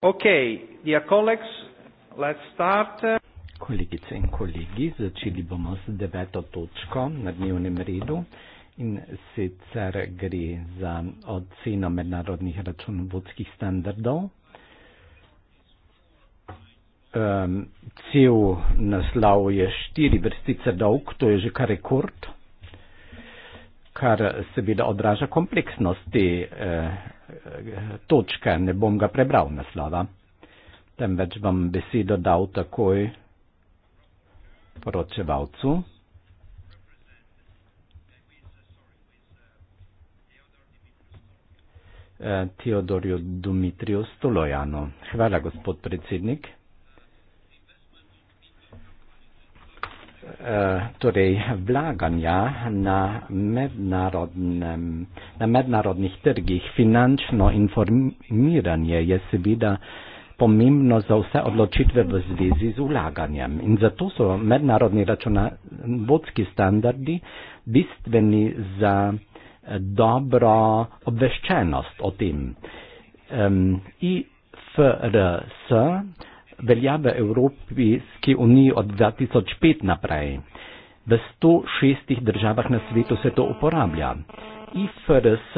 Okay, dear colleagues, let's start. Kolegice in kolegi, začeli bomo z deveto točko na dnevnem redu in sicer gre za oceno mednarodnih računovodskih standardov. Um, cel naslov je štiri vrstice dolg, to je že kar rekord kar seveda odraža kompleksnosti eh, točke. Ne bom ga prebral naslova, temveč bom besedo dal takoj poročevalcu. Eh, Teodorju Dimitriju Stolojanu. Hvala, gospod predsednik. Eh, torej vlaganja na mednarodnem na mednarodnih trgih finančno informiranje je seveda pomembno za vse odločitve v zvezi z vlaganjem. In zato so mednarodni računovodski standardi bistveni za eh, dobro obveščenost o tem. Um, IFRS velja v Evropski uniji od 2005 naprej. V 106 državah na svetu se to uporablja. IFRS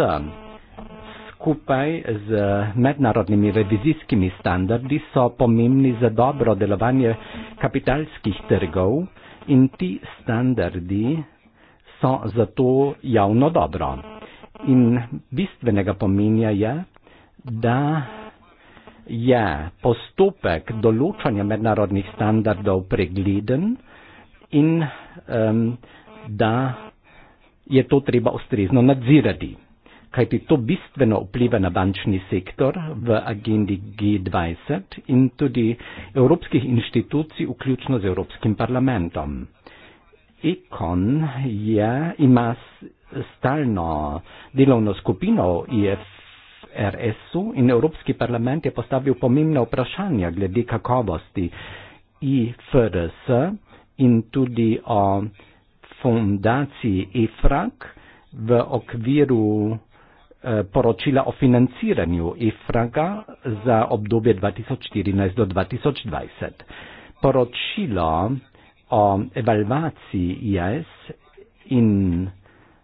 skupaj z mednarodnimi revizijskimi standardi so pomembni za dobro delovanje kapitalskih trgov in ti standardi so zato javno dobro. In bistvenega pomenja je, da je postopek določanja mednarodnih standardov pregleden in um, da je to treba ustrezno nadzirati. Kajti to bistveno vpliva na bančni sektor v agendi G20 in tudi evropskih inštitucij, vključno z Evropskim parlamentom. Ekon je, ima stalno delovno skupino IFC, RSU in Evropski parlament je postavil pomembna vprašanja glede kakovosti IFRS in tudi o fundaciji IFRAK v okviru eh, poročila o financiranju IFRAK-a za obdobje 2014 do 2020. Poročilo o evalvaciji IS in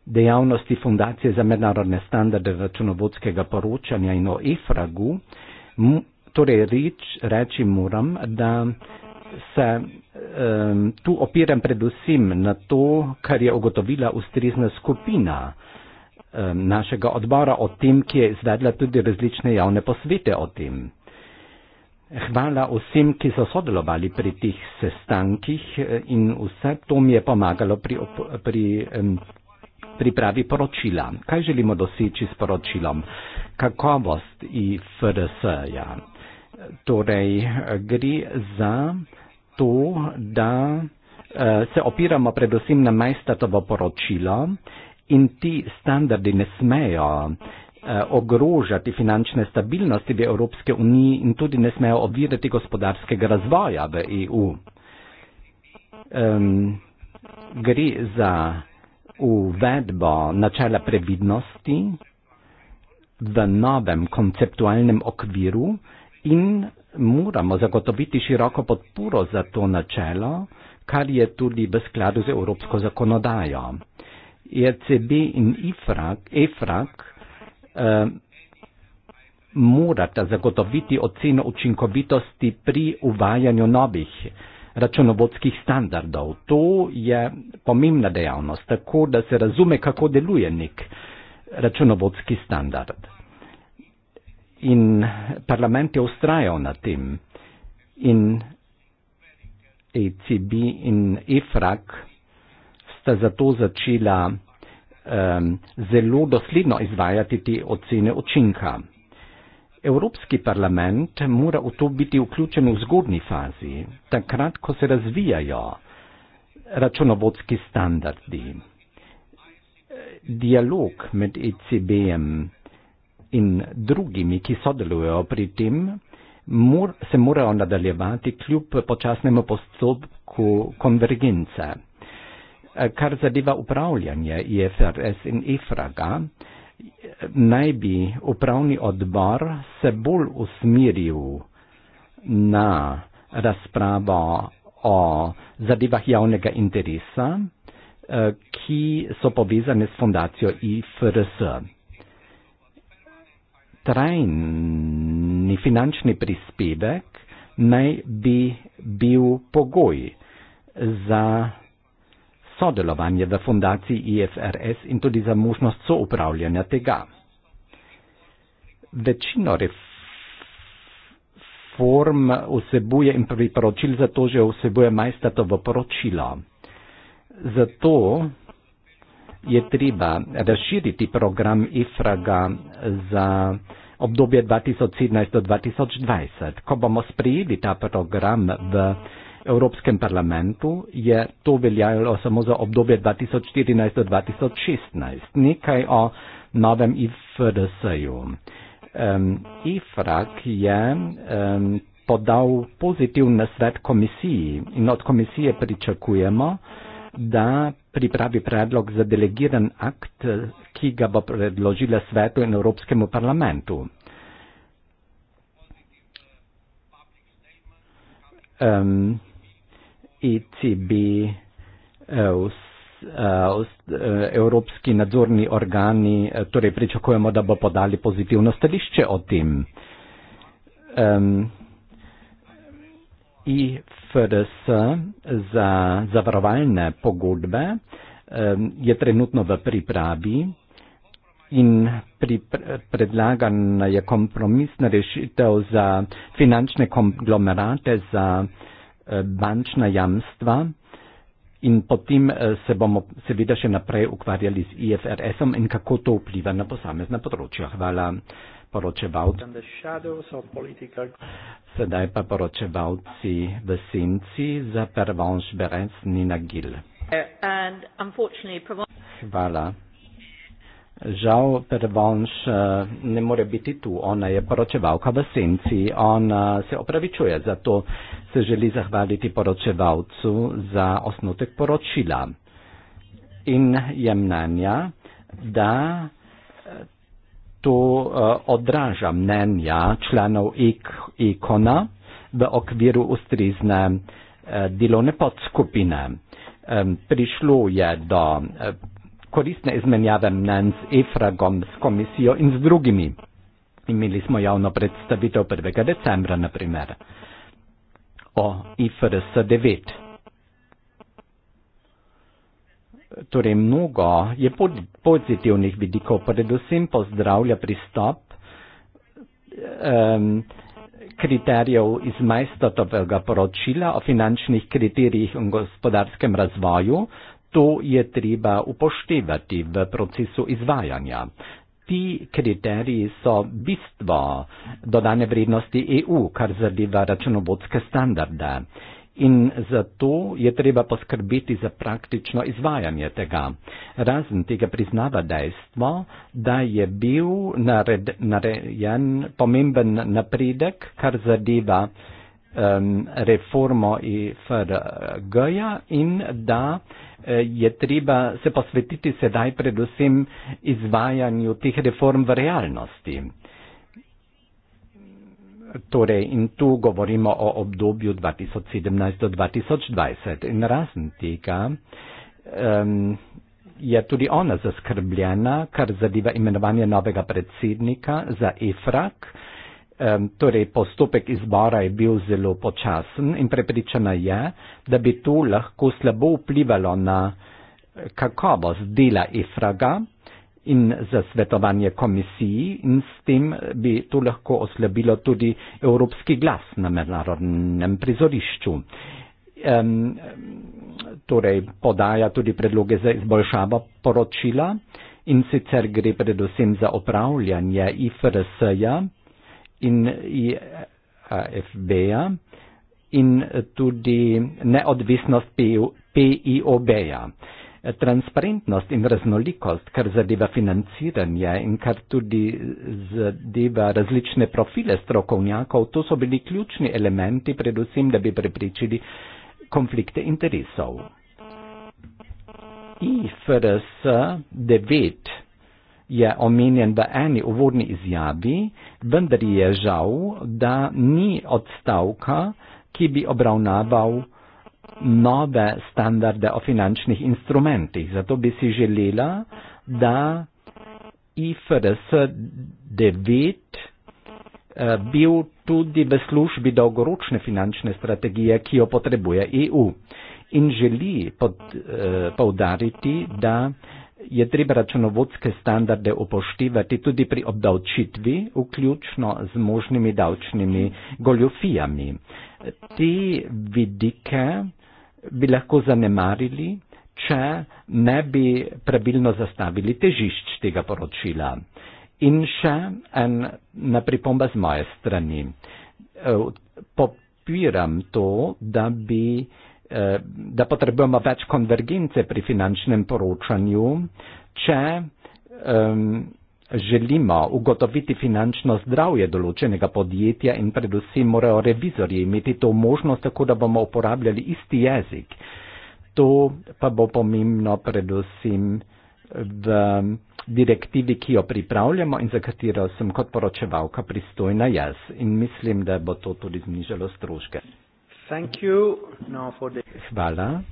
dejavnosti Fundacije za mednarodne standarde računovodskega poročanja in o IFRAGU, torej reč, reči moram, da se um, tu opiram predvsem na to, kar je ugotovila ustrezna skupina um, našega odbora o tem, ki je izvedla tudi različne javne posvete o tem. Hvala vsem, ki so sodelovali pri teh sestankih eh, in vse to mi je pomagalo pri, pri um, pripravi poročila. Kaj želimo doseči s poročilom? Kakovost IFRS-ja. Torej, gre za to, da eh, se opiramo predvsem na majstatovo poročilo in ti standardi ne smejo eh, ogrožati finančne stabilnosti v Evropske uniji in tudi ne smejo ovirati gospodarskega razvoja v EU. Um, ehm, gre za uvedbo načela previdnosti v novem konceptualnem okviru in moramo zagotoviti široko podporo za to načelo, kar je tudi v skladu z evropsko zakonodajo. ECB in IFRAK, EFRAK eh, morata zagotoviti oceno učinkovitosti pri uvajanju novih eh, računovodskih standardov. To je pomembna dejavnost, tako da se razume, kako deluje nek računovodski standard. In parlament je ustrajal na tem in ECB in EFRAK sta zato začela um, zelo dosledno izvajati te ocene učinka. Evropski parlament mora v to biti vključen v zgodni fazi, takrat, ko se razvijajo računovodski standardi. Dialog med ECB-em in drugimi, ki sodelujejo pri tem, mor, se morajo nadaljevati kljub počasnemu postopku konvergence. Kar zadeva upravljanje IFRS e in EFRAGA, naj bi upravni odbor se bolj usmiril na razpravo o zadevah javnega interesa, eh, ki so povezane s fundacijo IFRS. Trajni finančni prispevek naj bi bil pogoj za sodelovanje v fundaciji IFRS in tudi za možnost soupravljanja tega. Večino reform vsebuje in priporočil za to že vsebuje majstatovo poročilo. Zato je treba razširiti program IFRAGA za obdobje 2017-2020. Ko bomo sprejeli ta program v Evropskem parlamentu je to veljalo samo za obdobje 2014 do 2016. Nekaj o novem IFRS-ju. Um, IFRAK je um, podal pozitivni nasvet komisiji in od komisije pričakujemo, da pripravi predlog za delegiran akt, ki ga bo predložila svetu in Evropskemu parlamentu. Um, ECB, eh, vs, eh, vs, eh, evropski nadzorni organi, eh, torej pričakujemo, da bo podali pozitivno stališče o tem. Um, IFRS za zavarovalne pogodbe um, je trenutno v pripravi in pripra predlagan je kompromisna rešitev za finančne konglomerate za uh, Eh, bančna jamstva in potem eh, se bomo seveda še naprej ukvarjali z IFRS-om in kako to vpliva na posamezna področja. Hvala poročevalci. Sedaj pa poročevalci v senci za Pervanš Berec Nina Gil. Hvala. Žal Pervanš eh, ne more biti tu, ona je poročevalka v senci, ona se opravičuje za to se želi zahvaliti poročevalcu za osnutek poročila in je mnenja, da eh, to eh, odraža mnenja članov ikona v okviru ustrizne eh, delovne podskupine. Prišlo je do koristne izmenjave mnen s Efragom, s komisijo in z drugimi. Imeli smo javno predstavitev 1. decembra, na primer o IFRS 9. Torej, mnogo je pozitivnih vidikov, predvsem pozdravlja pristop um, kriterijev iz majstotovega poročila o finančnih kriterijih in gospodarskem razvoju. To je treba upoštevati v procesu izvajanja ti kriteriji so bistvo dodane vrednosti EU, kar zadeva računovodske standarde. In zato je treba poskrbeti za praktično izvajanje tega. Razen tega priznava dejstvo, da je bil nared, narejen pomemben napredek, kar zadeva um, reformo IFRG-ja in da uh, Eh, je treba se posvetiti sedaj predvsem izvajanju teh reform v realnosti. Torej, in tu govorimo o obdobju 2017 do 2020. In razen tega um, je tudi ona zaskrbljena, kar zadeva imenovanje novega predsednika za EFRAK, uh, Um, torej, postopek izbora je bil zelo počasen in prepričana je, da bi to lahko slabo vplivalo na eh, kakovost dela Efraga in za svetovanje komisiji in s tem eh, bi to lahko oslabilo tudi evropski glas na mednarodnem prizorišču. Um, torej, podaja tudi predloge za izboljšavo poročila in sicer gre predvsem za upravljanje IFRS-ja. -ja, in IFB-ja in tudi neodvisnost PIOB-ja. Transparentnost in raznolikost, kar zadeva financiranje in kar tudi zadeva različne profile strokovnjakov, to so bili ključni elementi, predvsem, da bi prepričili konflikte interesov. IFRS 9 je omenjen v eni uvodni izjavi, vendar je žal, da ni odstavka, ki bi obravnaval nove standarde o finančnih instrumentih. Zato bi si želela, da IFRS 9 eh, bil tudi v službi dolgoročne finančne strategije, ki jo potrebuje EU. In želi pod, eh, poudariti, da je treba računovodske standarde upoštevati tudi pri obdavčitvi, vključno z možnimi davčnimi goljofijami. Te vidike bi lahko zanemarili, če ne bi pravilno zastavili težišč tega poročila. In še ena pripomba z moje strani. E, popiram to, da bi Eh, da potrebujemo več konvergence pri finančnem poročanju, če um, želimo ugotoviti finančno zdravje določenega podjetja in predvsem morajo revizorji imeti to možnost, tako da bomo uporabljali isti jezik. To pa bo pomembno predvsem v direktivi, ki jo pripravljamo in za katero sem kot poročevalka pristojna jaz. In mislim, da bo to tudi znižalo stroške. Thank you. Now for the... Hvala.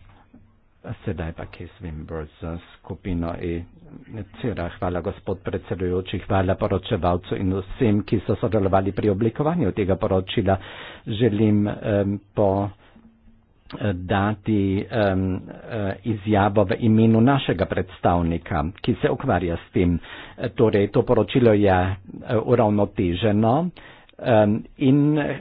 Sedaj pa kezvim bolj za skupino in e. cera. Hvala gospod predsedujoči, hvala poročevalcu in vsem, ki so sodelovali pri oblikovanju tega poročila. Želim um, po eh, dati um, izjavo v imenu našega predstavnika, ki se ukvarja s tem. Torej, to poročilo je eh, uravnoteženo. Uh, um, in eh,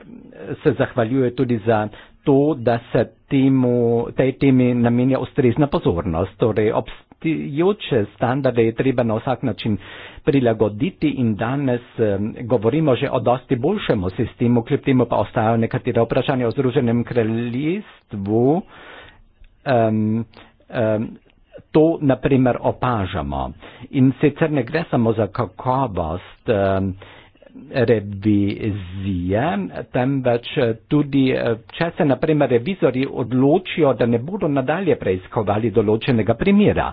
se zahvaljuje tudi za to, da se temu, tej temi namenja ustrezna pozornost. Torej, obstoječe standarde je treba na vsak način prilagoditi in danes um, govorimo že o dosti boljšemu sistemu, kljub temu pa ostajajo nekatere vprašanja o Združenem kraljestvu. Um, um, to naprimer opažamo. In sicer ne gre samo za kakovost. Um, revizije, temveč eh, tudi, eh, če se naprimer revizori odločijo, da ne bodo nadalje preiskovali določenega primera.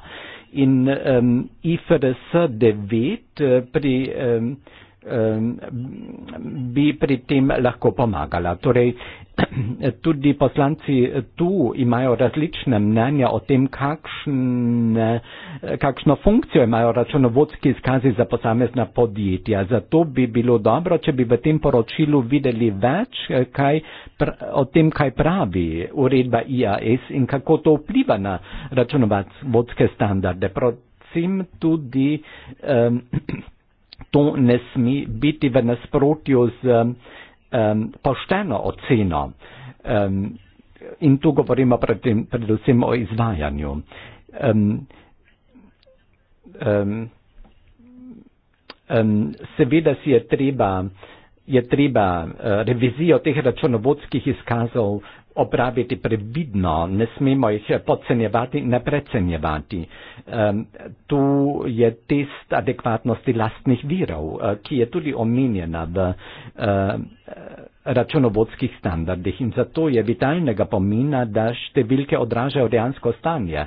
In um, IFRS 9 eh, pri um, bi pri tem lahko pomagala. Torej, tudi poslanci tu imajo različne mnenja o tem, kakšne, kakšno funkcijo imajo računovodski izkazi za posamezna podjetja. Zato bi bilo dobro, če bi v tem poročilu videli več kaj, pra, o tem, kaj pravi uredba IAS in kako to vpliva na računovodske standarde. Predvsem tudi. Um, to ne sme biti v nasprotju z um, um, pošteno oceno. Um, in tu govorimo predvsem, predvsem o izvajanju. Um, um, um, seveda si je treba, je treba uh, revizijo teh računovodskih izkazov uh, opraviti previdno, ne smemo jih podcenjevati, ne precenjevati. Um, tu je test adekvatnosti lastnih virov, uh, ki je tudi omenjena v uh, računovodskih standardih in zato je vitalnega pomena, da številke odražajo dejansko stanje,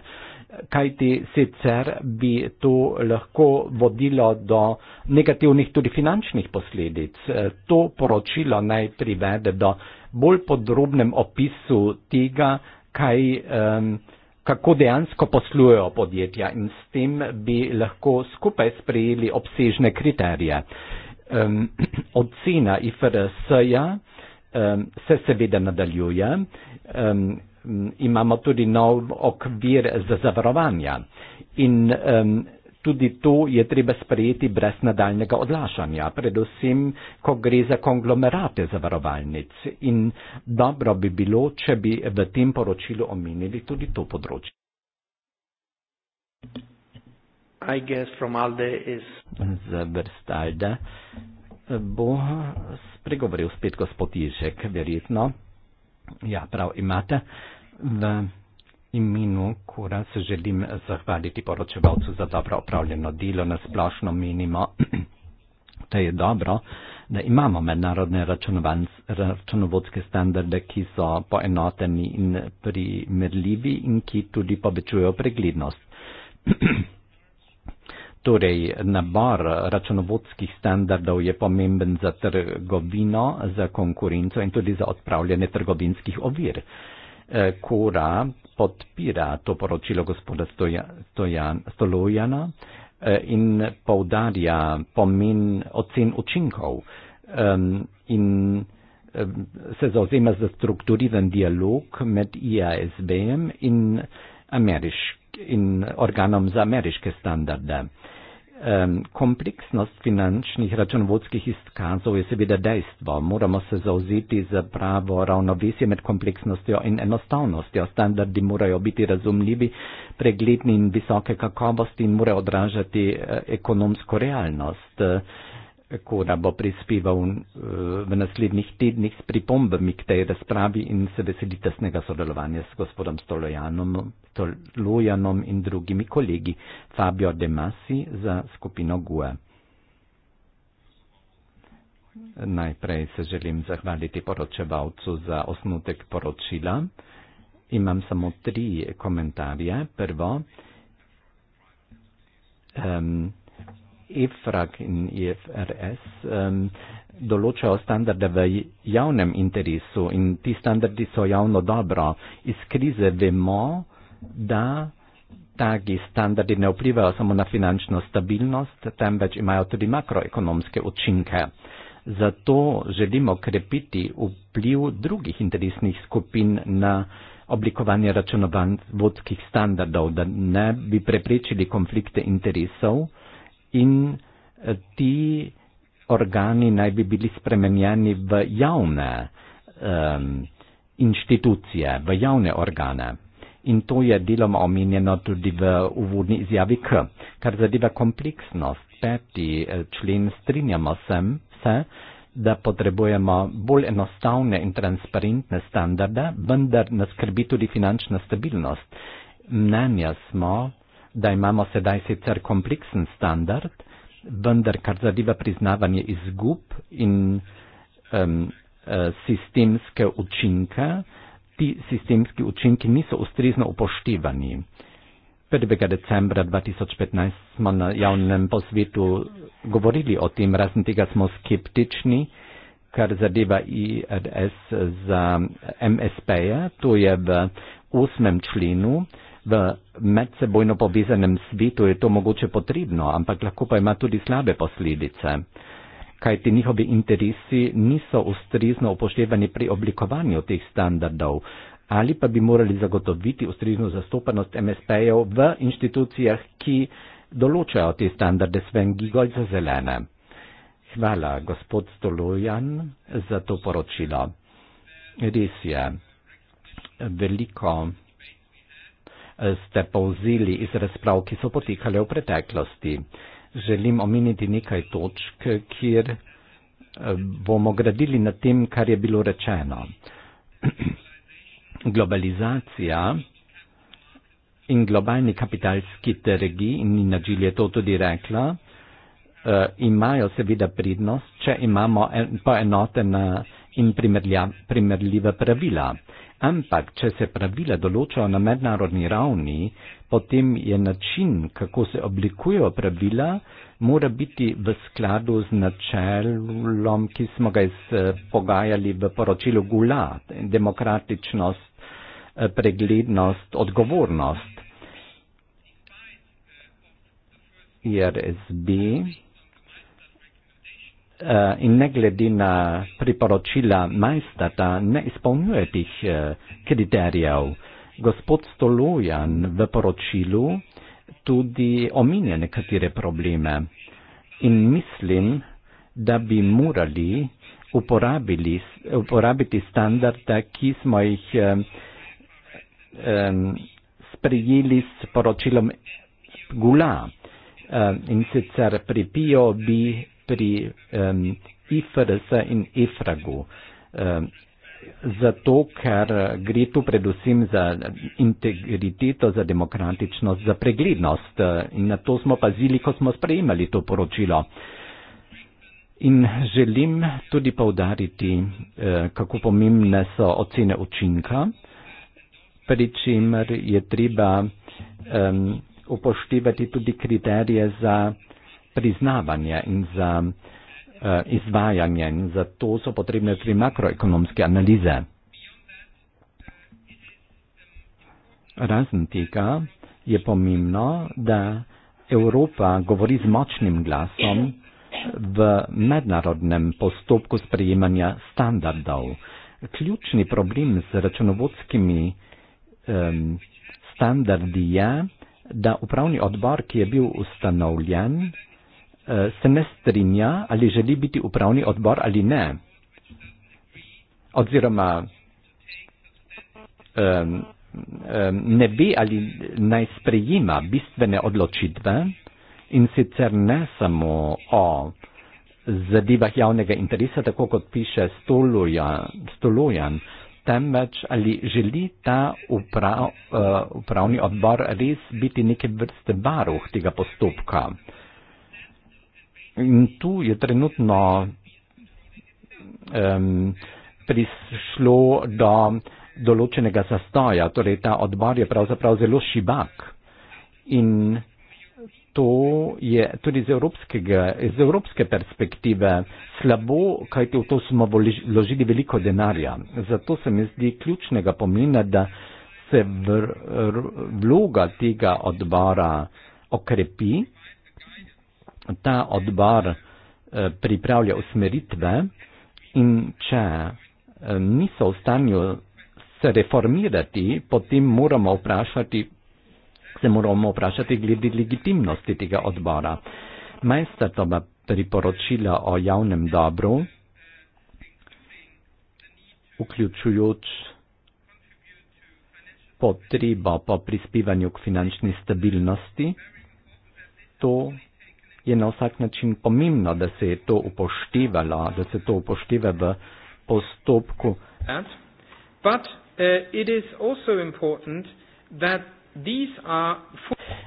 kajti sicer bi to lahko vodilo do negativnih tudi finančnih posledic. Uh, to poročilo naj privede do bolj podrobnem opisu tega, kaj, um, kako dejansko poslujejo podjetja in s tem bi lahko skupaj sprejeli obsežne kriterije. Um, ocena IFRS-ja um, se seveda nadaljuje. Um, imamo tudi nov okvir za zavarovanja. In, um, Tudi to je treba sprejeti brez nadaljnega odlašanja, predvsem, ko gre za konglomerate zavarovalnic. In dobro bi bilo, če bi v tem poročilu omenili tudi to področje. Z vrstalde eh, bo spregovoril spet gospod Ježek, verjetno. Ja, prav imate. V imenu kora se želim zahvaliti poročevalcu za dobro opravljeno delo. Na splošno menimo, da je dobro, da imamo mednarodne računovodske standarde, ki so poenoteni in primerljivi in ki tudi povečujejo preglednost. Torej, nabor računovodskih standardov je pomemben za trgovino, za konkurenco in tudi za odpravljanje trgovinskih ovir. Eh, kora podpira to poročilo gospoda Stolojana eh, in poudarja pomen ocen učinkov in se zauzema za strukturiran dialog med IASB-jem in, ameriš, in organom za ameriške standarde kompleksnost finančnih računovodskih izkazov je seveda dejstvo. Moramo se zauzeti za pravo ravnovesje med kompleksnostjo in enostavnostjo. Standardi morajo biti razumljivi, pregledni in visoke kakovosti in morajo odražati eh, ekonomsko realnost. Uh, Koda bo prispeval eh, v naslednjih tednih s pripombami k tej razpravi in se veseli tesnega sodelovanja s gospodom Stolojanom, Stolojanom in drugimi kolegi Fabio De Masi za skupino GUE. Najprej se želim zahvaliti poročevalcu za osnutek poročila. Imam samo tri komentarje. Prvo. Um, EFRAG in EFRS um, določajo standarde v javnem interesu in ti standardi so javno dobro. Iz krize vemo, da taki standardi ne vplivajo samo na finančno stabilnost, temveč imajo tudi makroekonomske učinke. Zato želimo krepiti vpliv drugih interesnih skupin na oblikovanje računovodskih standardov, da ne bi preprečili konflikte interesov in ti organi naj bi bili spremenjeni v javne um, inštitucije, v javne organe. In to je deloma omenjeno tudi v uvodni izjavi K. Kar zadeva kompleksnost, peti eh, člen, strinjamo sem, se, da potrebujemo bolj enostavne in transparentne standarde, vendar nas skrbi tudi finančna stabilnost. Mnenja smo, da imamo sedaj sicer kompleksen standard, vendar kar zadeva priznavanje izgub in um, sistemske učinke, ti sistemski učinki niso ustrezno upoštevani. 1. decembra 2015 smo na javnem posvetu govorili o tem, razen tega smo skeptični, kar zadeva IRS za MSP-je, to je v 8. členu, v medsebojno povezanem svetu je to mogoče potrebno, ampak lahko pa ima tudi slabe posledice, kajti njihovi interesi niso ustrezno upoštevani pri oblikovanju teh standardov ali pa bi morali zagotoviti ustrezno zastopanost MSP-jev v inštitucijah, ki določajo te standarde Sven Gigol za zelene. Hvala, gospod Stolojan, za to poročilo. Res je. Veliko Eh, ste povzeli iz razprav, ki so potekale v preteklosti. Želim omeniti nekaj točk, kjer eh, bomo gradili na tem, kar je bilo rečeno. Globalizacija in globalni kapitalski trgi, in Nadžil je to tudi rekla, eh, imajo seveda prednost, če imamo poenotena in primerljiva pravila. Ampak, če se pravila določajo na mednarodni ravni, potem je način, kako se oblikujejo pravila, mora biti v skladu z načelom, ki smo ga izpogajali eh, v poročilu Gula, demokratičnost, eh, preglednost, odgovornost. IRSB uh, in ne glede na priporočila majsta, da ne izpolnjuje tih uh, eh, kriterijev. Gospod Stolujan v poročilu tudi omenja nekatere probleme in mislim, da bi morali uporabiti standarde, ki smo jih um, sprejeli s poročilom Gula. Um, in sicer pri POB pri um, IFRS in IFRAGU. Um, zato, ker gre tu predvsem za integriteto, za demokratičnost, za preglednost. Eh, in na to smo pazili, ko smo sprejemali to poročilo. In želim tudi povdariti, eh, kako pomembne so ocene učinka, pri čemer je treba um, upoštevati tudi kriterije za priznavanja in za uh, izvajanje in zato so potrebne tudi makroekonomske analize. Razen tega je pomembno, da Evropa govori z močnim glasom v mednarodnem postopku sprejemanja standardov. Ključni problem z računovodskimi um, standardi je, da upravni odbor, ki je bil ustanovljen, Eh, se ne strinja, ali želi biti upravni odbor ali ne. Oziroma, ne bi ali naj sprejima bistvene odločitve in sicer ne samo o zadevah javnega interesa, tako kot piše Stolujan, Stolujan temveč ali želi ta uprav, eh, upravni odbor res biti neke vrste varuh tega postopka. In tu je trenutno um, prišlo do določenega zastoja, torej ta odbor je pravzaprav zelo šibak. In to je tudi iz, iz evropske perspektive slabo, kajti v to smo vložili veliko denarja. Zato se mi zdi ključnega pomena, da se vloga tega odbora okrepi ta odbor eh, pripravlja usmeritve in če eh, niso v stanju se reformirati, potem moramo vprašati, se moramo vprašati glede legitimnosti tega odbora. Majstatova priporočila o javnem dobru, vključujoč potrebo po prispevanju k finančni stabilnosti, to je na vsak način pomembno, da se je to upoštevalo, da se to upošteva v postopku. Uh,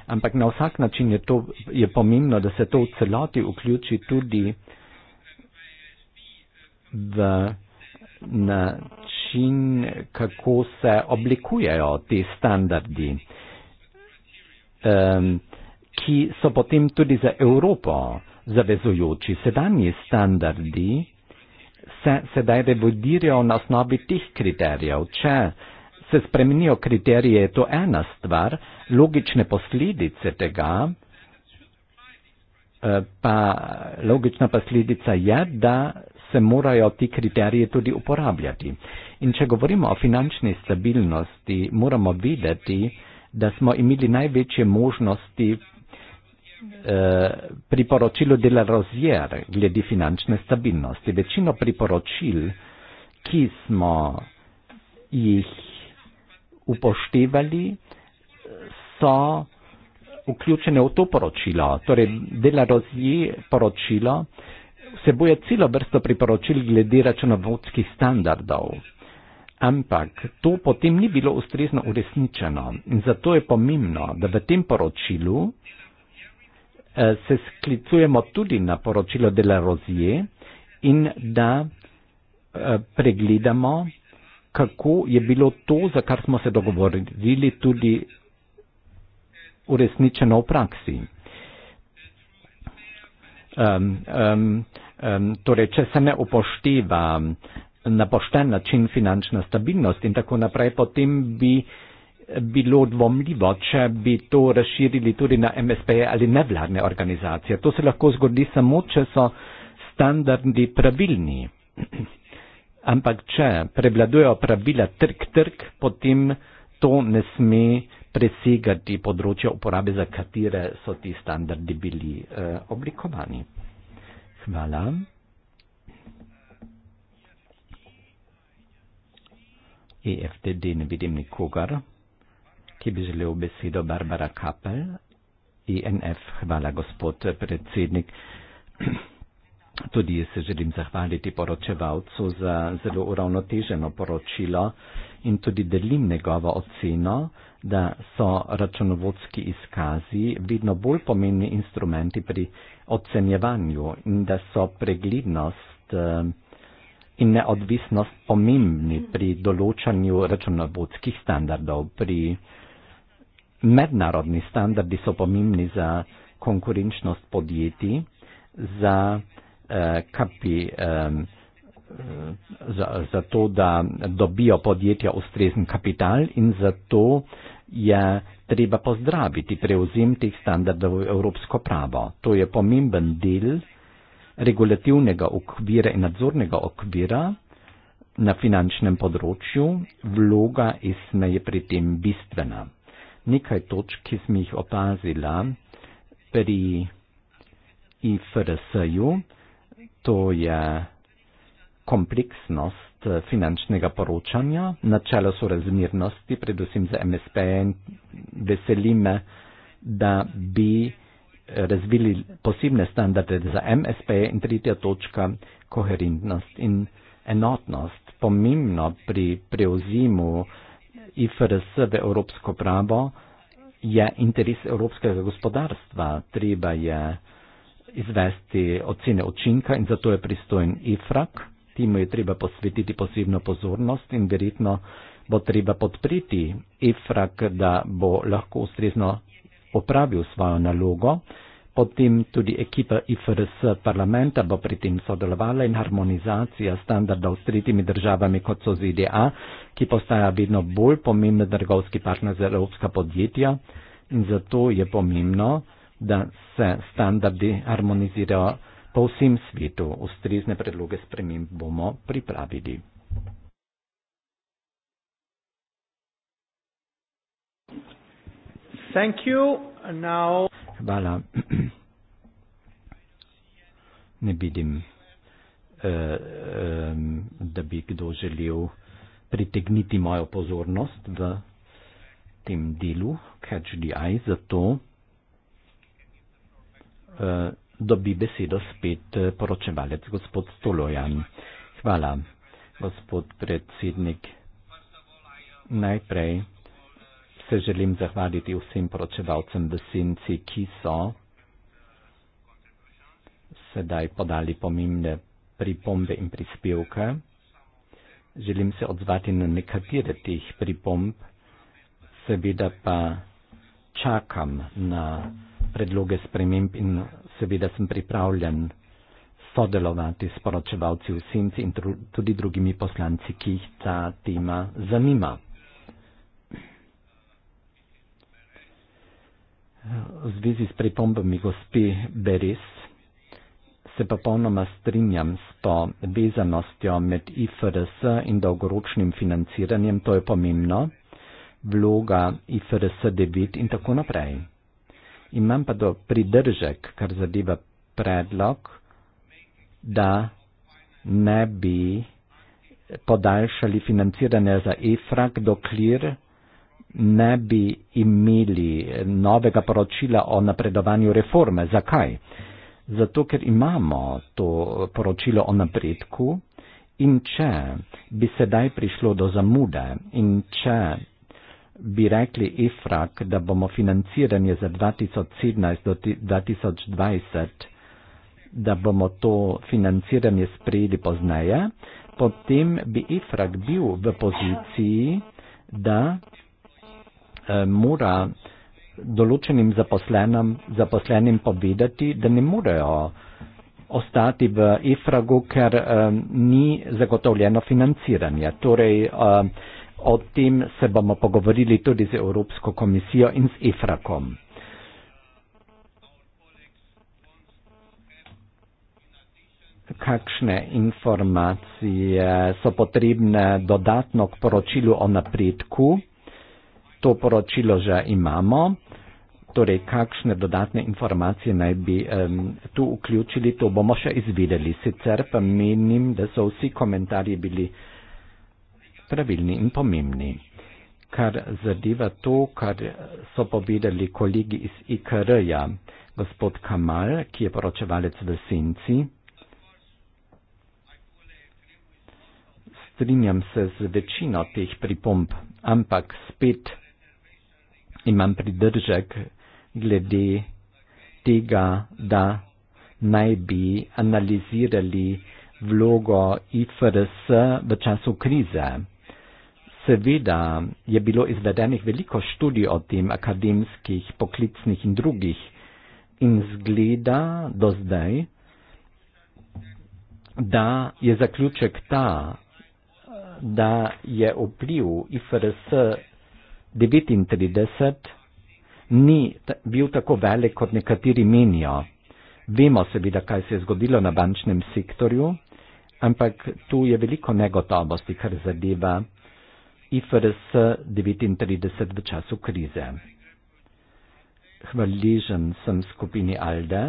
Ampak na vsak način je, to, je pomembno, da se to v celoti vključi tudi v način, kako se oblikujejo ti standardi. Um, ki so potem tudi za Evropo zavezujoči sedanji standardi, se sedaj revodirajo na osnovi teh kriterijev. Če se spremenijo kriterije, je to ena stvar, logične posledice tega, eh, pa logična posledica je, da se morajo ti kriterije tudi uporabljati. In če govorimo o finančni stabilnosti, moramo videti, da smo imeli največje možnosti Eh, priporočilo dela Rozier glede finančne stabilnosti. Večino priporočil, ki smo jih upoštevali, so vključene v to poročilo. Torej, dela Rozier poročilo vsebuje celo vrsto priporočil glede računovodskih standardov. Ampak to potem ni bilo ustrezno uresničeno in zato je pomembno, da v tem poročilu Eh, se sklicujemo tudi na poročilo dela Rozije in da eh, pregledamo, kako je bilo to, za kar smo se dogovorili, tudi uresničeno v praksi. Um, um, um, torej, če se ne upošteva na pošten način finančna stabilnost in tako naprej, potem bi uh, bilo dvomljivo, če bi to razširili tudi na MSP ali nevladne organizacije. To se lahko zgodi samo, če so standardi pravilni. Ampak če prevladujejo pravila trg-trg, potem to ne sme presegati področje uporabe, za katere so ti standardi bili eh, oblikovani. Hvala. EFTD ne vidim nikogar ki bi želel besedo Barbara Kapel, INF. E Hvala, gospod predsednik. Tudi jaz se želim zahvaliti poročevalcu za zelo uravnoteženo poročilo in tudi delim njegovo oceno, da so računovodski izkazi vedno bolj pomembni instrumenti pri ocenjevanju in da so preglednost eh, in neodvisnost pomembni pri določanju računovodskih standardov, pri mednarodni standardi so pomembni za konkurenčnost podjetij, za, eh, kapi, eh, za, za to, da dobijo podjetja ustrezen kapital in zato je treba pozdraviti prevzem teh standardov v evropsko pravo. To je pomemben del regulativnega okvira in nadzornega okvira na finančnem področju. Vloga ISME je pri tem bistvena nekaj točk, ki sem jih opazila pri IFRS-ju, to je kompleksnost eh, finančnega poročanja, načelo so razmirnosti, predvsem za MSP in veseli me, da bi razvili posebne standarde za MSP in tretja točka, koherentnost in enotnost. Pomembno pri prevzimu uh, IFRS v evropsko pravo je interes evropskega gospodarstva. Treba je izvesti ocene učinka in zato je pristojen IFRAK. Timu je treba posvetiti posebno pozornost in verjetno bo treba podpreti IFRAK, da bo lahko ustrezno opravil svojo nalogo. Potem tudi ekipa IFRS parlamenta bo pri tem sodelovala in harmonizacija standardov s tretjimi državami, kot so ZDA, ki postaja vedno bolj pomembna trgovski partner za evropska podjetja. In zato je pomembno, da se standardi harmonizirajo po vsem svetu. Ustrezne predloge sprememb bomo pripravili. thank you. And now... Hvala. Ne vidim, eh, da bi kdo želel pritegniti mojo pozornost v tem delu Catch the Eye, zato eh, dobi besedo spet eh, poročevalec gospod Stolojan. Hvala, gospod predsednik. Najprej se želim zahvaliti vsem poročevalcem v senci, ki so sedaj podali pomembne pripombe in prispevke. Želim se odzvati na nekatere teh pripomb, seveda pa čakam na predloge sprememb in seveda sem pripravljen sodelovati s poročevalci v senci in tudi drugimi poslanci, ki jih ta tema zanima. v zvezi s pripombami gospe Beres, se pa polnoma strinjam s povezanostjo med IFRS in dolgoročnim financiranjem, to je pomembno, vloga IFRS 9 in tako naprej. Imam pa do pridržek, kar zadeva predlog, da ne bi podaljšali financiranje za EFRAG, dokler ne bi imeli novega poročila o napredovanju reforme. Zakaj? Zato, ker imamo to poročilo o napredku in če bi sedaj prišlo do zamude in če bi rekli IFRAK, da bomo financiranje za 2017 do 2020, da bomo to financiranje sprejeli pozneje, potem bi IFRAK bil v poziciji, da Eh, mora določenim zaposlenim, zaposlenim povedati, da ne morejo ostati v EFRAGU, ker eh, ni zagotovljeno financiranje. Torej, eh, o tem se bomo pogovorili tudi z Evropsko komisijo in z EFRAGom. kakšne informacije so potrebne dodatno k poročilu o napredku to poročilo že imamo, torej kakšne dodatne informacije naj bi um, tu vključili, to bomo še izvedeli. Sicer pa menim, da so vsi komentarji bili pravilni in pomembni. Kar zadeva to, kar so povedali kolegi iz IKR-ja, gospod Kamal, ki je poročevalec v Senci. Strinjam se z večino teh pripomb, ampak spet imam pridržek glede tega, da naj bi analizirali vlogo IFRS v času krize. Seveda je bilo izvedenih veliko študij o tem, akademskih, poklicnih in drugih, in zgleda do zdaj, da je zaključek ta, da je vpliv IFRS 39 ni bil tako velik, kot nekateri menijo. Vemo seveda, kaj se je zgodilo na bančnem sektorju, ampak tu je veliko negotovosti, kar zadeva IFRS 39 v času krize. Hvaležen sem skupini Alde,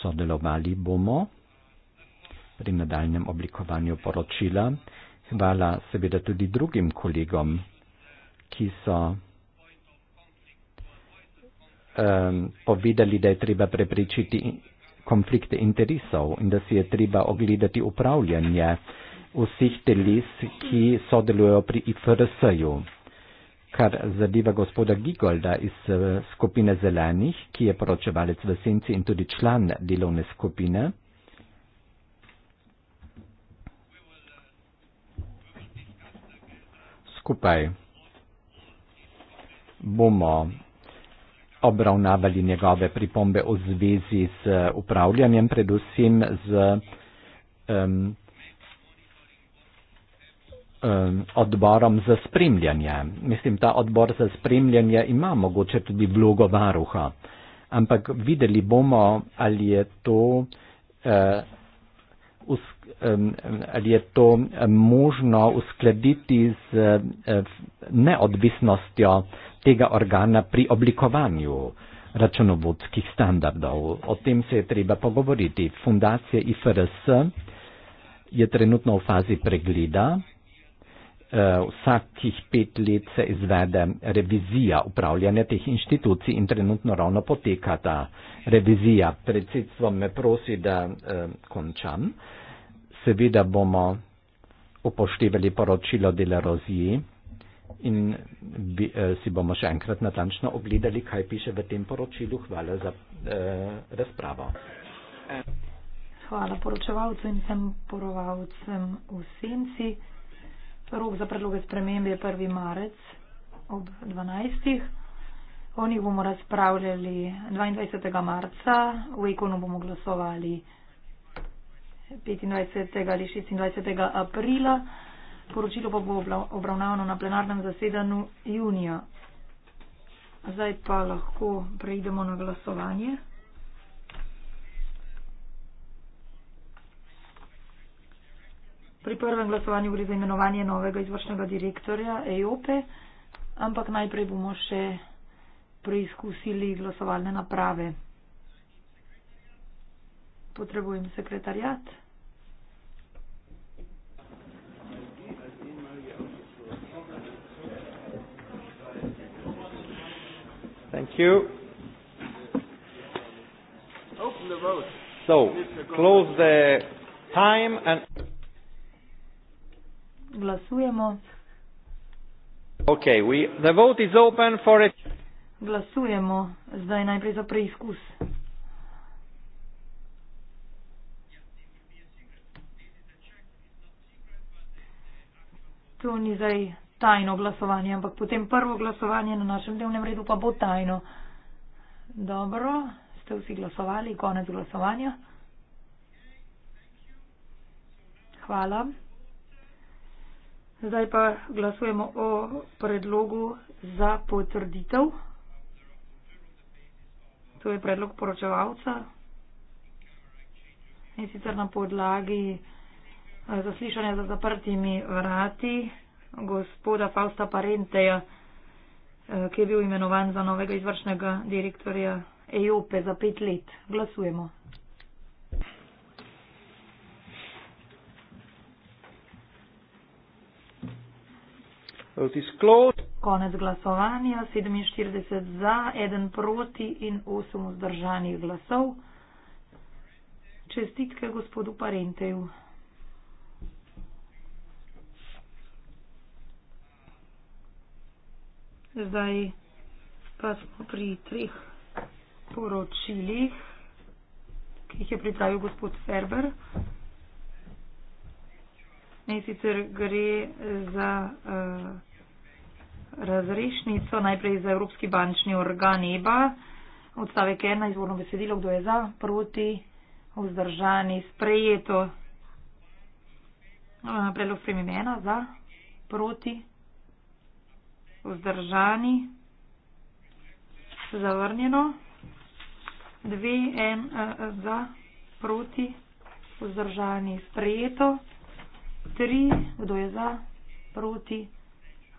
sodelovali bomo pri nadaljem oblikovanju poročila. Hvala seveda tudi drugim kolegom ki so um, povedali, da je treba prepričiti konflikte interesov in da si je treba ogledati upravljanje vseh teles, ki sodelujo pri IFRS-ju. Kar zadeva gospoda Gigolda iz eh, skupine zelenih, ki je poročevalec v senci in tudi član delovne skupine, skupaj bomo obravnavali njegove pripombe v zvezi z upravljanjem, predvsem z um, um, odborom za spremljanje. Mislim, ta odbor za spremljanje ima mogoče tudi vlogo varuha, ampak videli bomo, ali je to uh, ali je to možno uskladiti z neodvisnostjo tega organa pri oblikovanju računovodskih standardov. O tem se je treba pogovoriti. Fundacija IFRS je trenutno v fazi pregleda. E, vsakih pet let se izvede revizija upravljanja teh inštitucij in trenutno ravno poteka ta revizija. Predsedstvo me prosi, da eh, končam. Eh, seveda bomo upoštevali poročilo dela Rozije in bi, eh, si bomo še enkrat natančno ogledali, kaj piše v tem poročilu. Hvala za eh, razpravo. Hvala poročevalcu in vsem porovalcem v senci. Rok za predloge spremembe je 1. marec ob 12. O njih bomo razpravljali 22. marca, v Ekonu bomo glasovali 25. ali 26. aprila. Poročilo pa bo obravnavano na plenarnem zasedanju junija. Zdaj pa lahko preidemo na glasovanje. Pri prvem glasovanju gre za imenovanje novega izvršnega direktorja EOPE, ampak najprej bomo še preizkusili glasovalne naprave. Potrebujem sekretarjat. Thank you. Open the road. So, close the time and. Glasujemo. Okay, we, the vote is open for it. Glasujemo zdaj najprej za preizkus. To ni zdaj tajno glasovanje, ampak potem prvo glasovanje na našem dnevnem redu pa bo tajno. Dobro, ste vsi glasovali, konec glasovanja. Hvala. Zdaj pa glasujemo o predlogu za potrditev. To je predlog poročevalca. In sicer na podlagi eh, zaslišanja za zaprtimi vrati gospoda Fausta Parenteja, eh, ki je bil imenovan za novega izvršnega direktorja EOPE za pet let. Glasujemo. Konec glasovanja, 47 za, 1 proti in 8 vzdržanih glasov. Čestitke gospodu Parenteju. Zdaj pa smo pri treh poročilih, ki jih je pripravil gospod Ferber. In sicer gre za uh, razrešnico najprej za Evropski bančni organ EBA, odstavek 1, izvorno besedilo, kdo je za, proti, vzdržani, sprejeto. Uh, predlog spremenjena za, proti vzdržani, zavrnjeno, dve, en, za, proti, vzdržani, sprejeto, tri, kdo je za, proti,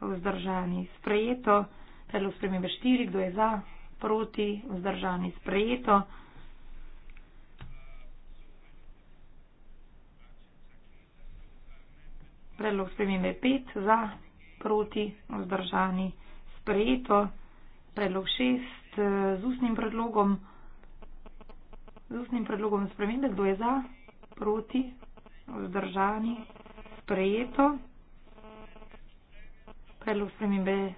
vzdržani, sprejeto, predlog spremembe štiri, kdo je za, proti, vzdržani, sprejeto. Predlog spremembe 5 za, proti, vzdržani sprejeto. Predlog šest eh, z ustnim predlogom. Z ustnim predlogom spremembe, kdo je za, proti, vzdržani, sprejeto. Predlog spremembe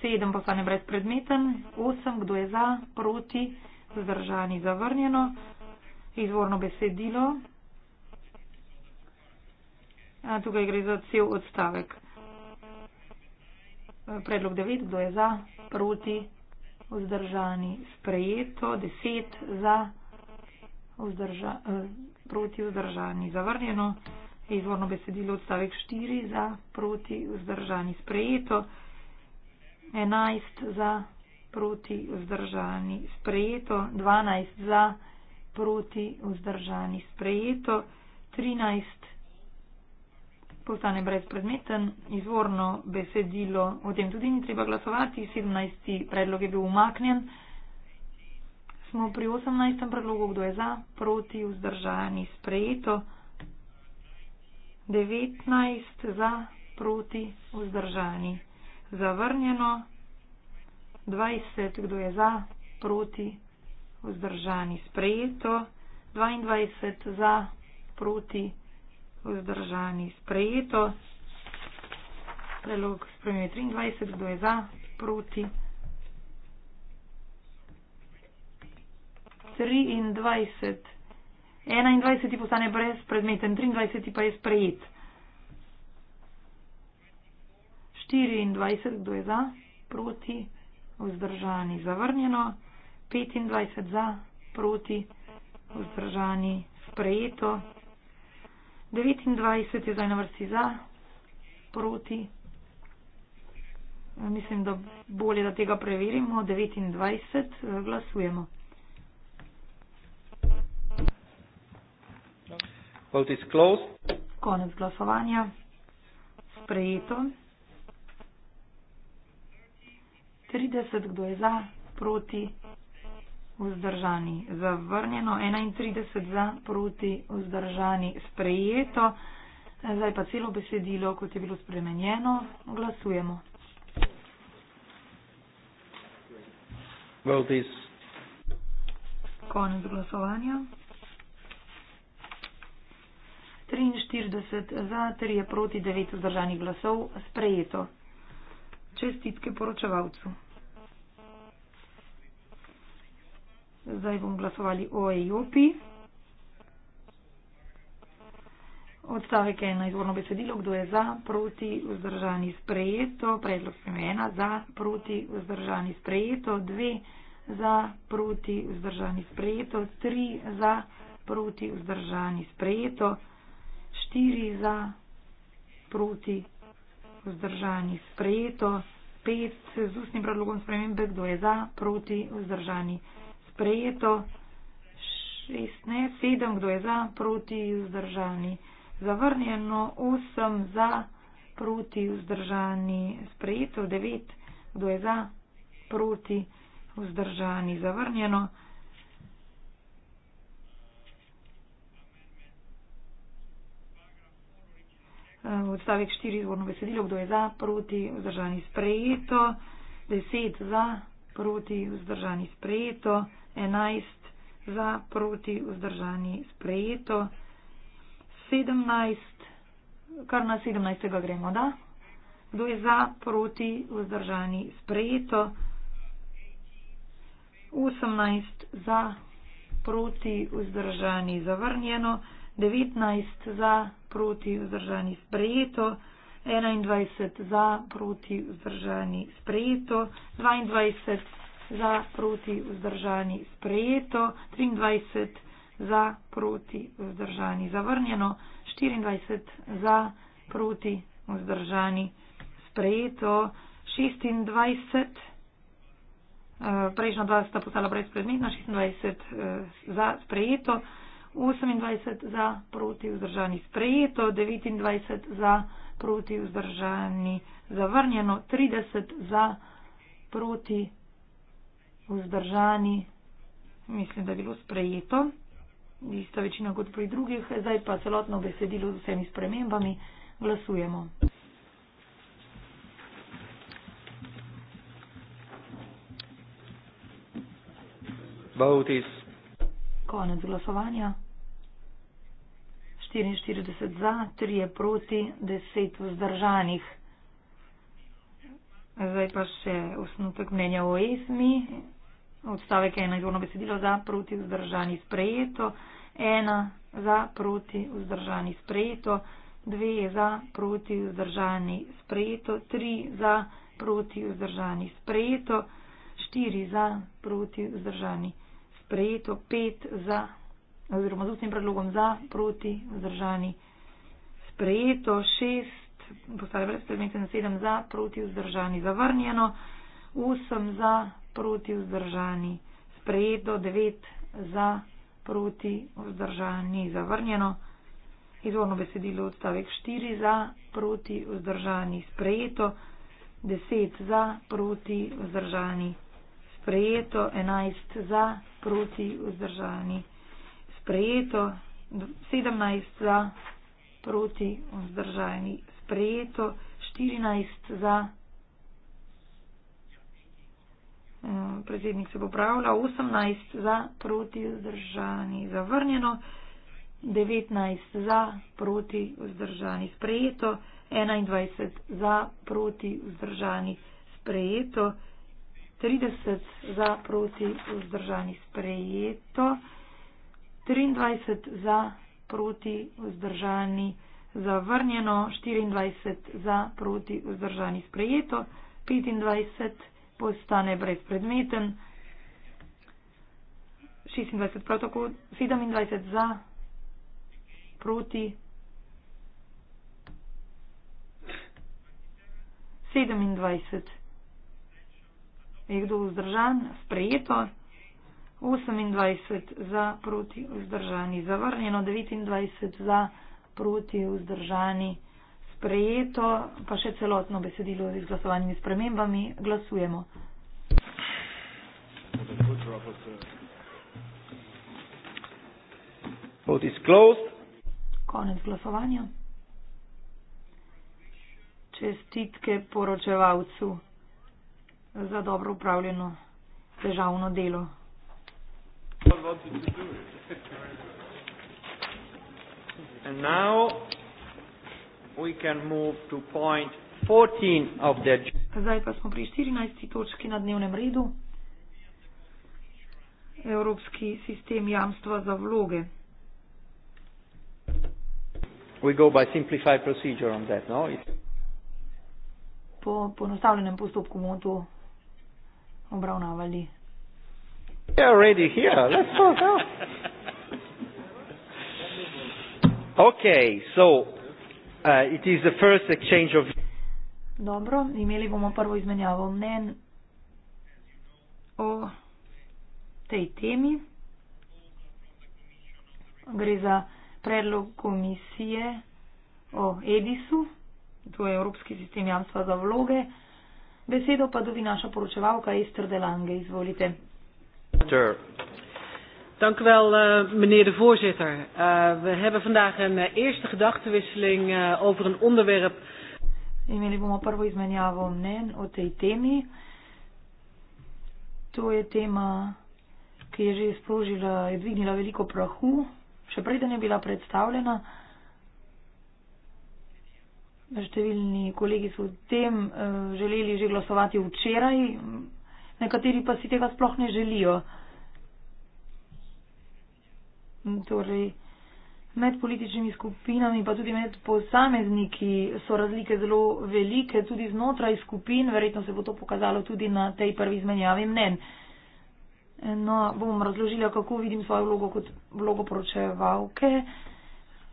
sedem postane brezpredmeten, osem, kdo je za, proti, vzdržani, zavrnjeno. Izvorno besedilo. A tukaj gre za cel odstavek. Predlog 9, kdo je za, proti, vzdržani, sprejeto, 10 za, vzdrža, eh, proti, vzdržani, zavrnjeno, izvorno besedilo odstavek 4 za, proti, vzdržani, sprejeto, 11 za, proti, vzdržani, sprejeto, 12 za, proti, vzdržani, sprejeto, 13 za, postane brezpredmeten, izvorno besedilo, o tem tudi ni treba glasovati, 17. predlog je bil umaknjen. Smo pri 18. predlogu, kdo je za, proti, vzdržani, sprejeto. 19. za, proti, vzdržani, zavrnjeno. 20. kdo je za, proti, vzdržani, sprejeto. 22. za, proti, vzdržani vzdržani, sprejeto. Predlog spremenje 23, kdo je za, proti. 23. 21. postane brez predmeten, 23. pa je sprejet. 24, kdo je za, proti, vzdržani, zavrnjeno. 25 za, proti, vzdržani, sprejeto. 29 je zdaj na vrsti za, proti. Mislim, da bolje, da tega preverimo. 29 glasujemo. Vote is closed. Konec glasovanja. Sprejeto. 30, kdo je za, proti, vzdržani. Zavrnjeno 31 za, proti vzdržani sprejeto. Zdaj pa celo besedilo, kot je bilo spremenjeno, glasujemo. Well, this... Konec glasovanja. 43 za, 3 proti 9 vzdržanih glasov, sprejeto. Čestitke poročevalcu. Zdaj bomo glasovali o EUP. Odstavek je na izvorno besedilo, kdo je za, proti, vzdržani, sprejeto, predlog sem ena, za, proti, vzdržani, sprejeto, dve, za, proti, vzdržani, sprejeto, tri, za, proti, vzdržani, sprejeto, štiri, za, proti, vzdržani, sprejeto, pet, z ustnim predlogom spremembe, kdo je za, proti, vzdržani, sprejeto sprejeto 16, 7, kdo je za, proti, vzdržani. Zavrnjeno 8, za, proti, vzdržani. Sprejeto 9, kdo je za, proti, vzdržani. Zavrnjeno. Eh, odstavek 4 izvorno besedilo, kdo je za, proti, vzdržani. Sprejeto. 10 za, proti, vzdržani. Sprejeto. 11 za proti vzdržani sprejeto, 17, kar na 17. gremo, da? Kdo je za proti vzdržani sprejeto, 18 za proti vzdržani zavrnjeno, 19 za proti vzdržani sprejeto, 21 za proti vzdržani sprejeto, 22 za za proti vzdržani sprejeto, 23 za proti vzdržani zavrnjeno, 24 za proti vzdržani sprejeto, 26 eh, prejšnja dva sta postala brezpredmetna, 26 eh, za sprejeto, 28 za proti vzdržani sprejeto, 29 za proti vzdržani zavrnjeno, 30 za proti vzdržani vzdržani, mislim, da je bilo sprejeto, ista večina kot pri drugih, zdaj pa celotno besedilo z vsemi spremembami glasujemo. Bautis. Konec glasovanja. 44 za, 3 proti, 10 vzdržanih. Zdaj pa še osnutek mnenja o esmi odstavek ena je urno besedilo za, proti, vzdržani, sprejeto, ena za, proti, vzdržani, sprejeto, dve je za, proti, vzdržani, sprejeto, tri za, proti, vzdržani, sprejeto, štiri za, proti, vzdržani, sprejeto, pet za, oziroma z ustnim predlogom za, proti, vzdržani, sprejeto, šest, postavljam brez predmete na sedem za, proti, vzdržani, zavrnjeno, osem za, proti vzdržani, sprejeto 9 za proti vzdržani, zavrnjeno. Izvorno besedilo odstavek 4 za proti vzdržani, sprejeto 10 za proti vzdržani, sprejeto 11 za proti vzdržani, sprejeto 17 za proti vzdržani, sprejeto 14 za proti vzdržani predsednik se bo pravila, 18 za, proti vzdržani, zavrnjeno, 19 za, proti vzdržani, sprejeto, 21 za, proti vzdržani, sprejeto, 30 za, proti vzdržani, sprejeto, 23 za, proti vzdržani, zavrnjeno, 24 za, proti vzdržani, sprejeto, 25 za, postane brezpredmeten. 26 prav tako, 27 za, proti, 27 je kdo vzdržan, sprejeto, 28 za, proti, vzdržani, zavrnjeno, 29 za, proti, vzdržani sprejeto, pa še celotno besedilo z izglasovanimi spremembami. Glasujemo. Konec glasovanja. Čestitke poročevalcu za dobro upravljeno težavno delo. And now Zdaj pa smo pri 14. točki na dnevnem redu. Evropski sistem jamstva za vloge. That, no? Po ponostavljenem postopku bomo to obravnavali. No? Okay, so Uh, of... Dobro, imeli bomo prvo izmenjavo mnen o tej temi. Gre za predlog komisije o Edisu, to je Evropski sistem jamstva za vloge. Besedo pa dobi naša poročevalka Ester Delange. Izvolite. Dank u wel, uh, meneer de voorzitter. Uh, we hebben vandaag een uh, eerste gedachtenwisseling uh, over een onderwerp. Imeli bomo prvo izmenjavo mnen o tej temi. To je tema, ki je že sprožila, je dvignila veliko prahu, še preden je bila predstavljena. Številni kolegi so o tem uh, želeli že glasovati včeraj, nekateri pa si tega sploh ne želijo. Uh, torej med političnimi skupinami, pa tudi med posamezniki so razlike zelo velike, tudi znotraj skupin, verjetno se bo to pokazalo tudi na tej prvi izmenjavi mnen. No, bom razložila, kako vidim svojo vlogo kot vlogo poročevalke,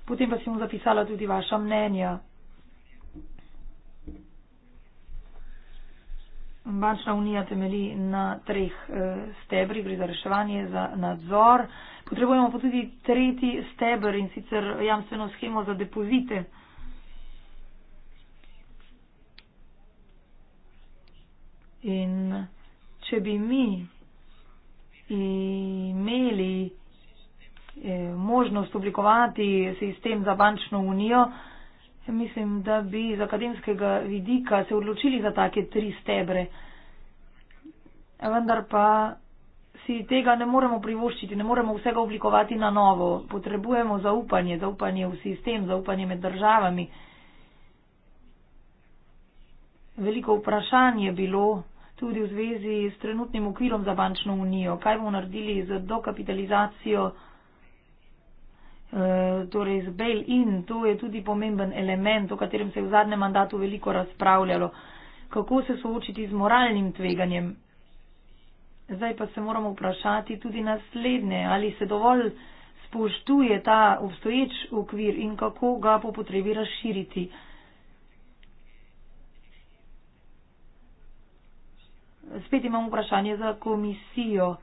potem pa si bom zapisala tudi vaša mnenja. Bančna unija temeli na treh eh, stebrih, gre za reševanje, za nadzor. Potrebujemo pa tudi tretji steber in sicer jamstveno schemo za depozite. In če bi mi imeli eh, možnost oblikovati sistem za bančno unijo, mislim, da bi iz akademskega vidika se odločili za take tri stebre. Vendar pa si tega ne moremo privoščiti, ne moremo vsega oblikovati na novo. Potrebujemo zaupanje, zaupanje v sistem, zaupanje med državami. Veliko vprašanj je bilo tudi v zvezi s trenutnim okvirom za bančno unijo. Kaj bomo naredili z dokapitalizacijo, eh, torej z bail-in, to je tudi pomemben element, o katerem se je v zadnjem mandatu veliko razpravljalo. Kako se soočiti z moralnim tveganjem Zdaj pa se moramo vprašati tudi naslednje, ali se dovolj spoštuje ta obstoječ okvir in kako ga po potrebi razširiti. Spet imamo vprašanje za komisijo.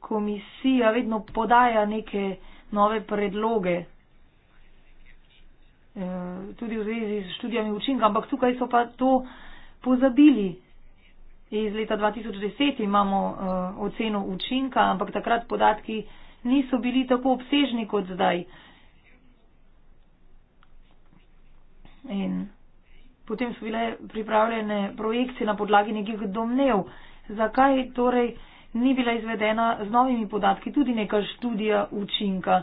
Komisija vedno podaja neke nove predloge, eh, tudi v zvezi s študijami učinka, ampak tukaj so pa to pozabili iz leta 2010 imamo uh, oceno učinka, ampak takrat podatki niso bili tako obsežni kot zdaj. In potem so bile pripravljene projekcije na podlagi nekih domnev. Zakaj torej ni bila izvedena z novimi podatki tudi neka študija učinka?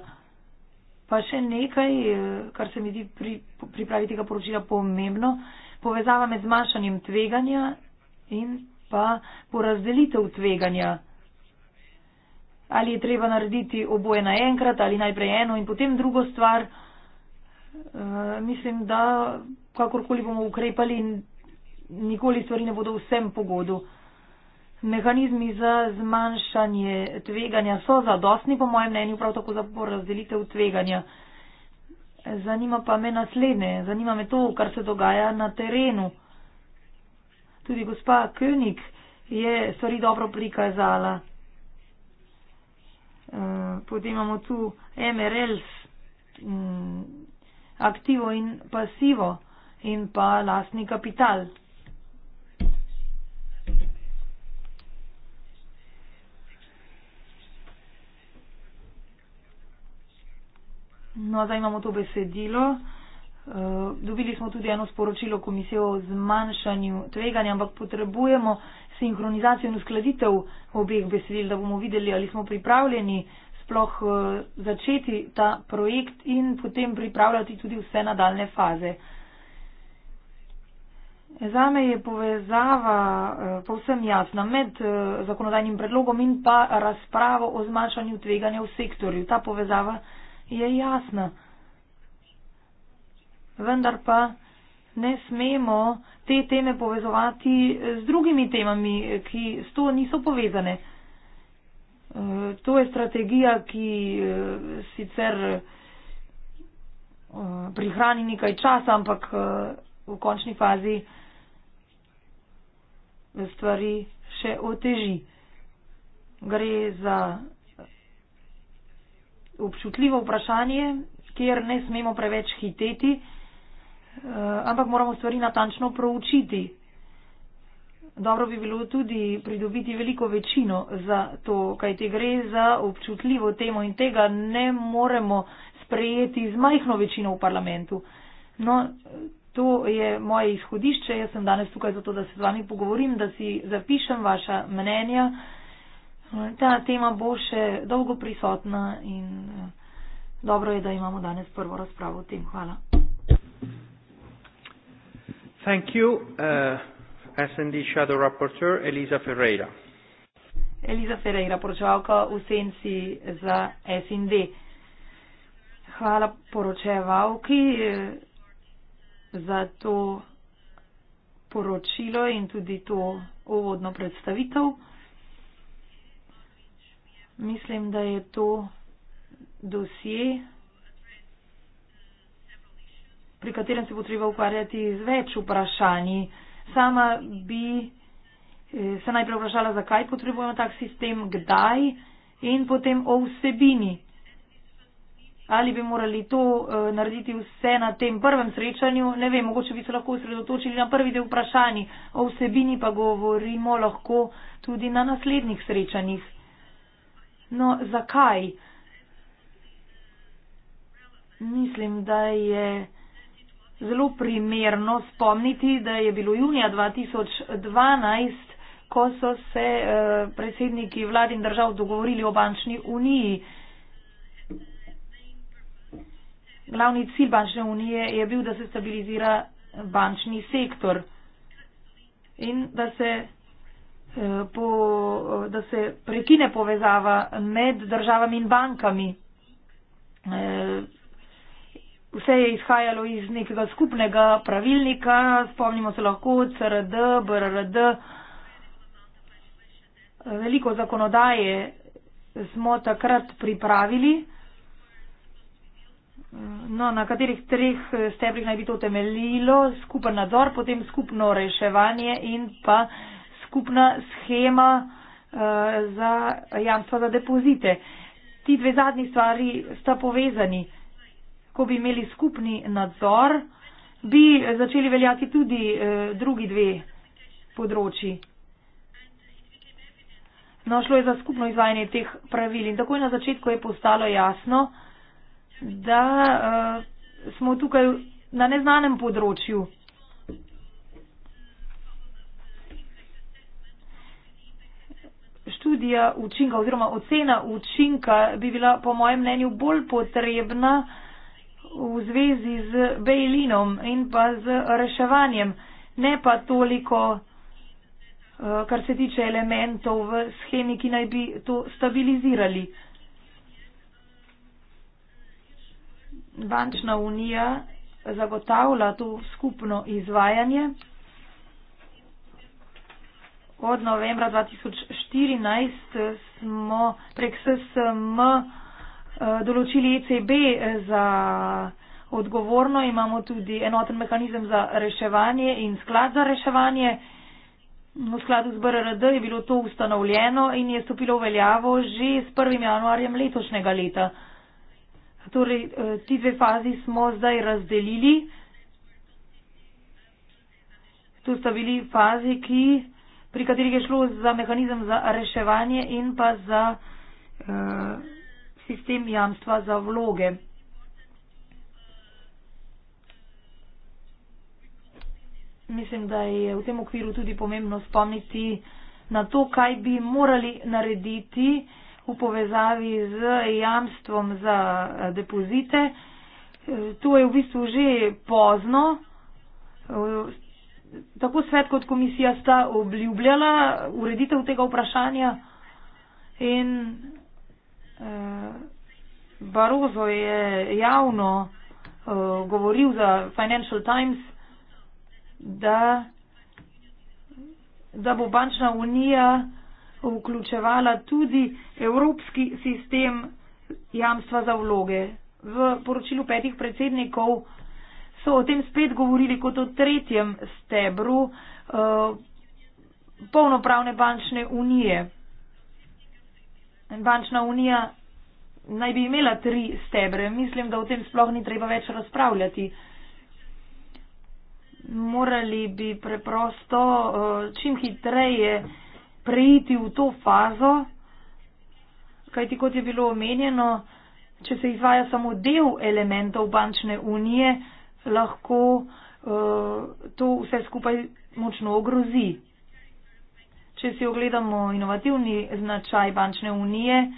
Pa še nekaj, eh, kar se mi zdi pri pripravi tega poročila pomembno, povezava med zmanjšanjem tveganja in pa porazdelitev tveganja. Ali je treba narediti oboje naenkrat ali najprej eno in potem drugo stvar. E, mislim, da kakorkoli bomo ukrepali, nikoli stvari ne bodo vsem pogodu. Mehanizmi za zmanjšanje tveganja so zadostni, po mojem mnenju, prav tako za porazdelitev tveganja. Zanima pa me naslednje, zanima me to, kar se dogaja na terenu. Tudi gospa König je stvari dobro prikazala. Eh, potem imamo tu MRLs, mm, aktivo in pasivo in pa lastni kapital. No, zdaj imamo to besedilo. Eh, dobili smo tudi eno sporočilo komisijo o zmanjšanju tveganja, ampak potrebujemo sinhronizacijo in uskladitev obeh besedil, da bomo videli, ali smo pripravljeni sploh eh, začeti ta projekt in potem pripravljati tudi vse nadaljne faze. Zame je povezava eh, povsem jasna med zakonodajnim predlogom in pa razpravo o zmanjšanju tveganja v sektorju. Ta povezava je jasna vendar pa ne smemo te teme povezovati z drugimi temami, ki s to niso povezane. E, to je strategija, ki e, sicer e, prihrani nekaj časa, ampak v končni fazi stvari še oteži. Gre za občutljivo vprašanje, kjer ne smemo preveč hiteti. Eh, ampak moramo stvari natančno proučiti. Dobro bi bilo tudi pridobiti veliko večino za to, kaj ti gre za občutljivo temo in tega ne moremo sprejeti z majhno večino v parlamentu. No, to je moje izhodišče, jaz sem danes tukaj zato, da se z vami pogovorim, da si zapišem vaša mnenja. Ta tema bo še dolgo prisotna in eh, dobro je, da imamo danes prvo razpravo o tem. Hvala. Thank you, uh, SND Shadow Rapporteur Elisa Ferreira. Elisa Ferreira, poročevalka v senci za SND. Hvala poročevalki eh, za to poročilo in tudi to uvodno predstavitev. Mislim, da je to dosje pri katerem se bo treba ukvarjati z več vprašanji. Sama bi eh, se najprej vprašala, zakaj potrebujemo tak sistem, kdaj in potem o vsebini. Ali bi morali to uh, narediti vse na tem prvem srečanju, ne vem, mogoče bi se lahko osredotočili na prvi del vprašanji, o vsebini pa govorimo lahko tudi na naslednjih srečanjih. No, zakaj? Mislim, da je zelo primerno spomniti, da je bilo junija 2012, ko so se eh, predsedniki vlad in držav dogovorili o bančni uniji. Glavni cilj bančne unije je bil, da se stabilizira bančni sektor in da se, eh, po, da se prekine povezava med državami in bankami. Eh, vse je izhajalo iz nekega skupnega pravilnika, spomnimo se lahko CRD, BRRD. Veliko zakonodaje smo takrat pripravili, no, na katerih treh stebrih naj bi to temeljilo, skupen nadzor, potem skupno reševanje in pa skupna schema eh, za jamstva za depozite. Ti dve zadnji stvari sta povezani ko bi imeli skupni nadzor, bi začeli veljati tudi eh, drugi dve področji. No, šlo je za skupno izvajanje teh pravil in takoj na začetku je postalo jasno, da eh, smo tukaj na neznanem področju. Študija učinka oziroma ocena učinka bi bila po mojem mnenju bolj potrebna, v zvezi z bejlinom in pa z reševanjem, ne pa toliko, eh, kar se tiče elementov v schemi, ki naj bi to stabilizirali. Bančna unija zagotavlja to skupno izvajanje. Od novembra 2014 smo prek SSM Eh, določili ECB eh, za odgovorno, imamo tudi enoten mehanizem za reševanje in sklad za reševanje. V skladu z BRRD je bilo to ustanovljeno in je stopilo v veljavo že s 1. januarjem letošnjega leta. Torej, eh, ti dve fazi smo zdaj razdelili. To sta bili fazi, ki, pri katerih je šlo za mehanizem za reševanje in pa za. Uh, sistem jamstva za vloge. Mislim, da je v tem okviru tudi pomembno spomniti na to, kaj bi morali narediti v povezavi z jamstvom za eh, depozite. Eh, to je v bistvu že pozno. Eh, tako svet kot komisija sta obljubljala ureditev tega vprašanja in Eh, Barozo je javno eh, govoril za Financial Times, da, da bo bančna unija vključevala tudi evropski sistem jamstva za vloge. V poročilu petih predsednikov so o tem spet govorili kot o tretjem stebru uh, polnopravne bančne unije. Bančna unija naj bi imela tri stebre. Mislim, da o tem sploh ni treba več razpravljati. Morali bi preprosto eh, čim hitreje preiti v to fazo, kajti kot je bilo omenjeno, če se izvaja samo del elementov bančne unije, lahko eh, to vse skupaj močno ogrozi. Če si ogledamo inovativni značaj bančne unije, eh,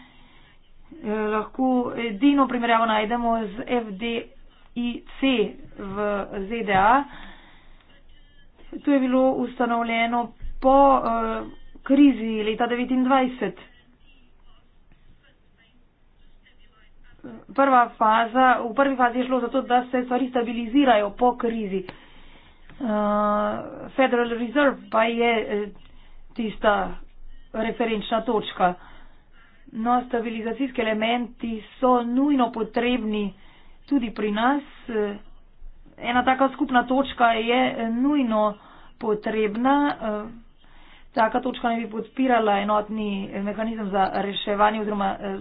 lahko edino primerjavo najdemo z FDIC v ZDA. To je bilo ustanovljeno po uh, krizi leta 1929. Prva faza, v prvi fazi je šlo za to, da se stvari stabilizirajo po krizi. Uh, Federal Reserve pa je tista referenčna točka. No, stabilizacijski elementi so nujno potrebni tudi pri nas. Ena taka skupna točka je nujno potrebna. Taka točka naj bi podpirala enotni mehanizem za reševanje oziroma eh,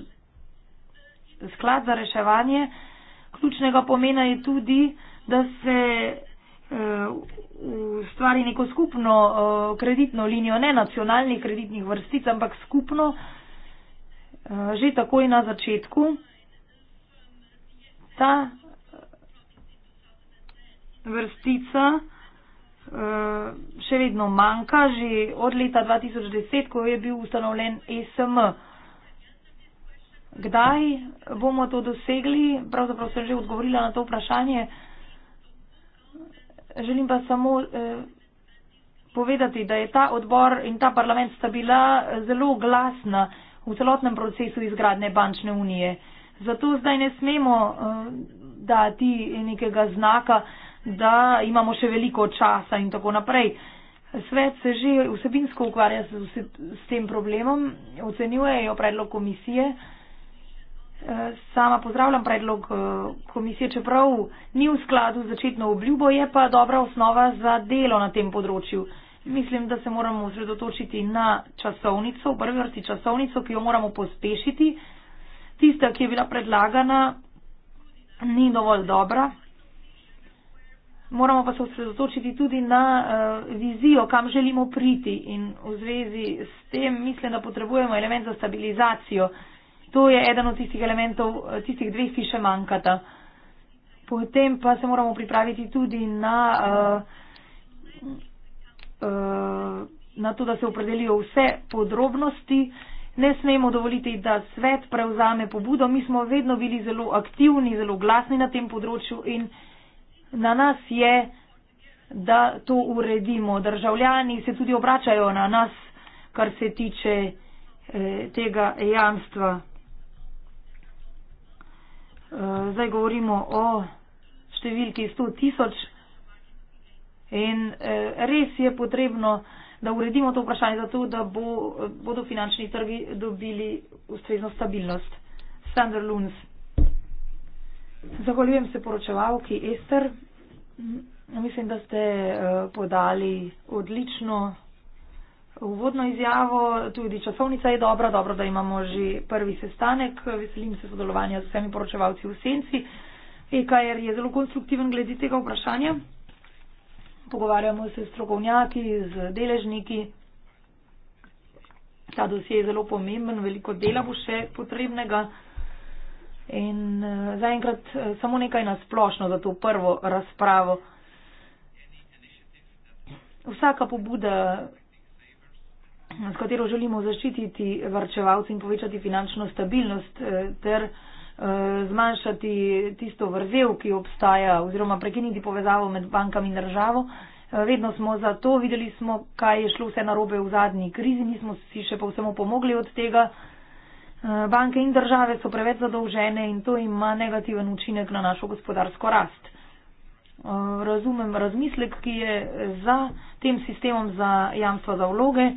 sklad za reševanje. Ključnega pomena je tudi, da se Eh, ustvari neko skupno eh, kreditno linijo, ne nacionalnih kreditnih vrstic, ampak skupno eh, že takoj na začetku. Ta vrstica še vedno manjka, že od leta 2010, ko je bil ustanovljen e SM. Kdaj bomo to dosegli? Pravzaprav sem že odgovorila na to vprašanje. Želim pa samo eh, povedati, da je ta odbor in ta parlament sta bila eh, zelo glasna v celotnem procesu izgradne bančne unije. Zato zdaj ne smemo eh, dati nekega znaka, da imamo še veliko časa in tako naprej. Svet se že vsebinsko ukvarja s tem problemom, ocenjujejo predlog komisije. Sama pozdravljam predlog eh, komisije, čeprav ni v skladu z začetno obljubo, je pa dobra osnova za delo na tem področju. Mislim, da se moramo osredotočiti na časovnico, v prvi vrsti časovnico, ki jo moramo pospešiti. Tista, ki je bila predlagana, ni dovolj dobra. Moramo pa se osredotočiti tudi na uh, vizijo, kam želimo priti in v zvezi s tem mislim, da potrebujemo element za stabilizacijo. Uh, to je eden od tistih elementov, tistih dveh, ki še manjkata. Potem pa se moramo pripraviti tudi na, eh, eh, na to, da se opredelijo vse podrobnosti. Ne smemo dovoliti, da svet prevzame pobudo. Mi smo vedno bili zelo aktivni, zelo glasni na tem področju in na nas je, da to uredimo. Državljani se tudi obračajo na nas, kar se tiče eh, tega jamstva zdaj govorimo o številki 100 tisoč. In eh, res je potrebno, da uredimo to vprašanje, zato da bo, bodo finančni trgi dobili ustrezno stabilnost. Sandra Luns. Zahvaljujem se poročevalki Ester. Mislim, da ste eh, podali odlično uvodno izjavo, tudi časovnica je dobra, dobro, da imamo že prvi sestanek, veselim se sodelovanja z vsemi poročevalci v senci. EKR je zelo konstruktiven glede tega vprašanja. Pogovarjamo se s strokovnjaki, z deležniki. Ta dosje je zelo pomemben, veliko dela bo še potrebnega. In eh, zaenkrat eh, samo nekaj na splošno za to prvo razpravo. Vsaka pobuda s katero želimo zaščititi varčevalce in povečati finančno stabilnost eh, ter eh, zmanjšati tisto vrzel, ki obstaja oziroma prekiniti povezavo med bankami in državo. Eh, vedno smo za to, videli smo, kaj je šlo vse narobe v zadnji krizi, nismo si še povsem pomogli od tega. Banke in države so preveč zadolžene in to ima negativen učinek na našo gospodarsko rast. Razumem razmislek, ki je za tem sistemom za jamstva za vloge.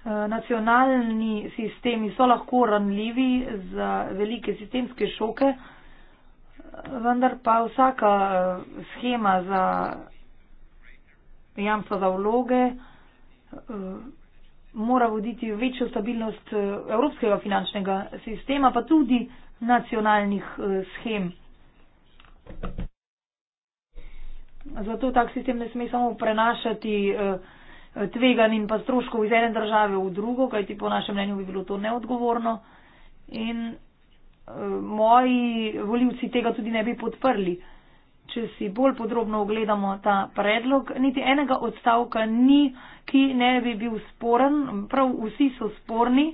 Eh, nacionalni sistemi so lahko ranljivi za velike sistemske šoke, vendar pa vsaka eh, schema za jamstva za vloge eh, mora voditi večjo stabilnost evropskega finančnega sistema, pa tudi nacionalnih schem. Zato tak sistem ne sme samo prenašati eh, tvegan in pa stroškov iz ene države v drugo, kajti po našem mnenju bi bilo to neodgovorno. In eh, moji voljivci tega tudi ne bi podprli. Če si bolj podrobno ogledamo ta predlog, niti enega odstavka ni, ki ne bi bil sporen, prav vsi so sporni.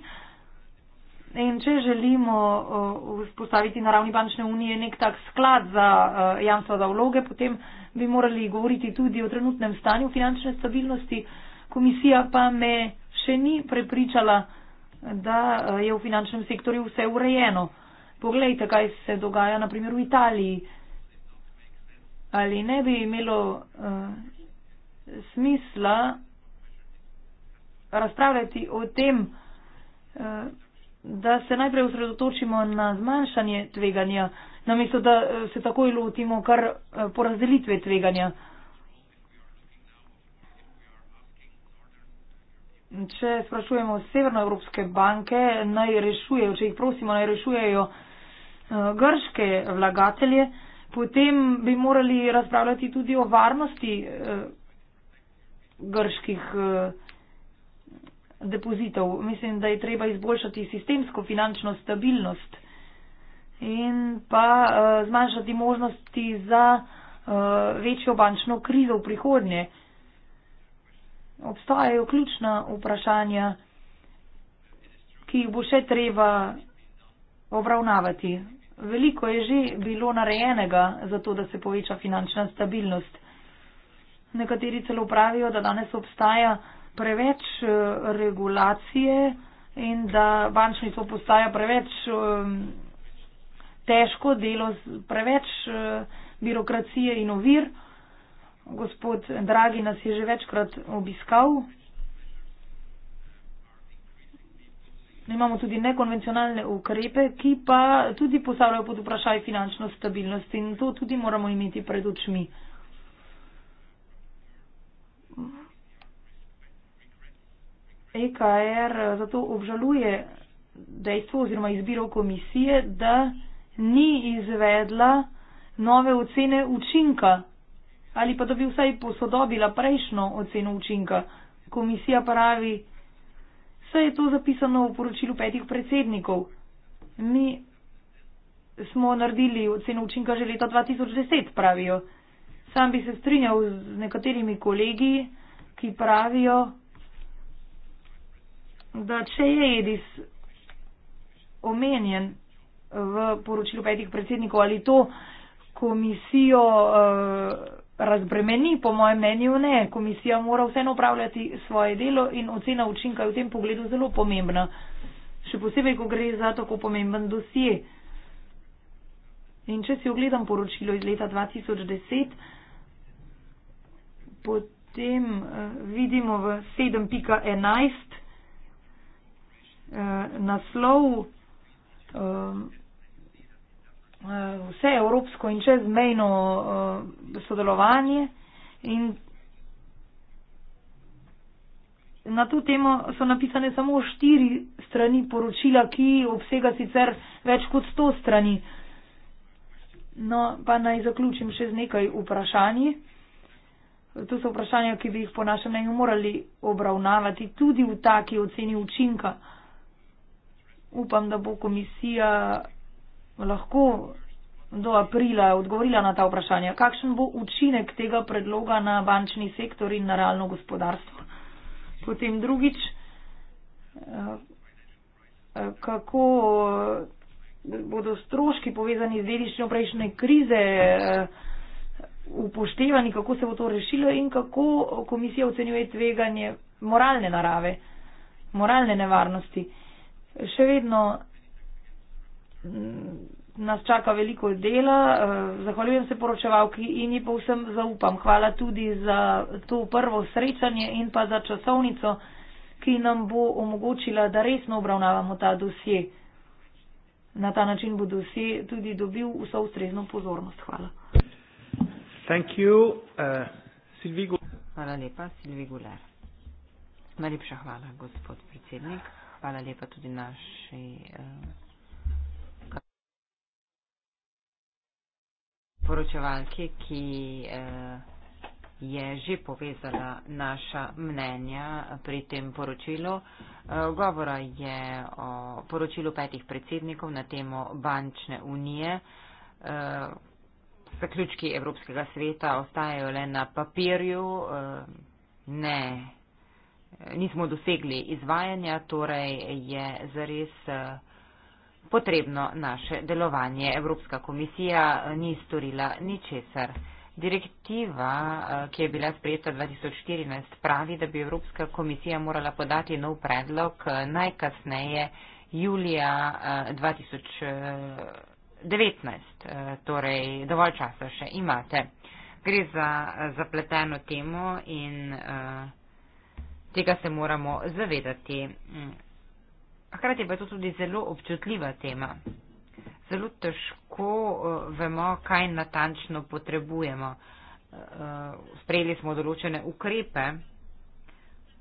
In če želimo eh, vzpostaviti na ravni bančne unije nek tak sklad za eh, jamstva za vloge, potem bi morali govoriti tudi o trenutnem stanju finančne stabilnosti, komisija pa me še ni prepričala, da eh, je v finančnem sektorju vse urejeno. Poglejte, kaj se dogaja na primer v Italiji. Ali ne bi imelo uh, smisla razpravljati o tem, uh, da se najprej usredotočimo na zmanjšanje tveganja, namesto da uh, se takoj lotimo kar uh, porazdelitve tveganja. Uh, Če sprašujemo severnoevropske banke, naj rešujejo, če jih prosimo, naj rešujejo eh, grške vlagatelje, potem bi morali razpravljati tudi o varnosti eh, grških eh, depozitov. Mislim, da je treba izboljšati sistemsko finančno stabilnost in pa zmanjšati možnosti za večjo bančno krizo v prihodnje obstajajo ključna vprašanja, ki jih bo še treba obravnavati. Veliko je že bilo narejenega za to, da se poveča finančna stabilnost. Nekateri celo pravijo, da danes obstaja preveč eh, regulacije in da bančnico postaja preveč ehm, težko delo, preveč eh, birokracije in ovir. Gospod Dragi nas je že večkrat obiskal. Imamo tudi nekonvencionalne ukrepe, ki pa tudi postavljajo pod vprašaj finančno stabilnost in to tudi moramo imeti pred očmi. EKR zato obžaluje dejstvo oziroma izbiro komisije, da ni izvedla nove ocene učinka ali pa da bi vsaj posodobila prejšnjo oceno učinka. Komisija pravi, vse je to zapisano v poročilu petih predsednikov. Mi smo naredili oceno učinka že leta 2010, pravijo. Sam bi se strinjal z nekaterimi kolegi, ki pravijo, da če je Edis omenjen v poročilu petih predsednikov ali to komisijo. Uh, razbremeni, po mojem mnenju ne. Komisija mora vseeno upravljati svoje delo in ocena učinka je v tem pogledu zelo pomembna. Še posebej, ko gre za tako pomemben dosje. In če si ogledam poročilo iz leta 2010, potem eh, vidimo v 7.11 eh, naslov eh, Eh, vse evropsko in čezmejno eh, sodelovanje in na to temo so napisane samo štiri strani poročila, ki obsega sicer več kot sto strani. No, pa naj zaključim še z nekaj vprašanji. To so vprašanja, ki bi jih po našem mnenju morali obravnavati tudi v taki oceni učinka. Upam, da bo komisija lahko do aprila odgovorila na ta vprašanja. Kakšen bo učinek tega predloga na bančni sektor in na realno gospodarstvo? Potem drugič, eh, eh, kako eh, bodo stroški povezani z dediščino prejšnje krize upoštevani, kako se bo to rešilo in kako komisija ocenjuje tveganje moralne narave, moralne nevarnosti. Še vedno nas čaka veliko dela. Eh, zahvaljujem se poročevalki in ji povsem zaupam. Hvala tudi za to prvo srečanje in pa za časovnico, ki nam bo omogočila, da resno obravnavamo ta dosje. Na ta način bo dosje tudi dobil vso ustrezno pozornost. Hvala. Eh, hvala lepa, Silvi Guler. Najlepša hvala, gospod predsednik. Hvala lepa tudi naši. Uh, poročevalki, ki eh, je že povezala naša mnenja pri tem poročilu. Eh, govora je o poročilu petih predsednikov na temo bančne unije. Eh, zaključki Evropskega sveta ostajajo le na papirju. Ne, nismo dosegli izvajanja, torej je zares potrebno naše delovanje. Evropska komisija eh, ni storila ničesar. Direktiva, eh, ki je bila sprejeta 2014, pravi, da bi Evropska komisija morala podati nov predlog eh, najkasneje julija 2019. Torej, dovolj časa še imate. Gre za zapleteno temo in tega se moramo zavedati. Mm hkrati pa je to tudi zelo občutljiva tema. Zelo težko uh, vemo, kaj natančno potrebujemo. Uh, sprejeli smo določene ukrepe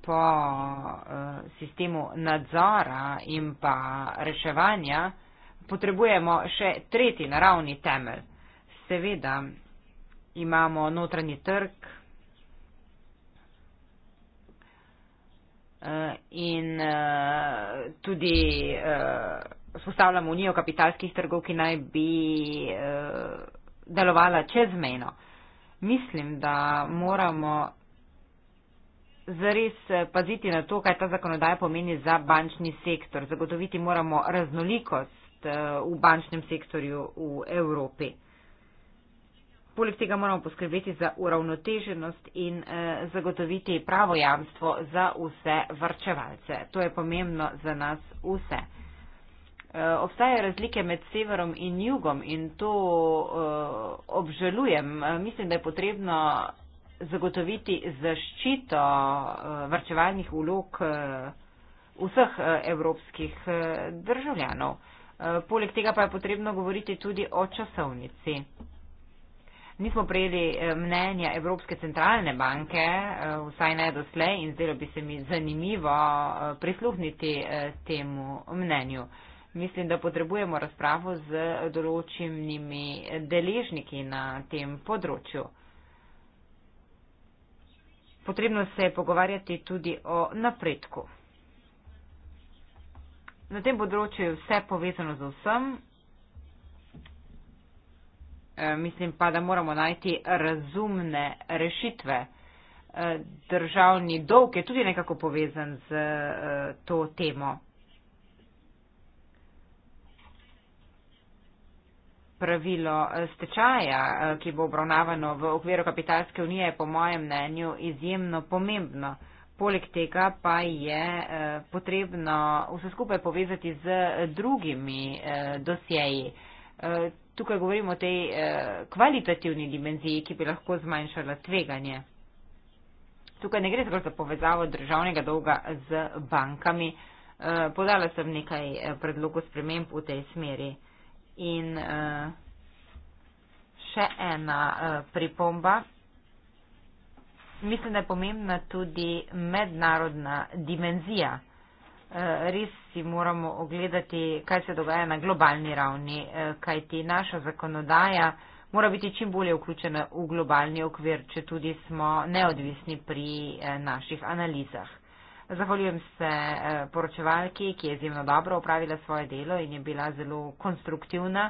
po uh, sistemu nadzora in pa reševanja, potrebujemo še tretji naravni temelj. Seveda imamo notranji trg, Eh, in uh, tudi uh, eh, spostavljamo unijo kapitalskih trgov, ki naj bi uh, delovala čezmejno. Mislim, da moramo zares paziti na to, kaj ta zakonodaja pomeni za bančni sektor. Zagotoviti moramo raznolikost uh, v bančnem sektorju v Evropi. Poleg tega moramo poskrbeti za uravnoteženost in eh, zagotoviti pravo jamstvo za vse vrčevalce. To je pomembno za nas vse. Eh, obstajajo razlike med severom in jugom in to eh, obžalujem. Eh, mislim, da je potrebno zagotoviti zaščito eh, vrčevalnih ulog eh, vseh eh, evropskih eh, državljanov. Eh, poleg tega pa je potrebno govoriti tudi o časovnici. Nismo prejeli eh, mnenja Evropske centralne banke, eh, vsaj ne doslej, in zdelo bi se mi zanimivo eh, prisluhniti temu mnenju. Mislim, da potrebujemo razpravo z določenimi deležniki na tem področju. Potrebno se je pogovarjati tudi o napredku. Na tem področju je vse povezano z vsem, Eh, mislim pa, da moramo najti razumne rešitve. Eh, državni dolg je tudi nekako povezan z eh, to temo. Pravilo stečaja, ki bo obravnavano v okviru kapitalske unije, je po mojem mnenju izjemno pomembno. Poleg tega pa je potrebno vse skupaj povezati z drugimi dosjeji tukaj govorimo o tej eh, kvalitativni dimenziji, ki bi lahko zmanjšala tveganje. Tukaj ne gre zgolj za povezavo državnega dolga z bankami. Eh, podala sem nekaj eh, predlogov sprememb v tej smeri. In eh, še ena eh, pripomba. Mislim, da je pomembna tudi mednarodna dimenzija. Eh, res si moramo ogledati, kaj se dogaja na globalni ravni, eh, kajti naša zakonodaja mora biti čim bolje vključena v globalni okvir, če tudi smo neodvisni pri eh, naših analizah. Zahvaljujem se poročevalki, ki je izjemno dobro upravila svoje delo in je bila zelo konstruktivna.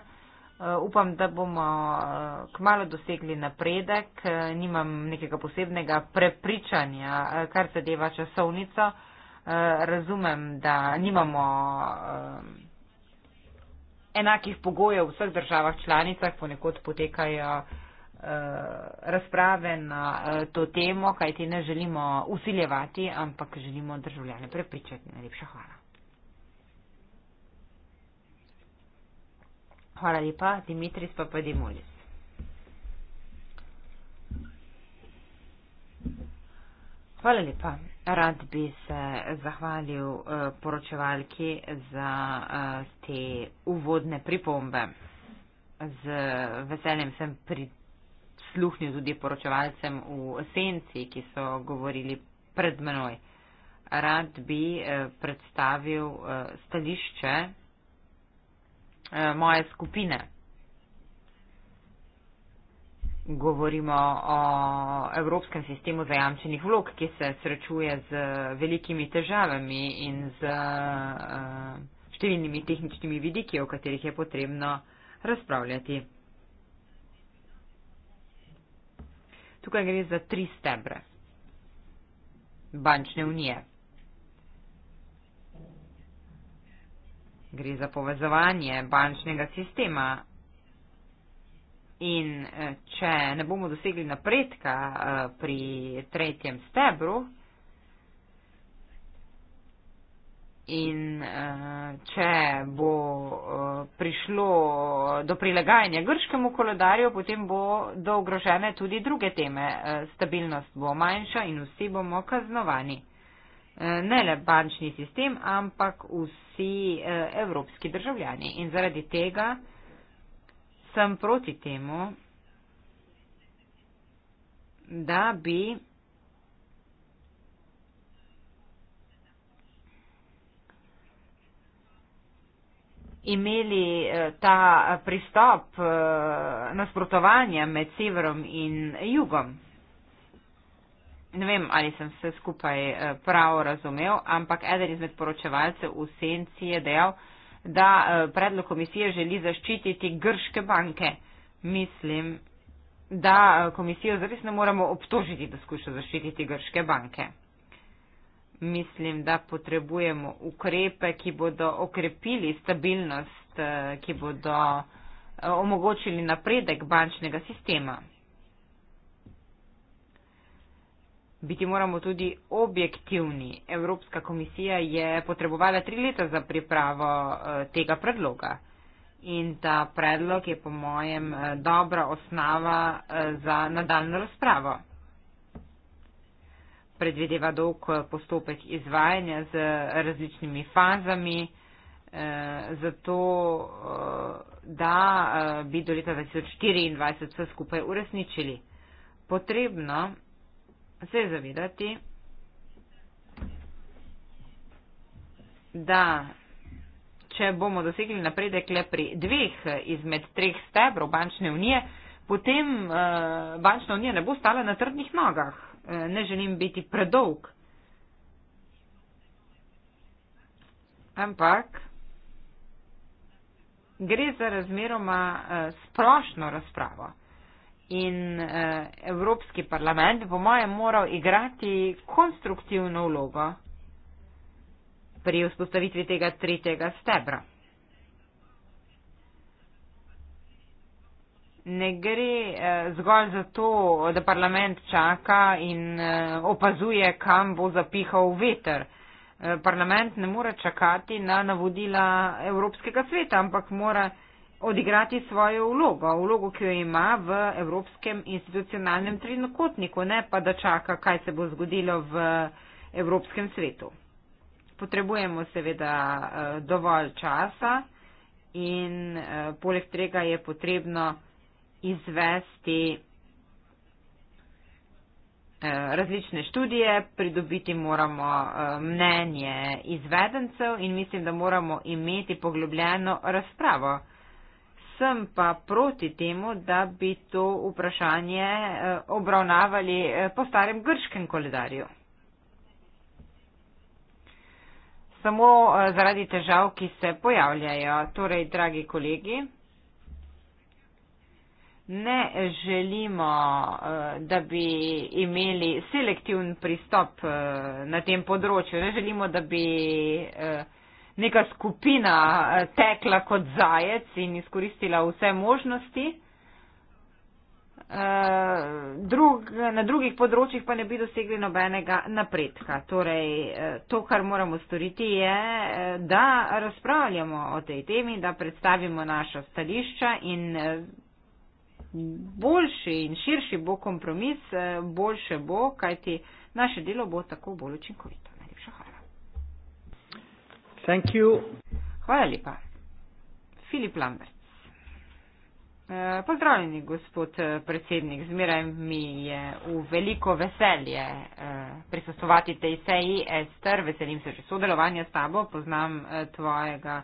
Upam, da bomo kmalo dosegli napredek. Nimam nekega posebnega prepričanja, kar zadeva časovnico. Eh, razumem, da nimamo eh, enakih pogojev v vseh državah članicah, ponekod potekajo eh, razprave na to temo, kajti ne želimo usiljevati, ampak želimo državljane prepričati. Najlepša hvala. Hvala lepa, Dimitris Papadimulis. Hvala lepa. Rad bi se zahvalil eh, poročevalki za eh, te uvodne pripombe. Z veseljem sem prisluhnil tudi poročevalcem v senci, ki so govorili pred menoj. Rad bi eh, predstavil stališče moje skupine govorimo o evropskem sistemu zajamčenih vlog, ki se srečuje z velikimi težavami in z eh, številnimi tehničnimi vidiki, o katerih je potrebno razpravljati. Tukaj gre za tri stebre bančne unije. Gre za povezovanje bančnega sistema In eh, če ne bomo dosegli napredka eh, pri tretjem stebru in eh, če bo prišlo do prilagajanja grškemu koledarju, potem bo do ogrožene tudi druge teme. Stabilnost bo manjša in vsi bomo kaznovani. Ne le bančni sistem, ampak vsi evropski državljani. In zaradi tega sem proti temu, da bi imeli eh, ta eh, pristop eh, nasprotovanja med severom in jugom. Ne vem, ali sem vse skupaj prav razumel, ampak eden izmed poročevalcev v senci je dejal, da eh, predlog komisije želi zaščititi grške banke. Mislim, da eh, komisijo zares ne moramo obtožiti, da skuša zaščititi grške banke. Mislim, da potrebujemo ukrepe, ki bodo okrepili stabilnost, eh, ki bodo omogočili napredek bančnega sistema. biti moramo tudi objektivni. Evropska komisija je potrebovala tri leta za pripravo eh, tega predloga. In ta predlog je po mojem eh, dobra osnova eh, za nadaljno razpravo. Predvideva dolg postopek izvajanja z različnimi fazami, zato da bi do leta 2024 vse skupaj uresničili. Potrebno se zavedati, da če bomo dosegli napredek le pri dveh izmed treh stebrov bančne unije, potem uh, bančna unija ne bo stala na trdnih nogah. Uh, ne želim biti predolg. Ampak gre za razmeroma uh, splošno razpravo. In uh, Evropski parlament bi po mojem moral igrati konstruktivno vlogo pri vzpostavitvi tega tretjega stebra. Ne gre uh, zgolj za to, da parlament čaka in uh, opazuje, kam bo zapihal veter. Uh, parlament ne more čakati na navodila Evropskega sveta, ampak mora odigrati svojo vlogo, vlogo, ki jo ima v evropskem institucionalnem trinokotniku, ne pa da čaka, kaj se bo zgodilo v evropskem svetu. Potrebujemo seveda eh, dovolj časa in eh, poleg tega je potrebno izvesti eh, različne študije, pridobiti moramo mnenje izvedencev in mislim, da moramo imeti poglobljeno razpravo sem pa proti temu, da bi to vprašanje eh, obravnavali eh, po starem grškem koledarju. Samo eh, zaradi težav, ki se pojavljajo. Torej, dragi kolegi, ne želimo, da bi imeli selektivn pristop na tem področju. Ne želimo, da bi neka skupina eh, tekla kot zajec in izkoristila vse možnosti. Eh, drug, na drugih področjih pa ne bi dosegli nobenega napredka. Torej, eh, to, kar moramo storiti, je, da razpravljamo o tej temi, da predstavimo naša stališča in boljši in širši bo kompromis, boljše bo, kajti naše delo bo tako bolj učinkovito. Thank you. Hvala lepa. Filip Lambert. Uh, pozdravljeni, gospod eh, predsednik. Zmeraj mi je v veliko veselje uh, prisostovati tej seji Ester. Veselim se že sodelovanja s tabo. Poznam uh, tvojega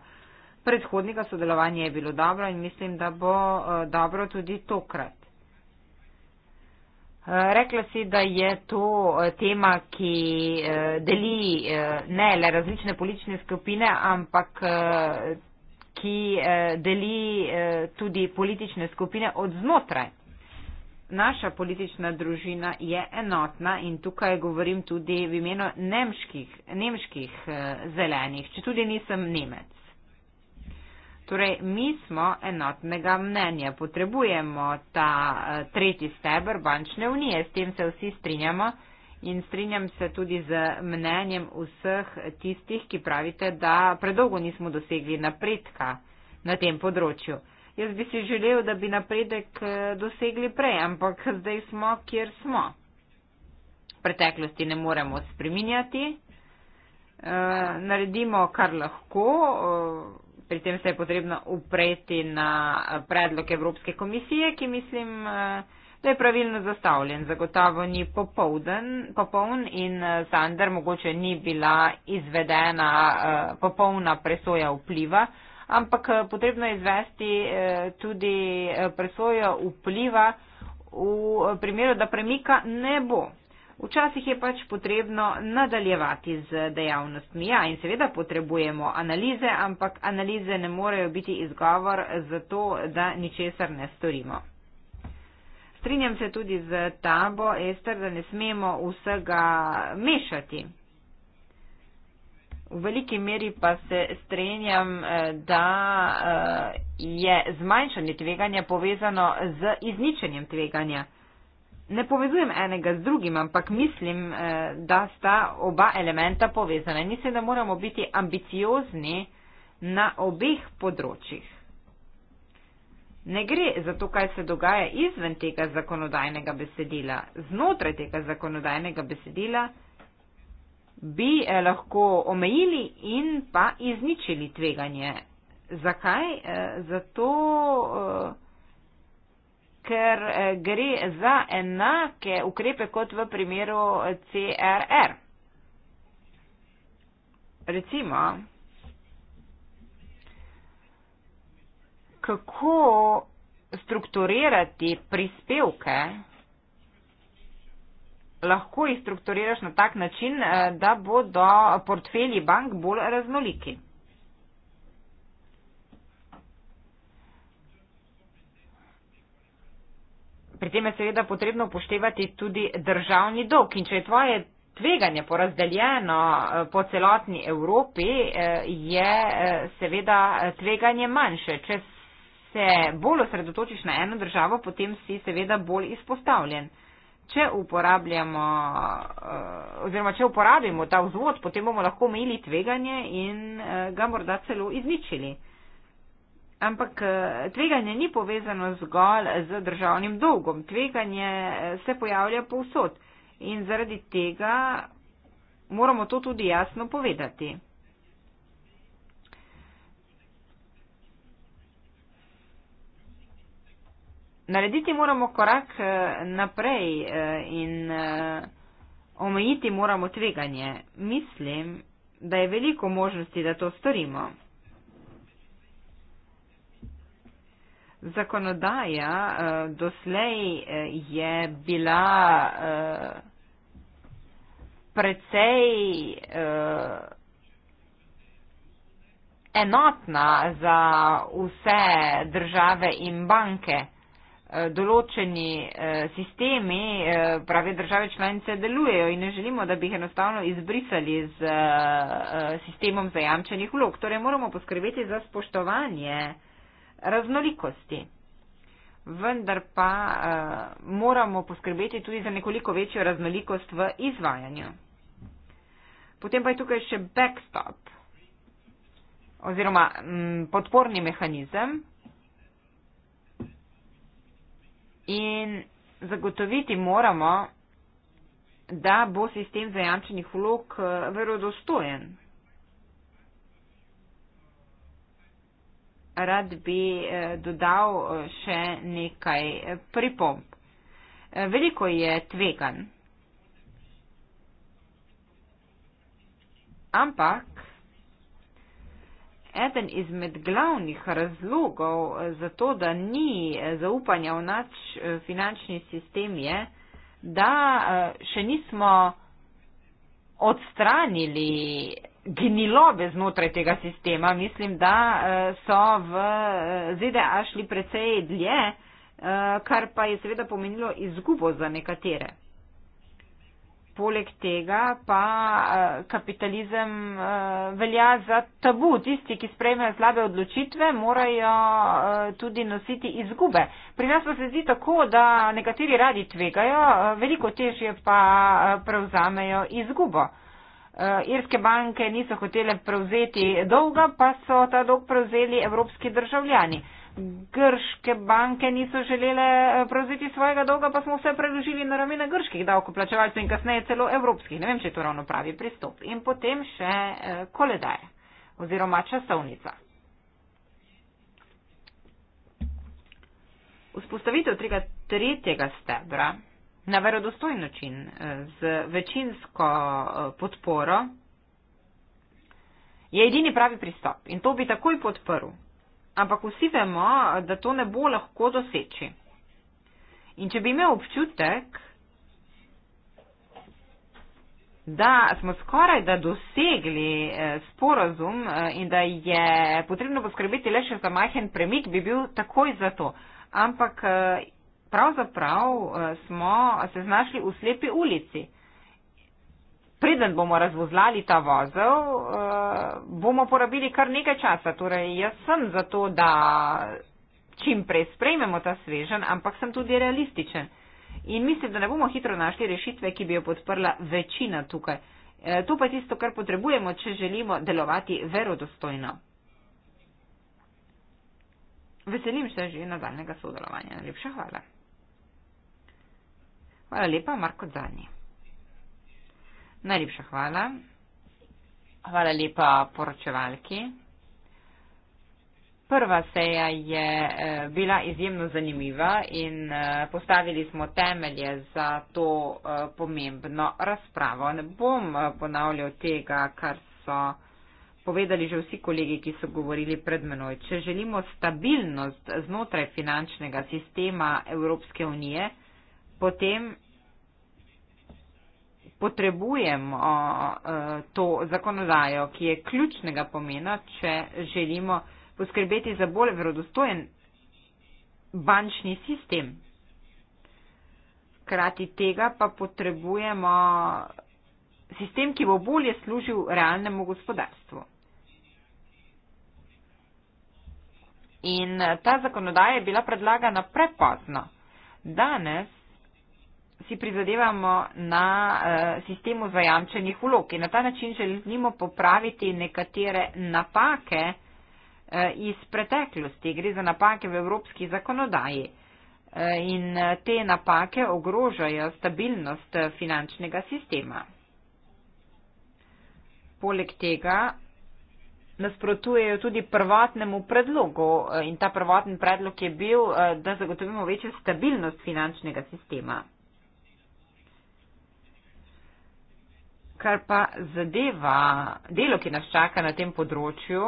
predhodnika. Sodelovanje je bilo dobro in mislim, da bo uh, dobro tudi tokrat. Eh, rekla si, da je to eh, tema, ki eh, deli ne le različne politične skupine, ampak ki deli tudi politične skupine od znotraj. Naša politična družina je enotna in tukaj govorim tudi v imenu nemških, nemških zelenih, če tudi nisem Nemec. Torej, mi smo enotnega mnenja, potrebujemo ta eh, tretji stebr bančne unije, s tem se vsi strinjamo in strinjam se tudi z mnenjem vseh tistih, ki pravite, da predolgo nismo dosegli napredka na tem področju. Jaz bi si želel, da bi napredek eh, dosegli prej, ampak zdaj smo, kjer smo. Preteklosti ne moremo spreminjati, e, naredimo, kar lahko. E, pri tem se je potrebno upreti na predlog Evropske komisije, ki mislim, eh, da je pravilno zastavljen. Zagotovo ni popoldan, popoln in eh, Sander mogoče ni bila izvedena eh, popolna presoja vpliva, ampak potrebno je izvesti tudi presojo vpliva v primeru, da premika ne bo. Včasih je pač potrebno nadaljevati z dejavnostmi. Ja, in seveda potrebujemo analize, ampak analize ne morejo biti izgovor za to, da ničesar ne storimo. Strinjam se tudi z tabo, Ester, da ne smemo vsega mešati. V veliki meri pa se strenjam, eh, da eh, je zmanjšanje tveganja povezano z izničenjem tveganja ne povezujem enega z drugim, ampak mislim, eh, da sta oba elementa povezana. Mislim, da moramo biti ambiciozni na obeh področjih. Ne gre za to, kaj se dogaja izven tega zakonodajnega besedila. Znotraj tega zakonodajnega besedila bi eh, lahko omejili in pa izničili tveganje. Zakaj? Eh, zato ker eh, gre za enake ukrepe kot v primeru CRR. Recimo, kako strukturirati prispevke, lahko jih strukturiraš na tak način, eh, da bodo portfelji bank bolj raznoliki. pri tem je seveda potrebno upoštevati tudi državni dolg. In če je tvoje tveganje porazdeljeno eh, po celotni Evropi, eh, je eh, seveda tveganje manjše. Če se bolj osredotočiš na eno državo, potem si seveda bolj izpostavljen. Če uporabljamo oziroma če uporabimo ta vzvod, potem bomo lahko omejili tveganje in ga morda celo izničili. Ampak eh, tveganje ni povezano zgolj z državnim dolgom. Tveganje eh, se pojavlja povsod in zaradi tega moramo to tudi jasno povedati. Narediti moramo korak eh, naprej in omejiti moramo tveganje. Mislim, da je veliko možnosti, da to storimo. zakonodaja uh, doslej eh, je bila uh, precej uh, enotna za vse države in banke. Določeni sistemi, pravi države članice, delujejo in ne želimo, da bi jih enostavno izbrisali z sistemom zajamčenih vlog. Torej moramo poskrbeti za spoštovanje uh, raznolikosti. Vendar pa uh, moramo poskrbeti tudi za nekoliko večjo raznolikost v izvajanju. Potem pa je tukaj še backstop oziroma m, mm, podporni mehanizem in zagotoviti moramo, da bo sistem zajamčenih vlog eh, verodostojen. rad bi eh, dodal eh, še nekaj eh, pripomb. Veliko je tvegan, ampak eden izmed glavnih razlogov za to, da ni zaupanja v naš finančni sistem je, da še nismo odstranili gnilobe znotraj tega sistema. Mislim, da eh, so v eh, ZDA šli precej dlje, eh, kar pa je seveda pomenilo izgubo za nekatere. Poleg tega pa kapitalizem velja za tabu. Tisti, ki sprejmejo slabe odločitve, morajo tudi nositi izgube. Pri nas pa se zdi tako, da nekateri radi tvegajo, veliko težje pa prevzamejo izgubo. Eh, irske banke niso hotele prevzeti dolga, pa so ta dolg prevzeli evropski državljani. Grške banke niso želele eh, prevzeti svojega dolga, pa smo vse preložili na ramena grških davkoplačevalcev in kasneje celo evropskih. Ne vem, če je to ravno pravi pristop. In potem še eh, koledar oziroma časovnica. Vzpostavitev tega tretjega stebra na verodostojen način, eh, z večinsko eh, podporo, je edini pravi pristop in to bi takoj podprl. Ampak vsi vemo, eh, da to ne bo lahko doseči. In če bi imel občutek, da smo skoraj da dosegli sporozum in da je potrebno poskrbeti le še za majhen premik, bi bil takoj za to. Ampak pravzaprav eh, smo se znašli v slepi ulici. Preden bomo razvozlali ta vozel, eh, bomo porabili kar nekaj časa. Torej, jaz sem za to, da čim prej sprejmemo ta svežen, ampak sem tudi realističen. In mislim, da ne bomo hitro našli rešitve, ki bi jo podprla večina tukaj. Eh, to pa je tisto, kar potrebujemo, če želimo delovati verodostojno. Veselim se že nadaljnega sodelovanja. Najlepša hvala. Hvala lepa, Marko Zani. Najlepša hvala. Hvala lepa poročevalki. Prva seja je eh, bila izjemno zanimiva in eh, postavili smo temelje za to eh, pomembno razpravo. Ne bom ponavljal tega, kar so povedali že vsi kolegi, ki so govorili pred menoj. Če želimo stabilnost znotraj finančnega sistema Evropske unije, potem potrebujemo e, to zakonodajo, ki je ključnega pomena, če želimo poskrbeti za bolj verodostojen bančni sistem. Hkrati tega pa potrebujemo sistem, ki bo bolje služil realnemu gospodarstvu. In e, ta zakonodaja je bila predlagana prepozno. Danes si prizadevamo na uh, sistemu zajamčenih vlog in na ta način želimo popraviti nekatere napake uh, iz preteklosti. Gre za napake v evropski zakonodaji uh, in te napake ogrožajo stabilnost finančnega sistema. Poleg tega nasprotujejo tudi prvotnemu predlogu in ta prvotni predlog je bil, da zagotovimo večjo stabilnost finančnega sistema. kar pa zadeva delo, ki nas čaka na tem področju,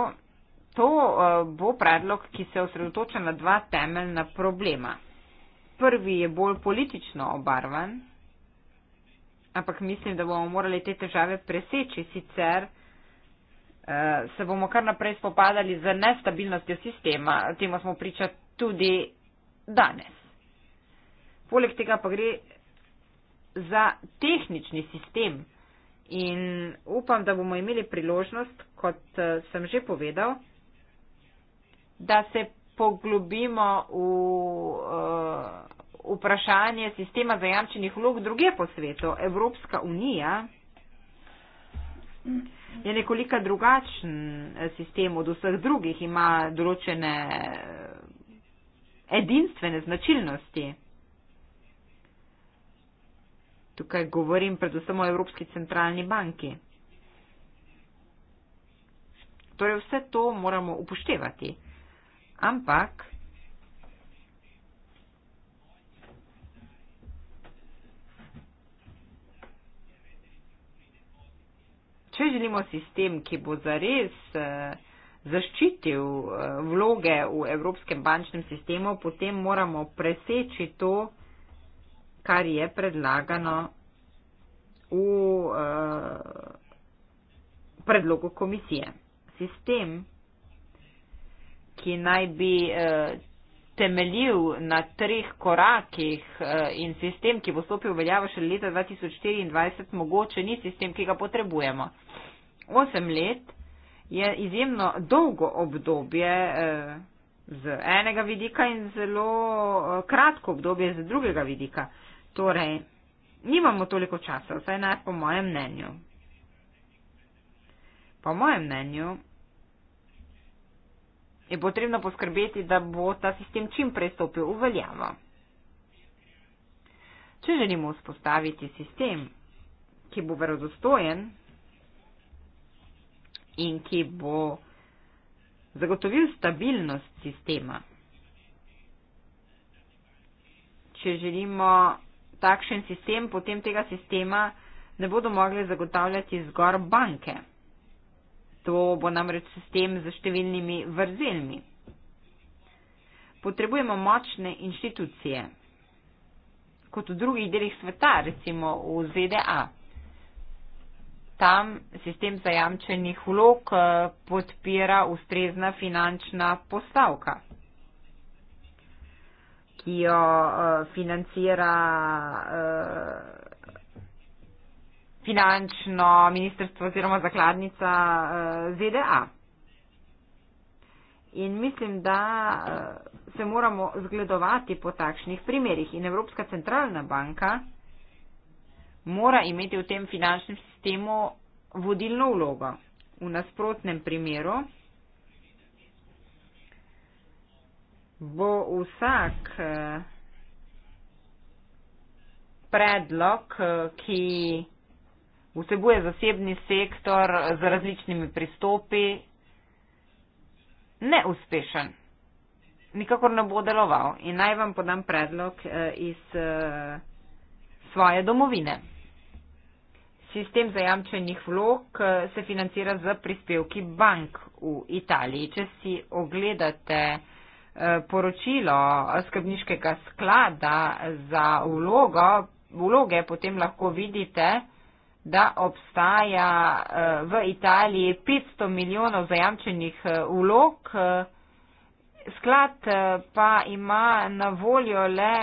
to eh, bo predlog, ki se osredotoča na dva temeljna problema. Prvi je bolj politično obarvan, ampak mislim, da bomo morali te težave preseči, sicer eh, se bomo kar naprej spopadali z nestabilnostjo sistema, temu smo priča tudi danes. Poleg tega pa gre za tehnični sistem, in upam, da bomo imeli priložnost, kot eh, sem že povedal, da se poglobimo v eh, vprašanje sistema zajamčenih vlog druge po svetu. Evropska unija je nekoliko drugačen eh, sistem od vseh drugih, ima določene edinstvene značilnosti. Tukaj govorim predvsem o Evropski centralni banki. Torej vse to moramo upoštevati. Ampak če želimo sistem, ki bo zares eh, zaščitil eh, vloge v Evropskem bančnem sistemu, potem moramo preseči to, kar je predlagano v uh, predlogu komisije. Sistem, ki naj bi uh, temeljil na treh korakih uh, in sistem, ki bo stopil v veljavo še leta 2024, mogoče ni sistem, ki ga potrebujemo. Osem let je izjemno dolgo obdobje. Uh, Z enega vidika in zelo kratko obdobje z drugega vidika. Uh, Torej, nimamo toliko časa, vsaj ne po mojem mnenju. Po mojem mnenju je potrebno poskrbeti, da bo ta sistem čim prej stopil v veljavo. Če želimo vzpostaviti sistem, ki bo verodostojen in ki bo zagotovil stabilnost sistema, če želimo takšen sistem, potem tega sistema ne bodo mogli zagotavljati zgor banke. To bo namreč sistem z številnimi vrzelmi. Potrebujemo močne inštitucije, kot v drugih delih sveta, recimo v ZDA. Tam sistem zajamčenih vlog eh, podpira ustrezna finančna postavka ki jo uh, financira uh, finančno ministrstvo oziroma zakladnica uh, eh, ZDA. In mislim, da uh, se moramo zgledovati po takšnih primerjih. In Evropska centralna banka mora imeti v tem finančnem sistemu vodilno vlogo. V nasprotnem primeru. bo vsak eh, predlog, eh, ki vsebuje zasebni sektor z različnimi pristopi, neuspešen. Nikakor ne bo deloval in naj vam podam predlog eh, iz svoje domovine. Sistem zajamčenih vlog se financira z prispevki bank v Italiji. Če si ogledate uh, Eh, poročilo skrbniškega sklada za vlogo, vloge, potem lahko vidite, da obstaja eh, v Italiji 500 milijonov zajamčenih eh, vlog. Sklad pa ima na voljo le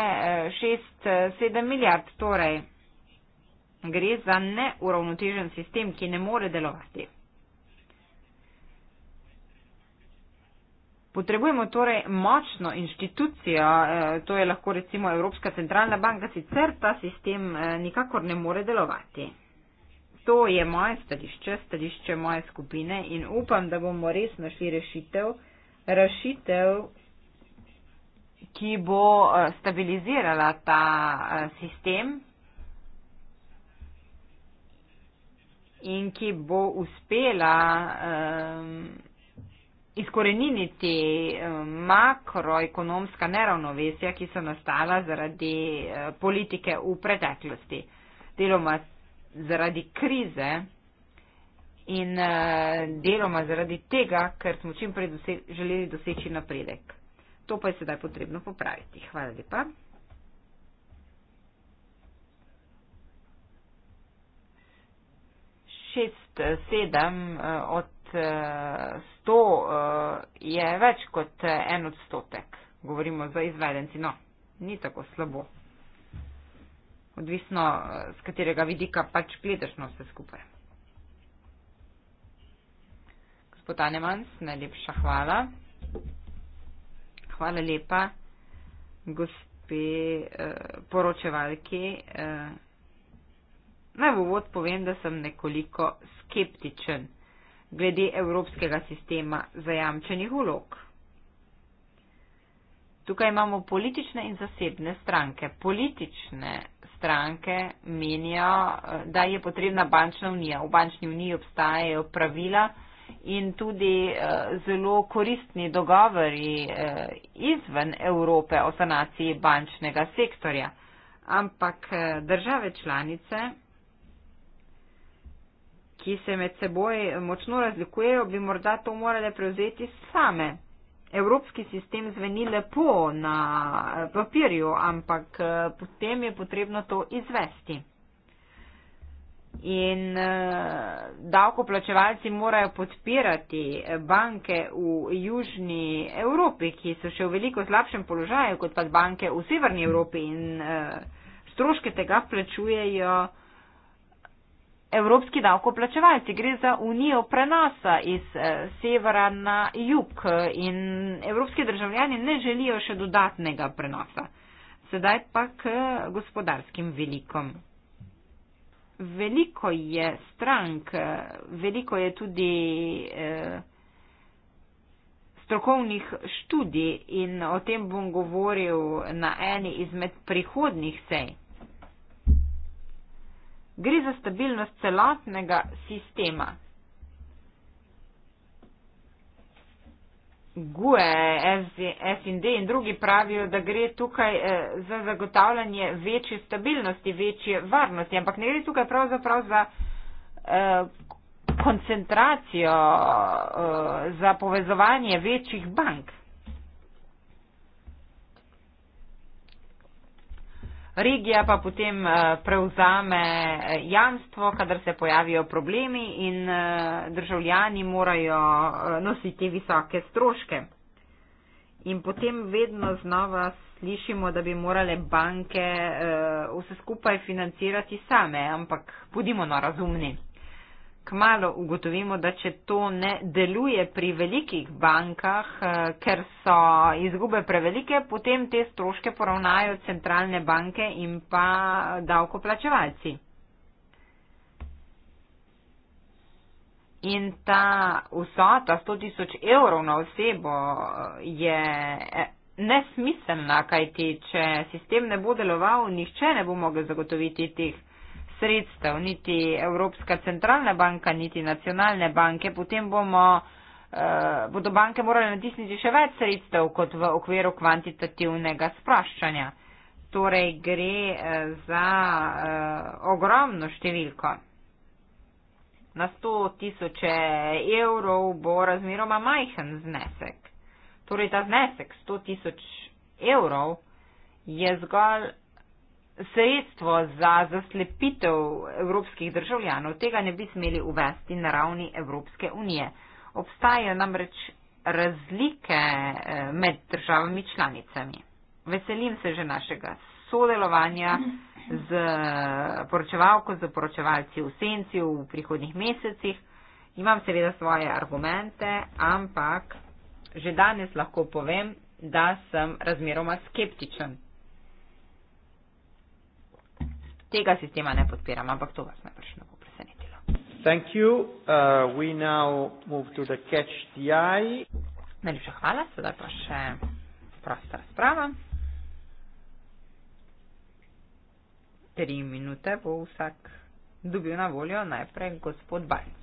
6-7 milijard, torej gre za neuravnotežen sistem, ki ne more delovati. Potrebujemo torej močno inštitucijo, eh, to je lahko recimo Evropska centralna banka, sicer ta sistem eh, nikakor ne more delovati. To je moje stališče, stališče moje skupine in upam, da bomo res našli rešitev, rešitev, ki bo eh, stabilizirala ta sistem in ki bo uspela. Um, izkoreniniti eh, makroekonomska neravnovesja, ki so nastala zaradi eh, politike v preteklosti, deloma zaradi krize in eh, deloma zaradi tega, ker smo čim prej dose želeli doseči napredek. To pa je sedaj potrebno popraviti. Hvala lepa. Šest, sedem od 100 eh, je več kot eh, en odstotek. Govorimo za izvedenci. No, ni tako slabo. Odvisno, z eh, katerega vidika pač gledaš na no, vse skupaj. Gospod Anemans, najlepša hvala. Hvala lepa, gospe poročevalki. Naj v uvod povem, da sem nekoliko skeptičen glede evropskega sistema zajamčenih vlog. Tukaj imamo politične in zasebne stranke. Politične stranke menijo, eh, da je potrebna bančna unija. V bančni uniji obstajajo pravila in tudi eh, zelo koristni dogovori eh, izven Evrope o sanaciji bančnega sektorja. Ampak države članice ki se med seboj močno razlikujejo, bi morda to morale prevzeti same. Evropski sistem zveni lepo na eh, papirju, ampak eh, potem je potrebno to izvesti. In eh, davkoplačevalci morajo podpirati banke v Južni Evropi, ki so še v veliko slabšem položaju kot pa banke v Severni Evropi in stroške tega plačujejo evropski davkoplačevalci. Gre za unijo prenosa iz eh, severa na jug eh, in evropski državljani ne želijo še dodatnega prenosa. Sedaj pa k eh, gospodarskim velikom. Veliko je strank, veliko je tudi eh, strokovnih študij in o tem bom govoril na eni izmed prihodnih sej gre za stabilnost celotnega sistema. GUE, SND in drugi pravijo, da gre tukaj eh, za zagotavljanje večje stabilnosti, večje varnosti, ampak ne gre tukaj pravzaprav za eh, koncentracijo, eh, za povezovanje večjih bank. regija pa potem eh, prevzame eh, jamstvo, kadar se pojavijo problemi in eh, državljani morajo nositi visoke stroške. In potem vedno znova slišimo, da bi morale banke vse skupaj financirati same, ampak budimo na razumni kmalo ugotovimo, da če to ne deluje pri velikih bankah, eh, ker so izgube prevelike, potem te stroške poravnajo centralne banke in pa davkoplačevalci. In ta vsota 100 tisoč evrov na osebo eh, je eh, nesmiselna, kajti če sistem ne bo deloval, nihče ne bo mogel zagotoviti teh sredstev, niti Evropska centralna banka, niti nacionalne banke, potem bomo, eh, bodo banke morale natisniti še več sredstev kot v okviru kvantitativnega spraščanja. Torej gre eh, za eh, ogromno številko. Na 100 tisoče evrov bo razmeroma majhen znesek. Torej ta znesek 100 tisoč evrov je zgolj sredstvo za zaslepitev evropskih državljanov, tega ne bi smeli uvesti na ravni Evropske unije. Obstajajo namreč razlike eh, med državami članicami. Veselim se že našega sodelovanja z poročevalko, z poročevalci v senci v prihodnih mesecih. Imam seveda svoje argumente, ampak že danes lahko povem, da sem razmeroma skeptičen tega sistema ne podpiram, ampak to vas najprej ne bo presenetilo. Uh, Najlepša hvala, sedaj pa še prosta razprava. Tri minute bo vsak dobil na voljo, najprej gospod Bajc.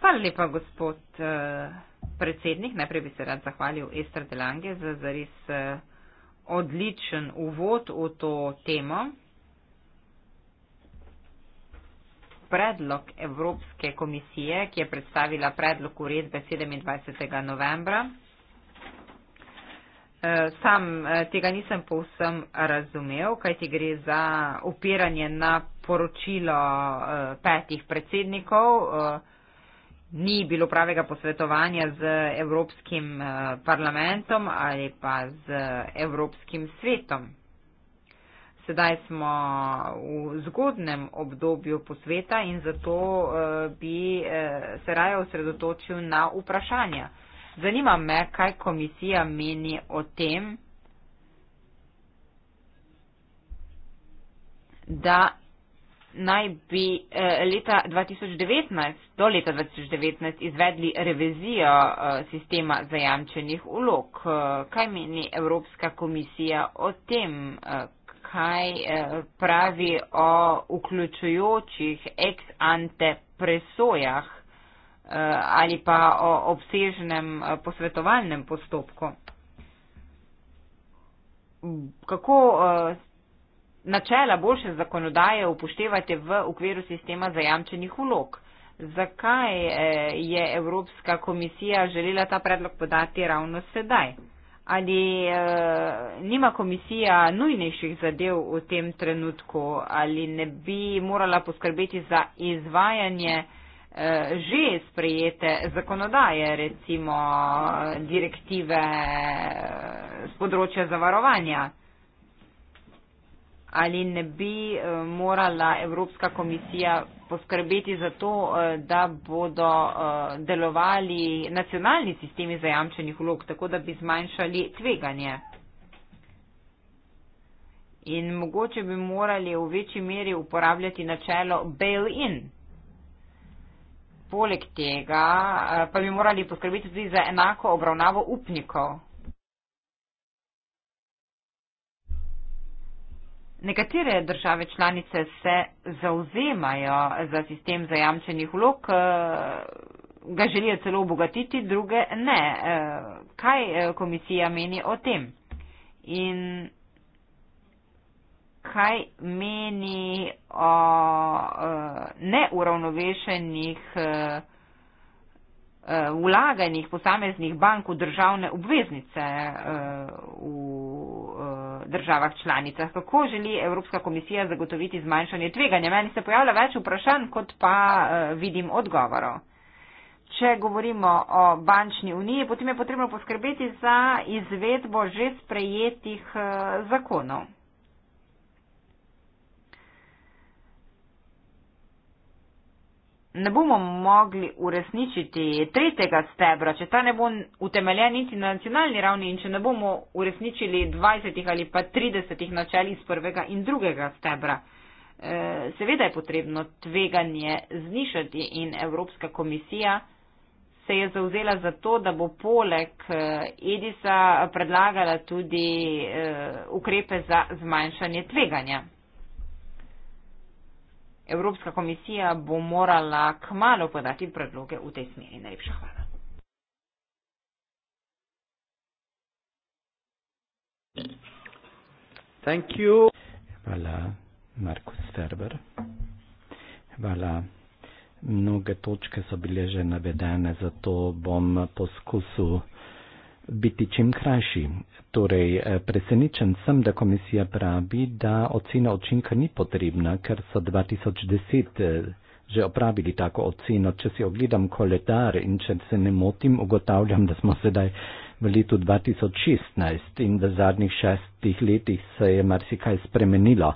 Hvala lepa, gospod uh, predsednik. Najprej bi se rad zahvalil Ester Delange za zares uh, odličen uvod v to temo. predlog Evropske komisije, ki je predstavila predlog uredbe 27. novembra. Eh, sam eh, tega nisem povsem razumev, kajti gre za opiranje na poročilo eh, petih predsednikov. Ni bilo pravega posvetovanja z Evropskim parlamentom ali pa z Evropskim svetom. Sedaj smo v zgodnem obdobju posveta in zato eh, bi eh, se raje osredotočil na vprašanja. Zanima me, kaj komisija meni o tem, da naj bi eh, leta 2019, do leta 2019 izvedli revizijo sistema zajamčenih ulog. Kaj meni Evropska komisija o tem? kaj eh, pravi o vključujočih ex ante presojah eh, ali pa o obsežnem eh, posvetovalnem postopku. Kako načela boljše zakonodaje upoštevate v okviru sistema zajamčenih vlog? Zakaj je Evropska komisija želela ta predlog podati ravno sedaj? ali uh, nima komisija nujnejših zadev v tem trenutku, ali ne bi morala poskrbeti za izvajanje uh, že sprejete zakonodaje, recimo eh, direktive uh, z področja zavarovanja ali ne bi eh, morala Evropska komisija poskrbeti za to, eh, da bodo eh, delovali nacionalni sistemi zajamčenih vlog, tako da bi zmanjšali tveganje. In mogoče bi morali v večji meri uporabljati načelo bail-in. Poleg tega pa bi morali poskrbeti tudi za enako obravnavo upnikov. Nekatere države članice se zauzemajo za sistem zajamčenih vlog, eh, ga želijo celo obogatiti, druge ne. Eh, kaj eh, komisija meni o tem? In kaj meni o neuravnovešenih vlaganjih posameznih bank v državne obveznice v državah članicah. Kako želi Evropska komisija zagotoviti zmanjšanje tveganja? Meni se pojavlja več vprašanj, kot pa eh, vidim odgovorov. Če govorimo o bančni uniji, potem je potrebno poskrbeti za izvedbo že sprejetih eh, zakonov. ne bomo mogli uresničiti tretjega stebra, če ta ne bo utemeljen niti na nacionalni ravni in če ne bomo uresničili 20 ali pa 30 načel iz prvega in drugega stebra. Eh, seveda je potrebno tveganje znišati in Evropska komisija se je zauzela za to, da bo poleg eh, Edisa predlagala tudi eh, ukrepe za zmanjšanje tveganja. Evropska komisija bo morala kmalo podati predloge v tej smeri. Najlepša hvala. Thank you. Hvala, Marko Sterber. Hvala. Mnoge točke so bile že navedene, zato bom poskusil biti čim krajši. Torej, eh, presenečen sem, da komisija pravi, da ocena očinka ni potrebna, ker so 2010 eh, že opravili tako oceno. Če si ogledam koledar in če se ne motim, ugotavljam, da smo sedaj v letu 2016 in v zadnjih šestih letih se je marsikaj spremenilo.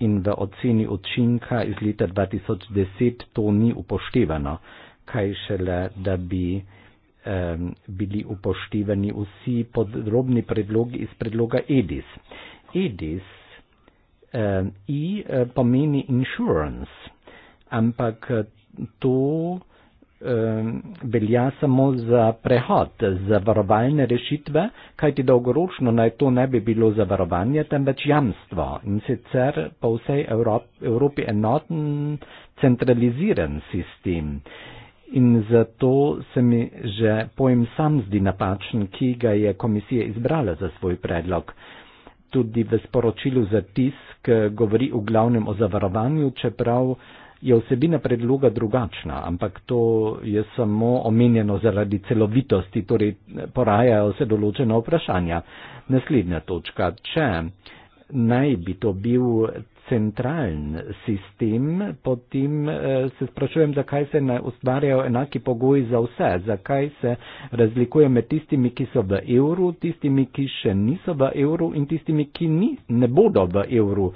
In v oceni učinka iz leta 2010 to ni upoštevano, kaj šele, da bi bili upoštevani vsi podrobni predlogi iz predloga EDIS. EDIS I eh, pomeni insurance, ampak eh, to velja samo za prehod, za varovalne rešitve, kajti dolgoročno naj to ne bi bilo zavarovanje, temveč jamstvo in sicer po vsej Evropi enoten centraliziran sistem in zato se mi že pojem sam zdi napačen, ki ga je komisija izbrala za svoj predlog. Tudi v sporočilu za tisk eh, govori v glavnem o zavarovanju, čeprav je vsebina predloga drugačna, ampak to je samo omenjeno zaradi celovitosti, torej eh, porajajo se določena vprašanja. Naslednja točka. Če naj bi to bil centralen sistem, potem eh, se sprašujem, zakaj se ne ustvarjajo enaki pogoji za vse, zakaj se razlikuje med tistimi, ki so v evru, tistimi, ki še niso v evru in tistimi, ki ni, ne bodo v evru,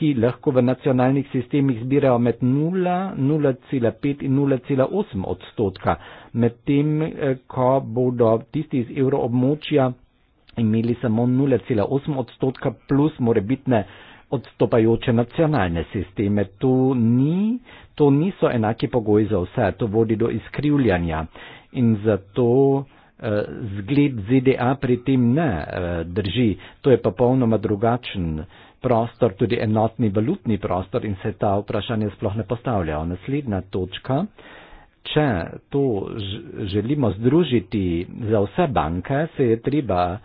ki lahko v nacionalnih sistemih zbirajo med 0, 0,5 in 0,8 odstotka, medtem, eh, ko bodo tisti iz evro območja imeli samo 0,8 odstotka plus morebitne eh, odstopajoče nacionalne sisteme. To, ni, to niso enaki pogoji za vse, to vodi do izkrivljanja in zato eh, zgled ZDA pri tem ne eh, drži. To je popolnoma drugačen prostor, tudi enotni valutni prostor in se ta vprašanja sploh ne postavljajo. Naslednja točka. Če to želimo združiti za vse banke, se je treba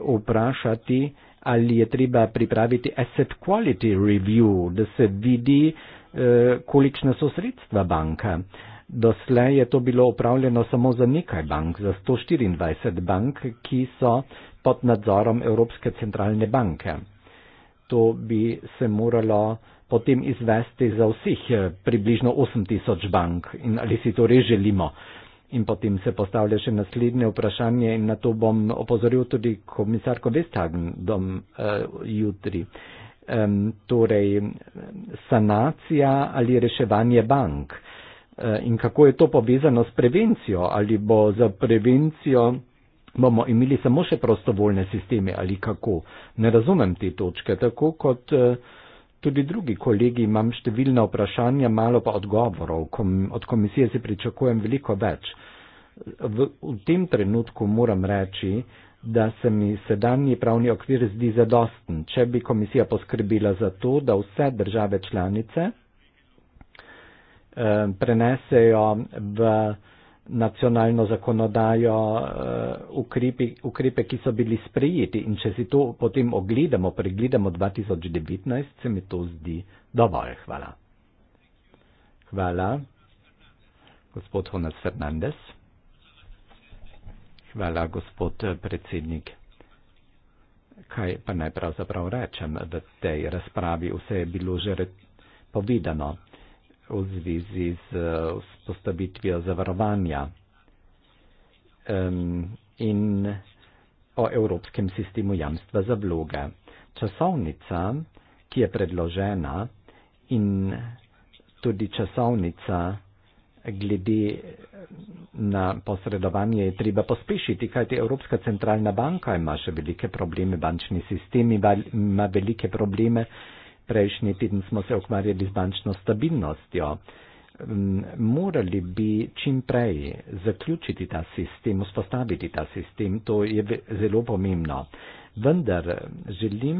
vprašati, ali je treba pripraviti asset quality review, da se vidi, eh, kolikšna so sredstva banka. Doslej je to bilo upravljeno samo za nekaj bank, za 124 bank, ki so pod nadzorom Evropske centralne banke. To bi se moralo potem izvesti za vseh eh, približno 8000 bank in ali si to res želimo. In potem se postavlja še naslednje vprašanje in na to bom opozoril tudi komisarko Vestagen dom uh, jutri. Um, torej, sanacija ali reševanje bank. Eh, in kako je to povezano s prevencijo? Ali bo za prevencijo bomo imeli samo še prostovoljne sisteme ali kako? Ne razumem te točke, tako kot uh, Tudi drugi kolegi imam številna vprašanja, malo pa odgovorov. Od komisije si pričakujem veliko več. V, v tem trenutku moram reči, da se mi sedanji pravni okvir zdi zadosten, če bi komisija poskrbila za to, da vse države članice eh, prenesejo v nacionalno zakonodajo, eh, ukrepe, ukrepe, ki so bili sprejeti in če si to potem ogledamo, pregledamo 2019, se mi to zdi dovolj. Hvala. Hvala. Gospod Honas Fernandez. Hvala, gospod eh, predsednik. Kaj pa naj pravzaprav rečem v tej razpravi? Vse je bilo že povedano v zvezi z vzpostavitvijo zavarovanja um, in o Evropskem sistemu jamstva za vloge. Časovnica, ki je predložena in tudi časovnica glede na posredovanje je treba pospešiti, kajti Evropska centralna banka ima še velike probleme, bančni sistem ima velike probleme, uh, prejšnji teden smo se ukvarjali z bančno stabilnostjo. Morali bi čim prej zaključiti ta sistem, vzpostaviti ta sistem, to je zelo pomembno. Vendar želim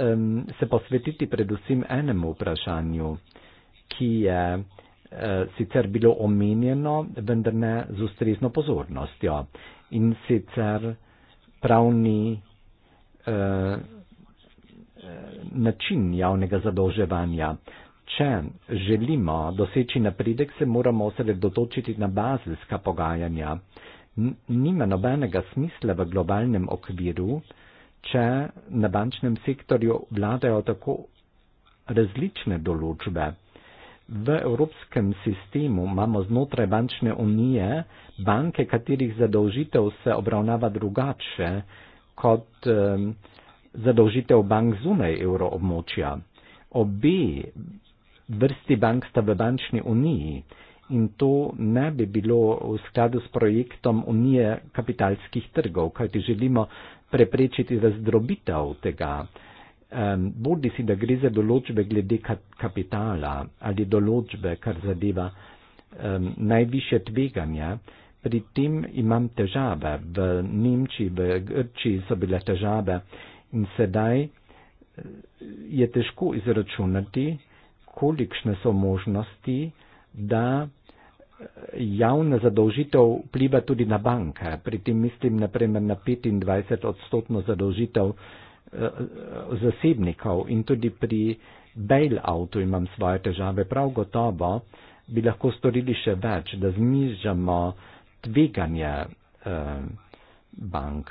um, se posvetiti predvsem enemu vprašanju, ki je uh, sicer bilo omenjeno, vendar ne z ustrezno pozornostjo in sicer pravni uh, Eh, način javnega zadolževanja. Če želimo doseči napredek, se moramo osredotočiti na bazilska pogajanja. Nima nobenega smisla v globalnem okviru, če na bančnem sektorju vladajo tako različne določbe. V evropskem sistemu imamo znotraj bančne unije banke, katerih zadolžitev se obravnava drugače kot eh, zadolžitev bank zunaj evroobmočja. Obe vrsti bank sta v bančni uniji in to ne bi bilo v skladu s projektom Unije kapitalskih trgov, kajti želimo preprečiti razdrobitev tega. Bodi si, da gre za določbe glede kapitala ali določbe, kar zadeva um, najviše tveganja, pri tem imam težave. V Nemčiji, v Grčiji so bile težave uh, In sedaj eh, je težko izračunati, kolikšne so možnosti, da eh, javna zadolžitev vpliva tudi na banke. Pri tem mislim naprimer na 25 odstotno zadolžitev eh, zasebnikov in tudi pri bail-outu imam svoje težave. Prav gotovo bi lahko storili še več, da znižamo tveganje bank,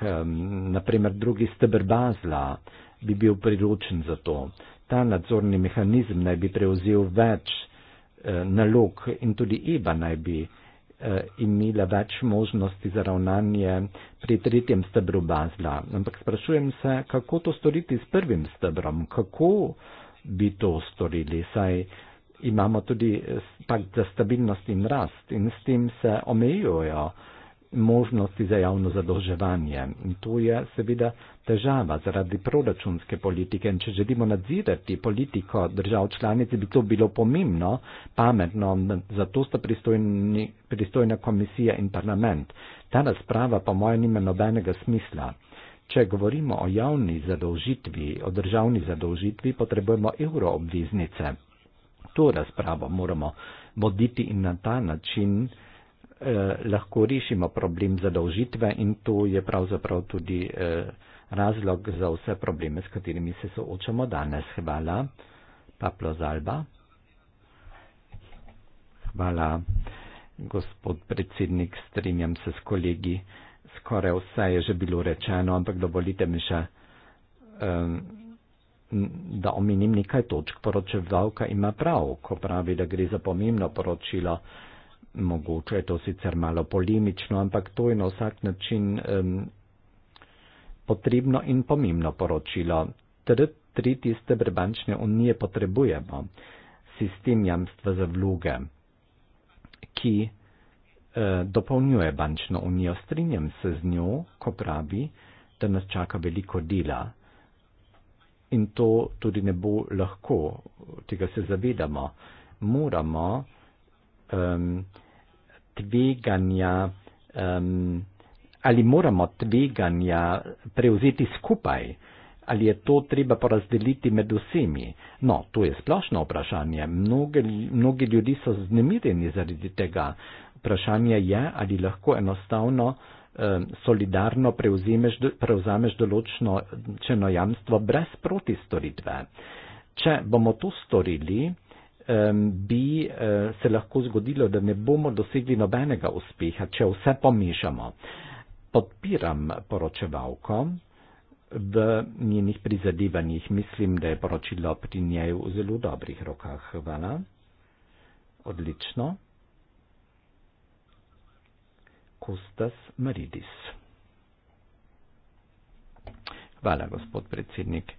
naprimer drugi steber Bazla, bi bil priročen za to. Ta nadzorni mehanizem naj bi prevzel več eh, nalog in tudi IBA naj bi eh, imela več možnosti za ravnanje pri tretjem stebru Bazla. Ampak sprašujem se, kako to storiti s prvim stebrom, kako bi to storili, saj imamo tudi eh, pakt za stabilnost in rast in s tem se omejujo možnosti za javno zadolževanje. Tu je seveda težava zaradi proračunske politike in če želimo nadzirati politiko držav članic, bi to bilo pomembno, pametno, zato sta pristojni, pristojna komisija in parlament. Ta razprava po mojem nima nobenega smisla. Če govorimo o javni zadolžitvi, o državni zadolžitvi, potrebujemo euroobveznice. To razpravo moramo voditi in na ta način Eh, lahko rešimo problem zadolžitve in to je pravzaprav tudi eh, razlog za vse probleme, s katerimi se soočamo danes. Hvala, Paplo Zalba. Hvala, gospod predsednik, strinjam se s kolegi. Skoraj vse je že bilo rečeno, ampak dovolite mi še, um, da omenim nekaj točk. Poročevalka ima prav, ko pravi, da gre za pomembno poročilo mogoče je to sicer malo polemično, ampak to je na vsak način um, potrebno in pomembno poročilo. Tri tiste brebančne unije potrebujemo. Sistem jamstva za vloge, ki eh, dopolnjuje bančno unijo. Strinjam se z njo, ko pravi, da nas čaka veliko dela in to tudi ne bo lahko, tega se zavedamo. Moramo eh, tveganja um, ali moramo tveganja prevzeti skupaj. Ali je to treba porazdeliti med vsemi? No, to je splošno vprašanje. Mnogi, mnogi ljudi so znemirjeni zaradi tega. Vprašanje je, ali lahko enostavno eh, solidarno prevzameš, prevzameš določeno čeno jamstvo brez protistoritve. Če bomo to storili, bi eh, se lahko zgodilo, da ne bomo dosegli nobenega uspeha, če vse pomešamo. Podpiram poročevalko v njenih prizadevanjih. Mislim, da je poročilo pri njej v zelo dobrih rokah. Hvala. Odlično. Kustas Maridis. Hvala, gospod predsednik.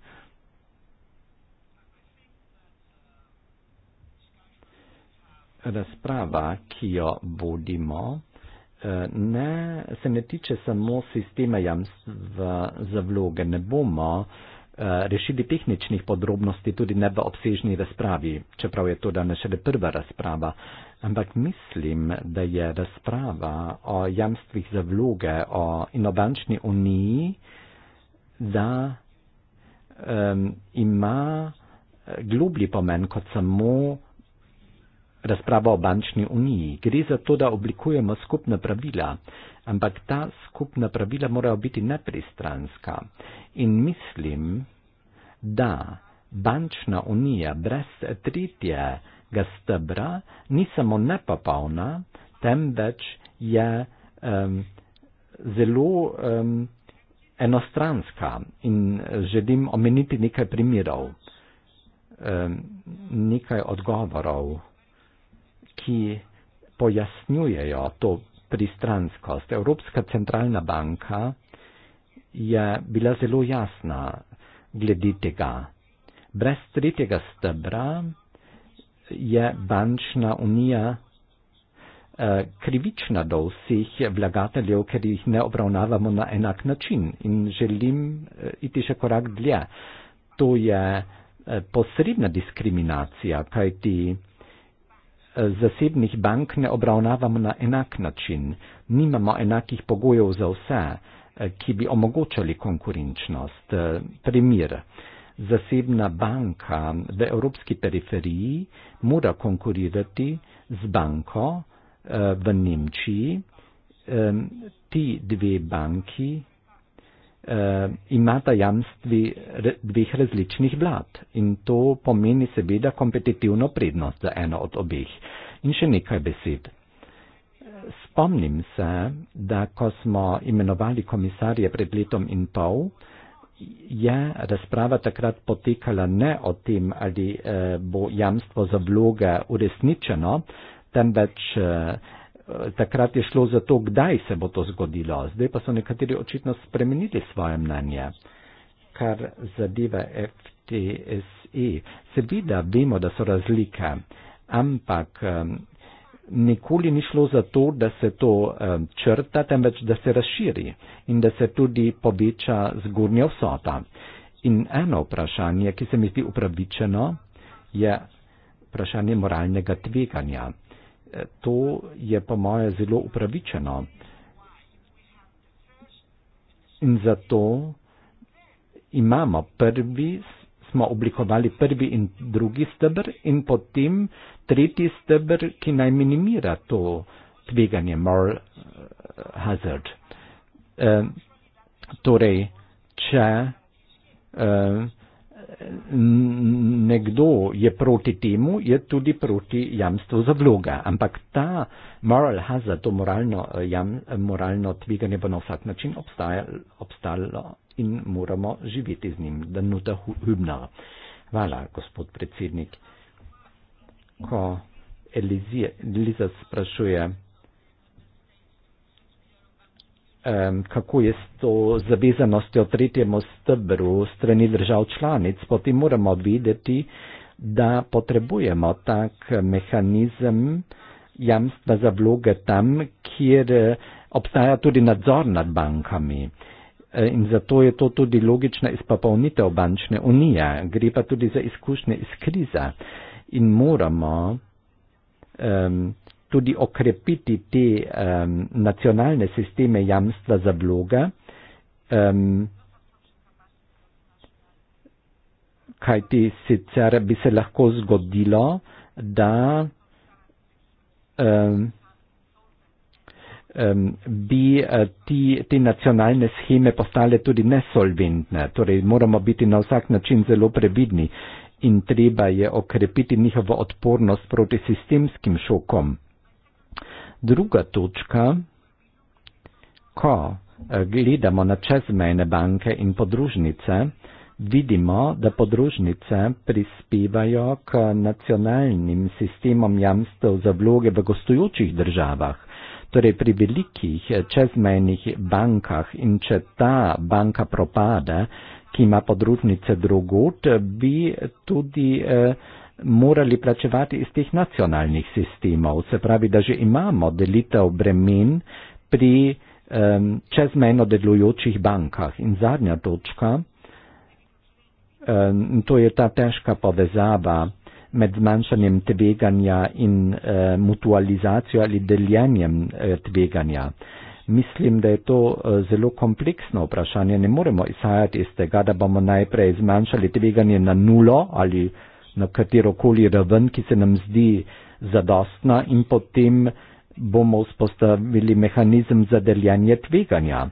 razprava, ki jo vodimo, eh, ne, se ne tiče samo sistema jamstv za vloge. Ne bomo eh, rešili tehničnih podrobnosti tudi ne v obsežni razpravi, čeprav je to danes šele prva razprava. Ampak mislim, da je razprava o jamstvih za vloge o inovančni uniji, da um, ima eh, globlji pomen kot samo Razprava o bančni uniji gre za to, da oblikujemo skupna pravila, ampak ta skupna pravila morajo biti nepristranska. In mislim, da bančna unija brez tretjega stebra ni samo nepopolna, temveč je um, zelo um, enostranska. In eh, želim omeniti nekaj primerov, um, nekaj odgovorov ki pojasnjujejo to pristranskost. Evropska centralna banka je bila zelo jasna glede tega. Brez tretjega stebra je bančna unija eh, krivična do vseh vlagateljev, ker jih ne obravnavamo na enak način in želim eh, iti še korak dlje. To je eh, posredna diskriminacija, kajti zasebnih bank ne obravnavamo na enak način, nimamo enakih pogojev za vse, eh, ki bi omogočali konkurenčnost. Eh, primer. Zasebna banka v evropski periferiji mora konkurirati z banko eh, v Nemčiji. Ti dve banki uh, ima tajamstvi dveh različnih vlad in to pomeni seveda kompetitivno prednost za eno od obeh. In še nekaj besed. Spomnim se, da ko smo imenovali komisarje pred letom in pol, je razprava takrat potekala ne o tem, ali uh, bo jamstvo za vloge uresničeno, temveč uh, takrat je šlo za to, kdaj se bo to zgodilo. Zdaj pa so nekateri očitno spremenili svoje mnenje, kar zadeva FTSE. Seveda vemo, da so razlike, ampak nikoli ni šlo za to, da se to črta, temveč da se razširi in da se tudi poveča zgornja vsota. In eno vprašanje, ki se mi zdi upravičeno, je vprašanje moralnega tveganja. Eh, to je pa moje zelo upravičeno. In zato imamo prvi, smo oblikovali prvi in drugi stebr in potem tretji stebr, ki naj minimira to tveganje, moral eh, hazard. E, torej, če e, n, nekdo je proti temu, je tudi proti jamstvu za vloga. Ampak ta moral hazard, to moralno, eh, jam, moralno tveganje bo na vsak način obstajalo in moramo živeti z njim. Danuta Hübner. Hvala, gospod predsednik. Ko Eliza sprašuje, um, kako je s to zavezanostjo tretjemu stebru strani držav članic, potem moramo videti, da potrebujemo tak mehanizem jamstva za vloge tam, kjer eh, obstaja tudi nadzor nad bankami. E, in zato je to tudi logična izpopolnitev bančne unije. Gre pa tudi za izkušnje iz kriza. In moramo um, tudi okrepiti te um, nacionalne sisteme jamstva za vloge, um, kajti sicer bi se lahko zgodilo, da um, um, bi eh, ti, te nacionalne scheme postale tudi nesolventne, torej moramo biti na vsak način zelo previdni. In treba je okrepiti njihovo odpornost proti sistemskim šokom. Druga točka, ko eh, gledamo na čezmejne banke in podružnice, vidimo, da podružnice prispevajo k nacionalnim sistemom jamstev za vloge v gostujočih državah. Torej pri velikih eh, čezmejnih bankah in če ta banka propade, ki ima podružnice drugot, bi tudi eh, morali plačevati iz teh nacionalnih sistemov. Se pravi, da že imamo delitev bremen pri um, čezmejno delujočih bankah. In zadnja točka, um, to je ta težka povezava med zmanjšanjem tveganja in uh, mutualizacijo ali deljenjem uh, tveganja. Mislim, da je to e, zelo kompleksno vprašanje. Ne moremo izhajati iz tega, da bomo najprej zmanjšali tveganje na nulo ali na katero koli raven, ki se nam zdi zadostna in potem bomo vzpostavili mehanizem za deljanje tveganja.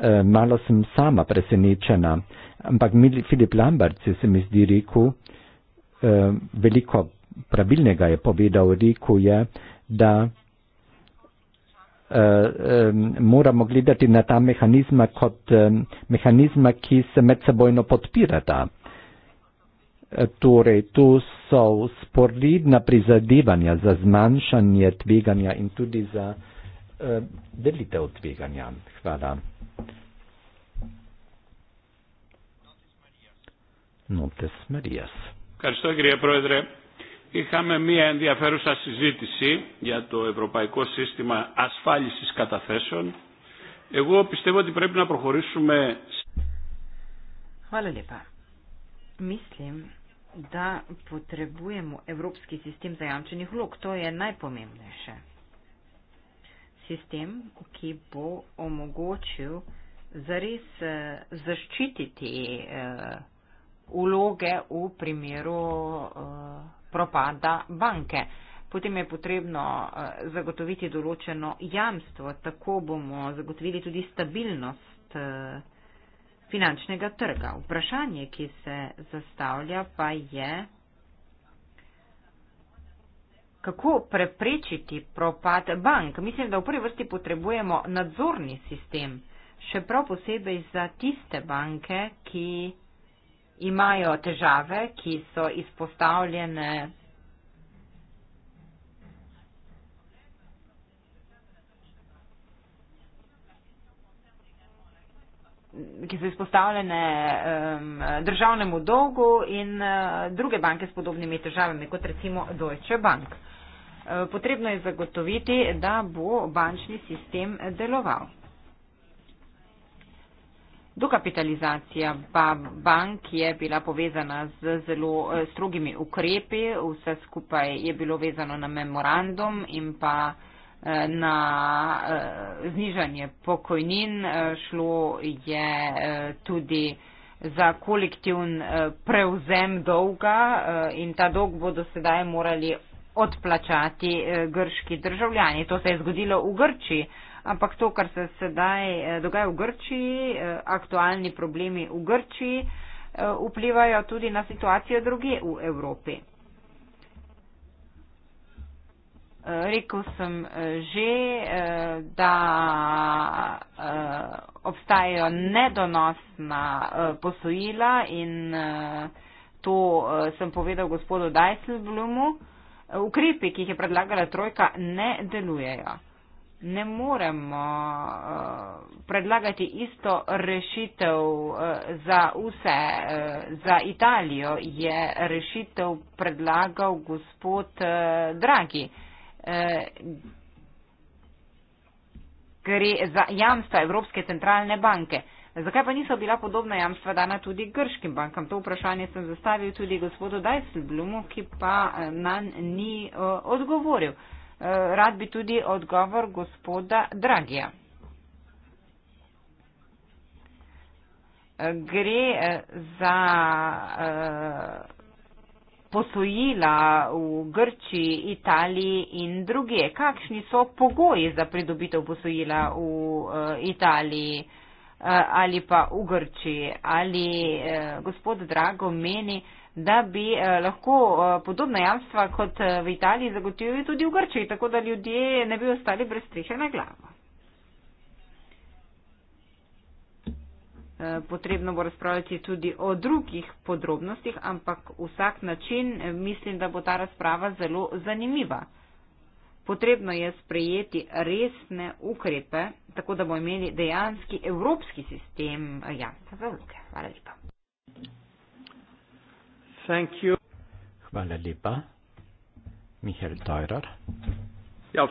E, malo sem sama presenečena, ampak Filip Lambert se, se mi zdi rekel, e, veliko pravilnega je povedal, rekel je, da e, e, moramo gledati na ta mehanizma kot e, mehanizma, ki se medsebojno podpirata. Eh, torej, tu so usporedna prizadevanja za zmanjšanje tveganja in tudi za eh, delitev tveganja. Hvala. Notes Marias. Ευχαριστώ κύριε Πρόεδρε. Είχαμε μια ενδιαφέρουσα συζήτηση για το Ευρωπαϊκό Σύστημα Ασφάλισης Καταθέσεων. Εγώ πιστεύω ότι πρέπει να προχωρήσουμε... Ευχαριστώ mislim, da potrebujemo evropski sistem zajamčenih vlog. To je najpomembnejše. Sistem, ki bo omogočil zares eh, zaščititi eh, vloge v primeru eh, propada banke. Potem je potrebno zagotoviti določeno jamstvo, tako bomo zagotovili tudi stabilnost finančnega trga. Vprašanje, ki se zastavlja, pa je, kako preprečiti propad bank. Mislim, da v prvi vrsti potrebujemo nadzorni sistem, še prav posebej za tiste banke, ki imajo težave, ki so izpostavljene ki so izpostavljene um, državnemu dolgu in uh, druge banke s podobnimi težavami, kot recimo Deutsche Bank. Uh, potrebno je zagotoviti, da bo bančni sistem deloval. Dokapitalizacija bank je bila povezana z zelo eh, strogimi ukrepi, vse skupaj je bilo vezano na memorandum in pa uh, na eh, znižanje pokojnin, eh, šlo je eh, tudi za kolektivn prevzem dolga in ta dolg bodo sedaj morali odplačati grški državljani. To se je zgodilo v Grči, ampak to, kar se sedaj dogaja v Grči, aktualni problemi v Grči, vplivajo tudi na situacijo druge v Evropi. rekel sem eh, že, eh, da eh, obstajajo nedonosna posojila in to sem povedal gospodu Dajselblumu. Ukrepi, ki jih je predlagala trojka, ne delujejo. Ne moremo predlagati isto rešitev za vse. Za Italijo je rešitev predlagal gospod Dragi. Eh, gre za jamstva Evropske centralne banke. Zakaj pa niso bila podobna jamstva dana tudi grškim bankam? To vprašanje sem zastavil tudi gospodu Dajselblumu, ki pa eh, nam ni eh, odgovoril. Rad bi tudi odgovor gospoda Dragija. Gre za. Uh, posojila v Grčiji, Italiji in druge. Kakšni so pogoji za pridobitev posojila v eh, Italiji eh, ali pa v Grčiji? Ali eh, gospod Drago meni, da bi lahko podobna jamstva kot v Italiji zagotovili tudi v Grčiji, tako da ljudje ne bi ostali brez strehe na glavo? Eh, potrebno bo razpravljati tudi o drugih podrobnostih, ampak vsak način eh, mislim, da bo ta razprava zelo zanimiva. Potrebno je sprejeti resne ukrepe, tako da bo imeli dejanski evropski sistem eh, jasne zavloge. Hvala lepa. Hvala lepa. Mihael Teurer. Ja,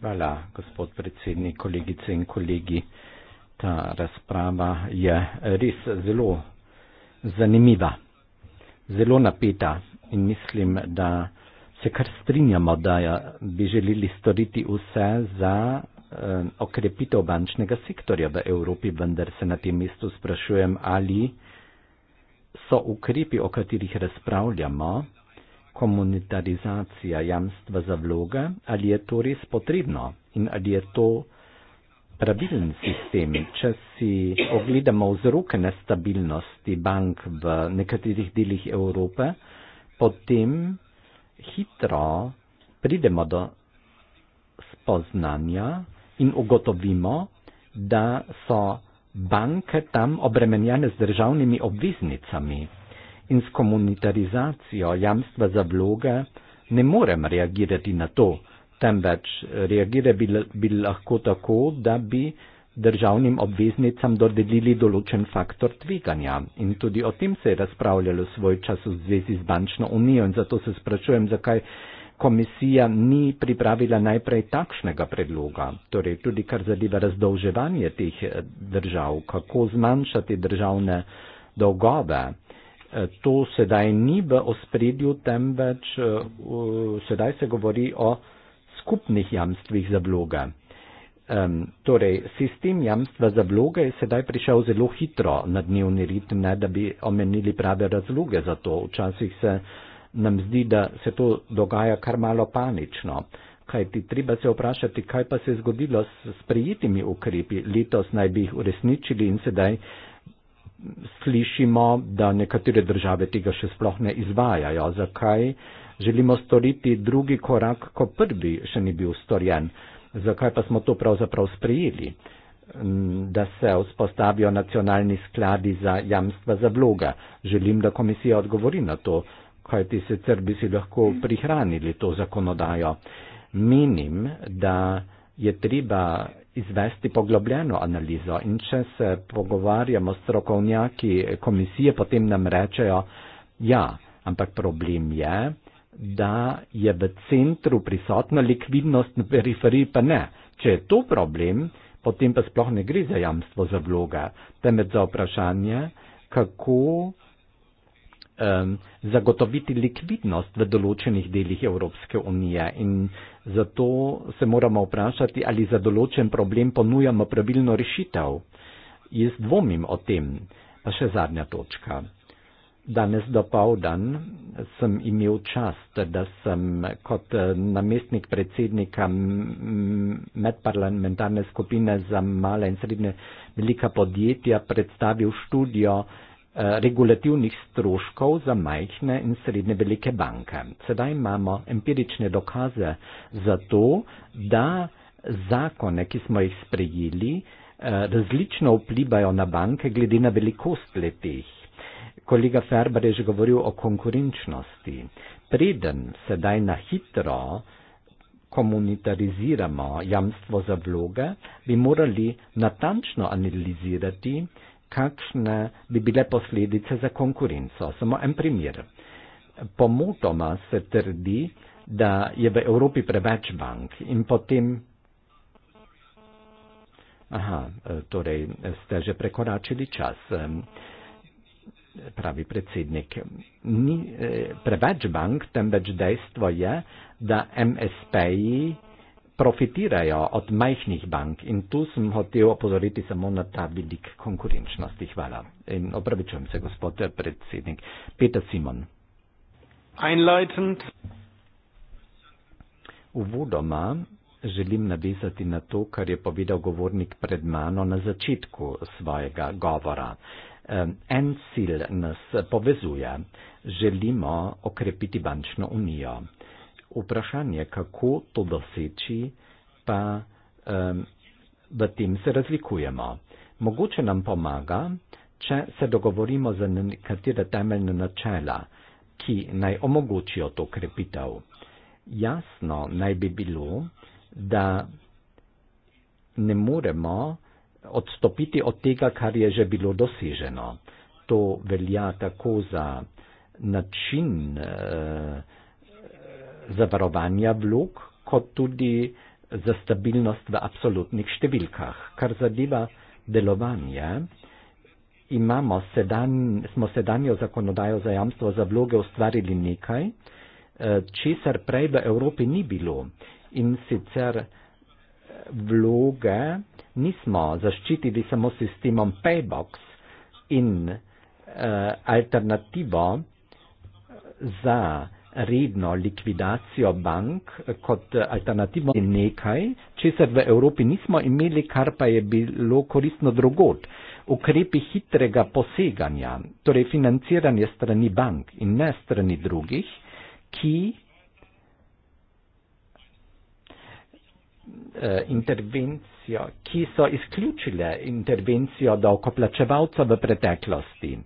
Hvala, gospod predsednik, kolegice in kolegi ta razprava je res zelo zanimiva, zelo napeta in mislim, da se kar strinjamo, da ja bi želeli storiti vse za eh, okrepitev bančnega sektorja v Evropi, vendar se na tem mestu sprašujem, ali so ukrepi, o katerih razpravljamo, komunitarizacija jamstva za vloge, ali je to res potrebno in ali je to pravilen sistem, če si ogledamo vzroke nestabilnosti bank v nekaterih delih Evrope, potem hitro pridemo do spoznanja in ugotovimo, da so banke tam obremenjene z državnimi obveznicami in s komunitarizacijo jamstva za vloge ne morem reagirati na to temveč reagirali bi, bi lahko tako, da bi državnim obveznicam dodelili določen faktor tveganja. In tudi o tem se je razpravljalo svoj čas v zvezi z bančno unijo in zato se sprašujem, zakaj komisija ni pripravila najprej takšnega predloga, torej tudi kar zadeva razdolževanje teh eh, držav, kako zmanjšati državne dolgove. Eh, to sedaj ni v ospredju, temveč uh, sedaj se govori o skupnih jamstvih za vloga. Um, torej, sistem jamstva za vloge je sedaj prišel zelo hitro na dnevni ritem, ne da bi omenili prave razloge za to. Včasih se nam zdi, da se to dogaja kar malo panično. Kaj ti treba se vprašati, kaj pa se je zgodilo s sprijetimi ukrepi, letos naj bi jih uresničili in sedaj slišimo, da nekatere države tega še sploh ne izvajajo. Zakaj? Želimo storiti drugi korak, ko prvi še ni bil storjen. Zakaj pa smo to pravzaprav sprejeli? Mm, da se vzpostavijo nacionalni skladi za jamstva za vloga. Želim, da komisija odgovori na to, kajti sicer bi si lahko prihranili to zakonodajo. Menim, da je treba izvesti poglobljeno analizo in če se pogovarjamo s strokovnjaki komisije, potem nam rečejo, ja, ampak problem je, da je v centru prisotna likvidnost, na periferiji pa ne. Če je to problem, potem pa sploh ne gre za jamstvo za vloga, temveč za vprašanje, kako um, zagotoviti likvidnost v določenih delih Evropske unije. In zato se moramo vprašati, ali za določen problem ponujamo pravilno rešitev. Jaz dvomim o tem. Pa še zadnja točka danes do povdan sem imel čast, da sem kot eh, namestnik predsednika medparlamentarne skupine za male in srednje velika podjetja predstavil študijo eh, regulativnih stroškov za majhne in srednje velike banke. Sedaj imamo empirične dokaze za to, da zakone, ki smo jih sprejeli, eh, različno vplivajo na banke glede na velikost letih kolega Ferber je že govoril o konkurenčnosti. Preden sedaj na hitro komunitariziramo jamstvo za vloge, bi morali natančno analizirati, kakšne bi bile posledice za konkurenco. Samo en primer. Pomotoma se trdi, da je v Evropi preveč bank in potem. Aha, torej ste že prekoračili čas pravi predsednik. Ni eh, preveč bank, temveč dejstvo je, da MSP-ji profitirajo od majhnih bank in tu sem hotel opozoriti samo na ta vidik konkurenčnosti. Hvala. In opravičujem se, gospod predsednik. Peter Simon. Einleitend. Uvodoma želim navezati na to, kar je povedal govornik pred mano na začetku svojega govora en cilj nas povezuje. Želimo okrepiti bančno unijo. Vprašanje, kako to doseči, pa v tem se razlikujemo. Mogoče nam pomaga, če se dogovorimo za nekatere temeljne načela, ki naj omogočijo to krepitev. Jasno naj bi bilo, da ne moremo odstopiti od tega, kar je že bilo doseženo. To velja tako za način eh, zavarovanja vlog, kot tudi za stabilnost v absolutnih številkah. Kar zadeva delovanje, imamo sedan, smo sedanjo zakonodajo za jamstvo za vloge ustvarili nekaj, eh, česar prej v Evropi ni bilo. In sicer eh, vloge, nismo zaščitili samo sistemom Paybox in eh, alternativo za redno likvidacijo bank kot alternativo je nekaj, česar v Evropi nismo imeli, kar pa je bilo koristno drugot. Ukrepi hitrega poseganja, torej financiranje strani bank in ne strani drugih, ki eh, intervenc situacijo, ki so izključile intervencijo davkoplačevalca v preteklosti.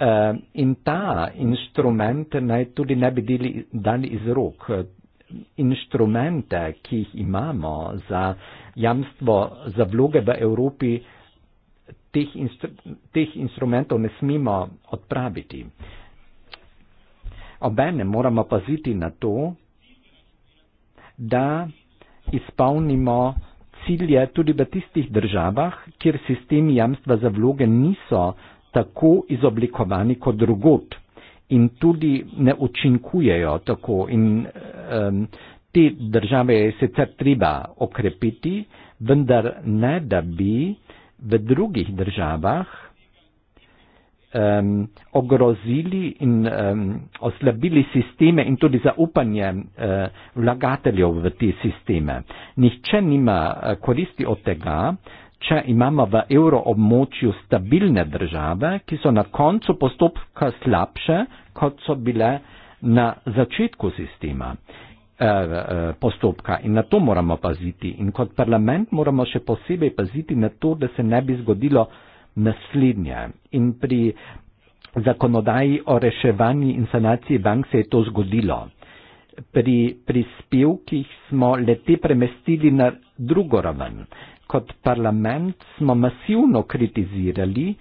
Eh, in ta instrument naj tudi ne bi dali iz rok. Inštrumente, ki jih imamo za jamstvo za vloge v Evropi, teh, instru teh instrumentov ne smemo odpraviti. Obene moramo paziti na to, da izpolnimo cilj je tudi v tistih državah, kjer sistemi jamstva za vloge niso tako izoblikovani kot drugot in tudi ne učinkujejo tako. In, um, te države je sicer treba okrepiti, vendar ne, da bi v drugih državah um, ogrozili in um, oslabili sisteme in tudi zaupanje uh, vlagateljev v te sisteme. Nihče nima e, koristi od tega, če imamo v euroobmočju stabilne države, ki so na koncu postopka slabše, kot so bile na začetku sistema e, postopka in na to moramo paziti. In kot parlament moramo še posebej paziti na to, da se ne bi zgodilo uh, naslednja. In pri zakonodaji o reševanju in sanaciji bank se je to zgodilo. Pri prispevkih smo leti premestili na drugo raven. Kot parlament smo masivno kritizirali,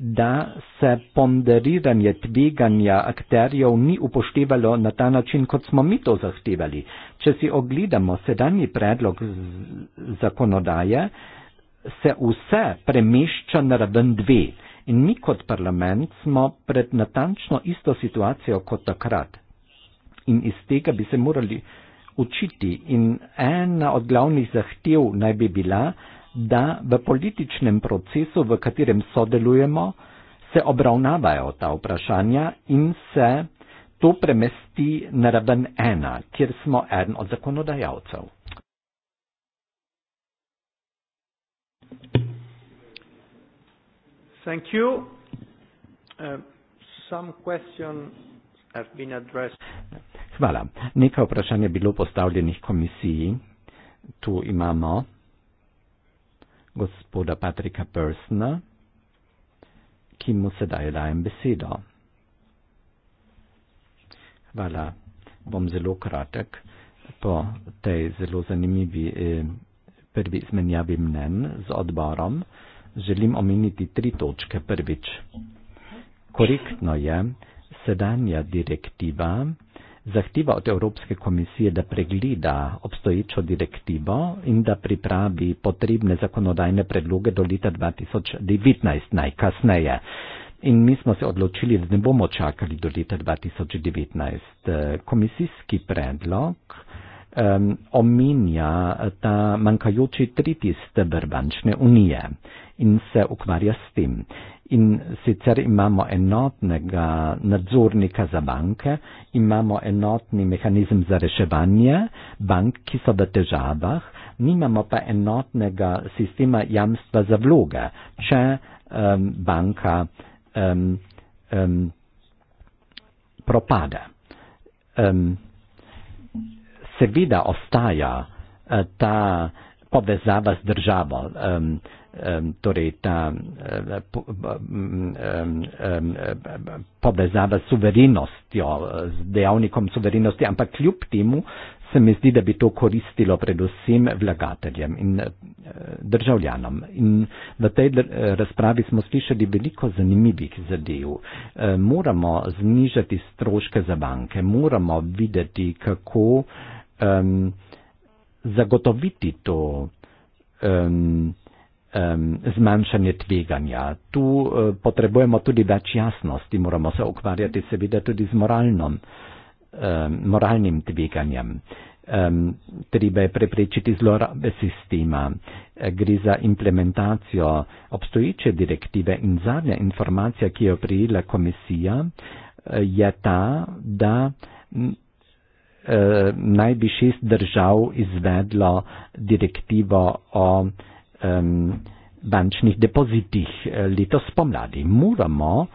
da se ponderiranje tveganja akterjev ni upoštevalo na ta način, kot smo mi to zahtevali. Če si ogledamo sedanji predlog zakonodaje, se vse premešča na raven dve. In mi kot parlament smo pred natančno isto situacijo kot takrat. In iz tega bi se morali učiti. In ena od glavnih zahtev naj bi bila, da v političnem procesu, v katerem sodelujemo, se obravnavajo ta vprašanja in se to premesti na raven ena, kjer smo en od zakonodajalcev. Thank you. Uh, some questions have been addressed. Hvala. Nekaj vprašanj je bilo postavljenih komisiji. Tu imamo gospoda Patrika Persona, ki mu sedaj dajem besedo. Hvala. Bom zelo kratek. Po tej zelo zanimivi eh, prvi izmenjavi mnen z odborom, želim omeniti tri točke. Prvič, korektno je, sedanja direktiva zahteva od Evropske komisije, da pregleda obstoječo direktivo in da pripravi potrebne zakonodajne predloge do leta 2019 najkasneje. In mi smo se odločili, da ne bomo čakali do leta 2019. Komisijski predlog um, omenja ta manjkajoči tretji stebr bančne unije in se ukvarja s tem. In sicer imamo enotnega nadzornika za banke, imamo enotni mehanizem za reševanje bank, ki so v težavah, nimamo pa enotnega sistema jamstva za vloge, če um, banka um, um, propade. Um, seveda ostaja eh, ta povezava z državo, torej ta eh, povezava s suverenostjo, z dejavnikom suverenosti, ampak kljub temu se mi zdi, da bi to koristilo predvsem vlagateljem in eh, državljanom. In v tej razpravi smo slišali veliko zanimivih zadev. Moramo znižati stroške za banke, moramo videti, kako um, zagotoviti to um, um, zmanjšanje tveganja. Tu uh, potrebujemo tudi več jasnosti, moramo se ukvarjati seveda tudi z moralnom, um, moralnim tveganjem. Um, treba je preprečiti zlorabe sistema. Gre za implementacijo obstoječe direktive in zadnja informacija, ki jo prijela komisija, je ta, da Eh, naj bi šest držav izvedlo direktivo o um, bančnih depozitih eh, letos spomladi. Moramo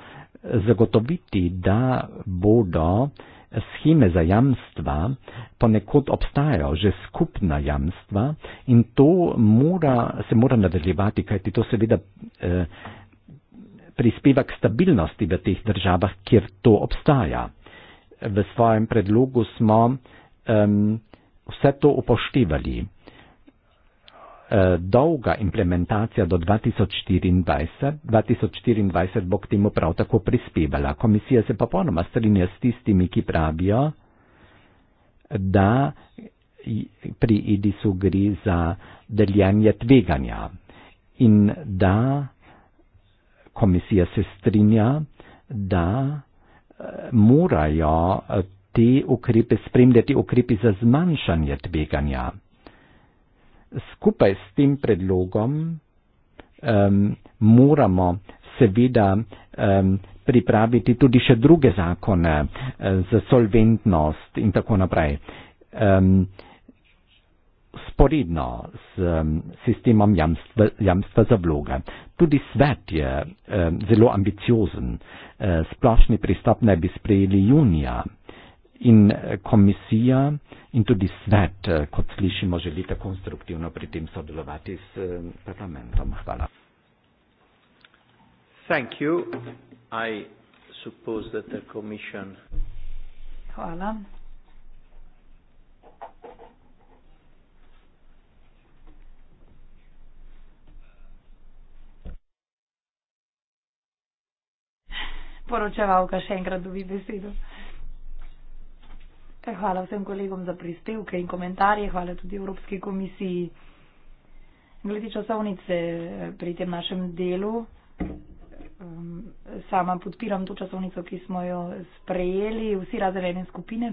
zagotoviti, da bodo scheme za jamstva, ponekod obstajajo že skupna jamstva in to mora, se mora nadaljevati, kajti to seveda eh, prispeva k stabilnosti v teh državah, kjer to obstaja v svojem predlogu smo um, vse to upoštevali. Uh, dolga implementacija do 2024, 2024 bo k temu prav tako prispevala. Komisija se popolnoma strinja s tistimi, ki pravijo, da pri IDIS-u gre za deljenje tveganja in da komisija se strinja, da morajo te ukrepe spremljati ukrepi za zmanjšanje tveganja. Skupaj s tem predlogom um, moramo seveda um, pripraviti tudi še druge zakone uh, za solventnost in tako naprej. Um, sporedno s um, sistemom jamstva, jamstva za vloge. Tudi svet je um, zelo ambiciozen. Uh, splošni pristop naj bi sprejeli junija in uh, komisija in tudi svet, uh, kot slišimo, želite konstruktivno pri tem sodelovati s um, parlamentom. Hvala. Thank you. I suppose that the commission. Hvala. poročevalka še enkrat dobi besedo. Hvala vsem kolegom za prispevke in komentarje, hvala tudi Evropski komisiji. Glede časovnice pri tem našem delu, um, sama podpiram to časovnico, ki smo jo sprejeli, vsi razen ene skupine,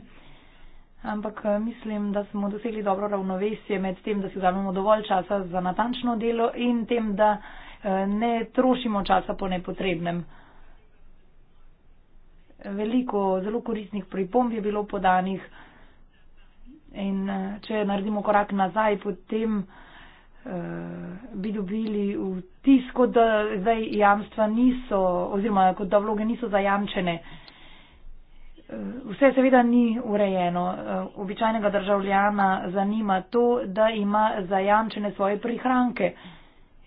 ampak eh, mislim, da smo dosegli dobro ravnovesje med tem, da si vzamemo dovolj časa za natančno delo in tem, da eh, ne trošimo časa po nepotrebnem veliko zelo koristnih pripomb je bilo podanih. In eh, če naredimo korak nazaj, potem eh, bi dobili vtis, kot da zdaj jamstva niso, oziroma kot da vloge niso zajamčene. Eh, vse seveda ni urejeno. Eh, običajnega državljana zanima to, da ima zajamčene svoje prihranke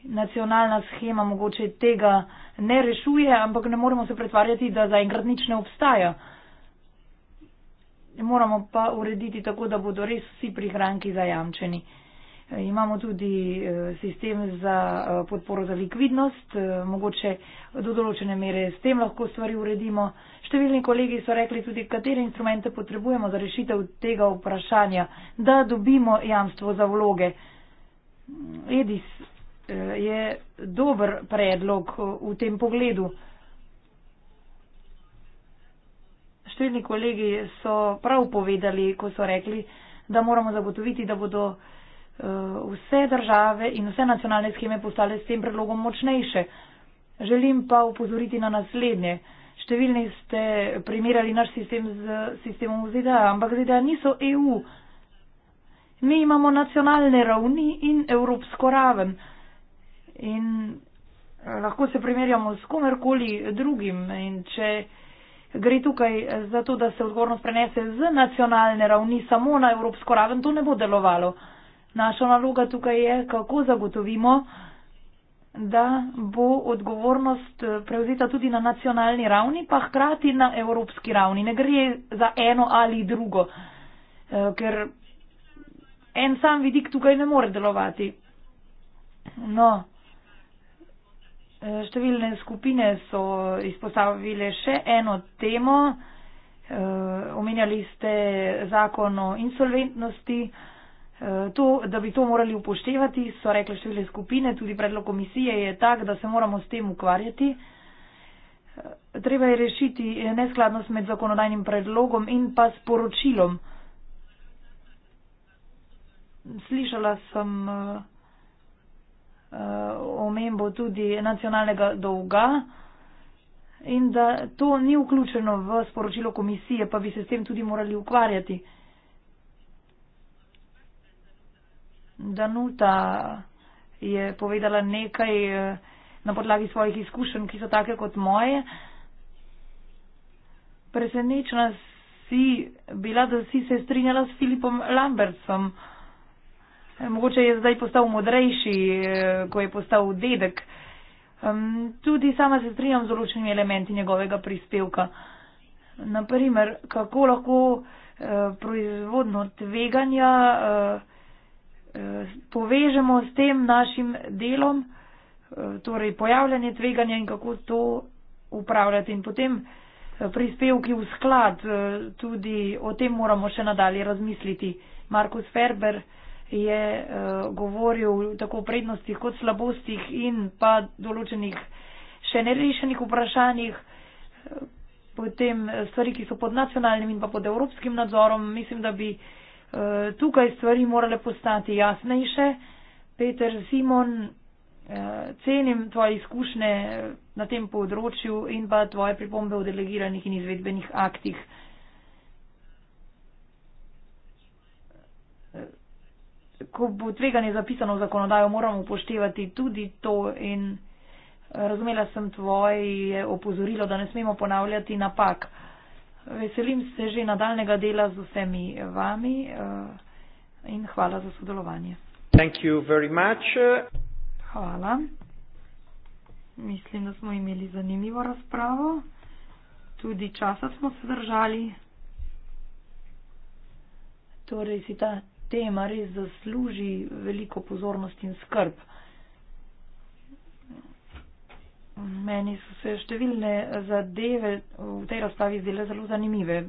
nacionalna schema mogoče tega ne rešuje, ampak ne moremo se pretvarjati, da zaenkrat nič ne obstaja. Moramo pa urediti tako, da bodo res vsi prihranki zajamčeni. Imamo tudi eh, sistem za eh, podporo za likvidnost, eh, mogoče do določene mere s tem lahko stvari uredimo. Številni kolegi so rekli tudi, katere instrumente potrebujemo za rešitev tega vprašanja, da dobimo jamstvo za vloge. Edis, Eh, je dober predlog eh, v tem pogledu. Številni kolegi so prav povedali, ko so rekli, da moramo zagotoviti, da bodo eh, vse države in vse nacionalne scheme postale s tem predlogom močnejše. Želim pa upozoriti na naslednje. Številni ste primerjali naš sistem z sistemom ZDA, ampak ZDA niso EU. Mi imamo nacionalne ravni in evropsko raven. In eh, lahko se primerjamo s komerkoli drugim. In če gre tukaj za to, da se odgovornost prenese z nacionalne ravni samo na evropsko raven, to ne bo delovalo. Naša naloga tukaj je, kako zagotovimo, da bo odgovornost eh, prevzeta tudi na nacionalni ravni, pa hkrati na evropski ravni. Ne gre za eno ali drugo, eh, ker en sam vidik tukaj ne more delovati. No, Eh, številne skupine so izpostavile še eno temo. Eh, omenjali ste zakon o insolventnosti. Eh, to, da bi to morali upoštevati, so rekle številne skupine, tudi predlog komisije je tak, da se moramo s tem ukvarjati. Treba je rešiti neskladnost med zakonodajnim predlogom in pa sporočilom. Slišala sem. Uh, Eh, omembo tudi nacionalnega dolga in da to ni vključeno v sporočilo komisije, pa bi se s tem tudi morali ukvarjati. Danuta je povedala nekaj eh, na podlagi svojih izkušenj, ki so take kot moje. Presenečna si bila, da si se strinjala s Filipom Lambertsom. Eh, mogoče je zdaj postal modrejši, eh, ko je postal dedek. Tudi sama se strinjam z določenimi elementi njegovega prispevka. Naprimer, kako lahko eh, proizvodno tveganja povežemo s tem našim delom, torej pojavljanje tveganja in kako to upravljati. In potem prispevki v sklad, tudi o tem moramo še nadalje razmisliti. Markus Ferber, je uh, govoril tako o prednostih kot slabostih in pa določenih še nerešenih vprašanjih, eh, potem stvari, ki so pod nacionalnim in pa pod evropskim nadzorom. Mislim, da bi uh, tukaj stvari morale postati jasnejše. Peter Simon, uh, cenim tvoje izkušnje na tem področju in pa tvoje pripombe o delegiranih in izvedbenih aktih. ko bo tveganje zapisano v zakonodajo, moramo upoštevati tudi to in eh, razumela sem tvoje opozorilo, da ne smemo ponavljati napak. Veselim se že nadaljnega dela z vsemi vami eh, in hvala za sodelovanje. Thank you very much. Hvala. Mislim, da smo imeli zanimivo razpravo. Tudi časa smo se držali. Torej, si ta tema res zasluži veliko pozornost in skrb. Meni so se številne zadeve v tej razstavi zdele zelo zanimive,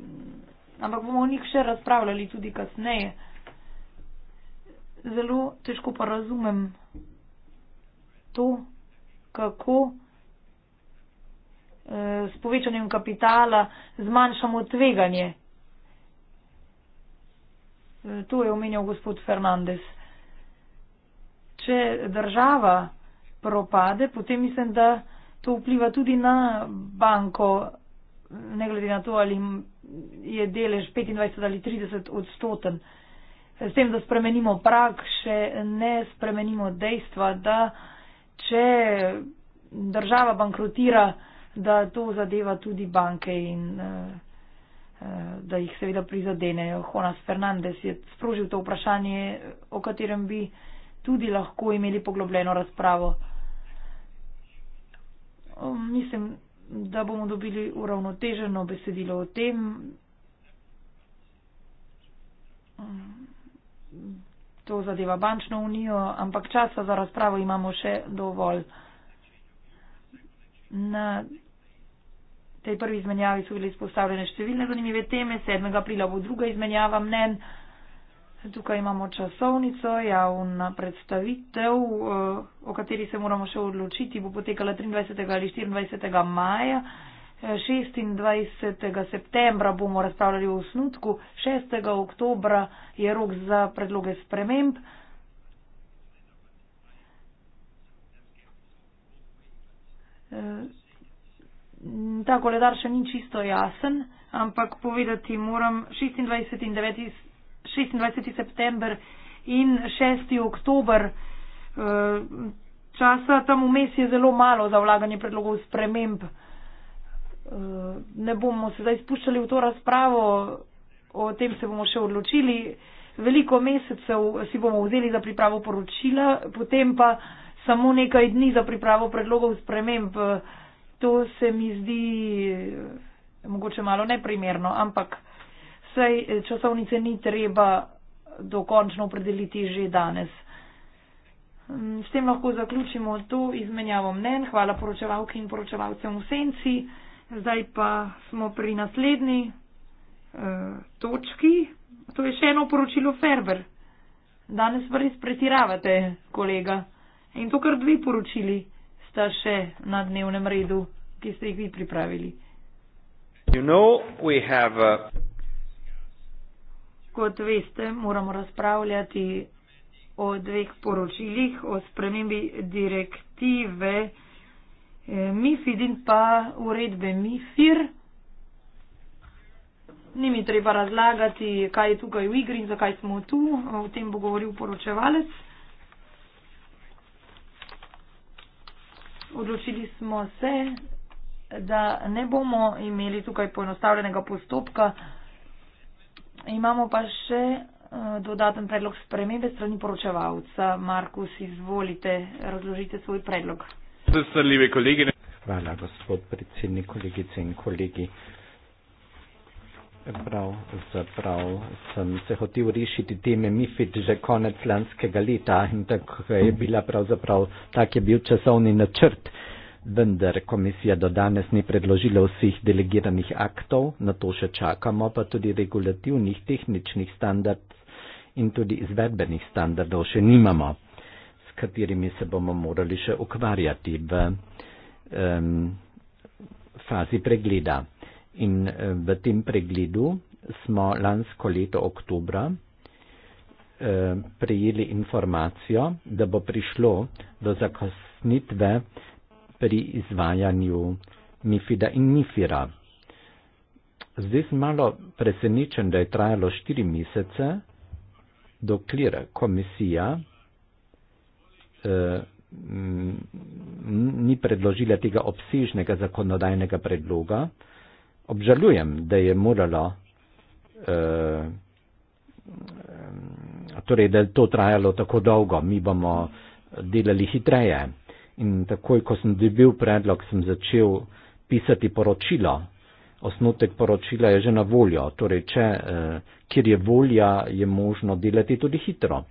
ampak bomo o njih še razpravljali tudi kasneje. Zelo težko pa razumem to, kako eh, s povečanjem kapitala zmanjšamo tveganje, Tu je omenjal gospod Fernandez. Če država propade, potem mislim, da to vpliva tudi na banko, ne glede na to, ali je delež 25 ali 30 odstoten. S tem, da spremenimo prak, še ne spremenimo dejstva, da če država bankrotira, da to zadeva tudi banke in. Uh, Eh, da jih seveda prizadenejo. Jonas Fernandez je sprožil to vprašanje, o katerem bi tudi lahko imeli poglobljeno razpravo. Mislim, da bomo dobili uravnoteženo besedilo o tem. To zadeva bančno unijo, ampak časa za razpravo imamo še dovolj. Na V tej prvi izmenjavi so bile izpostavljene številne zanimive teme, 7. aprila bo druga izmenjava mnen. Tukaj imamo časovnico, javna predstavitev, eh, o kateri se moramo še odločiti, bo potekala 23. ali 24. maja. 26. Eh, septembra bomo razpravljali v osnutku, 6. oktobra je rok za predloge sprememb. Uh, Mm, ta koledar še ni čisto jasen, ampak povedati moram 26. In 9, 26. september in 6. oktober. Eh, časa tam vmes je zelo malo za vlaganje predlogov sprememb. Eh, ne bomo se zdaj spuščali v to razpravo, o tem se bomo še odločili. Veliko mesecev si bomo vzeli za pripravo poročila, potem pa samo nekaj dni za pripravo predlogov sprememb to se mi zdi eh, mogoče malo neprimerno, ampak saj eh, časovnice ni treba dokončno opredeliti že danes. Mm, s tem lahko zaključimo to izmenjavo mnen. Hvala poročevalki in poročevalcem v senci. Zdaj pa smo pri naslednji eh, točki. To je še eno poročilo Ferber. Danes pa res pretiravate, kolega. In to kar dve poročili sta še na dnevnem redu, ki ste jih vi pripravili? You know, have, uh... Kot veste, moramo razpravljati o dveh poročilih, o spremembi direktive eh, MIFID in pa uredbe MIFIR. Ni mi treba razlagati, kaj je tukaj v igri in zakaj smo tu. O tem bo govoril poročevalec. odločili smo se, da ne bomo imeli tukaj poenostavljenega postopka. Imamo pa še eh, dodaten predlog spremembe strani poročevalca. Markus, izvolite, razložite svoj predlog. Hvala, gospod predsednik, kolegice in kolegi. Prav, zaprav sem se hotel rešiti teme Mifid že konec lanskega leta in tako je bila pravzaprav, tak je bil časovni načrt, vendar komisija do danes ni predložila vseh delegiranih aktov, na to še čakamo, pa tudi regulativnih tehničnih standardov in tudi izvedbenih standardov še nimamo, s katerimi se bomo morali še ukvarjati v um, fazi pregleda. In eh, v tem pregledu smo lansko leto oktobra eh, prejeli informacijo, da bo prišlo do zakosnitve pri izvajanju Mifida in Mifira. Zdaj sem malo presenečen, da je trajalo štiri mesece, dokler komisija eh, ni predložila tega obsežnega zakonodajnega predloga, obžalujem, da je moralo, eh, eh, torej, da je to trajalo tako dolgo, mi bomo delali hitreje. In takoj, ko sem dobil predlog, sem začel pisati poročilo. Osnutek poročila je že na voljo, torej, če, eh, kjer je volja, je možno delati tudi hitro.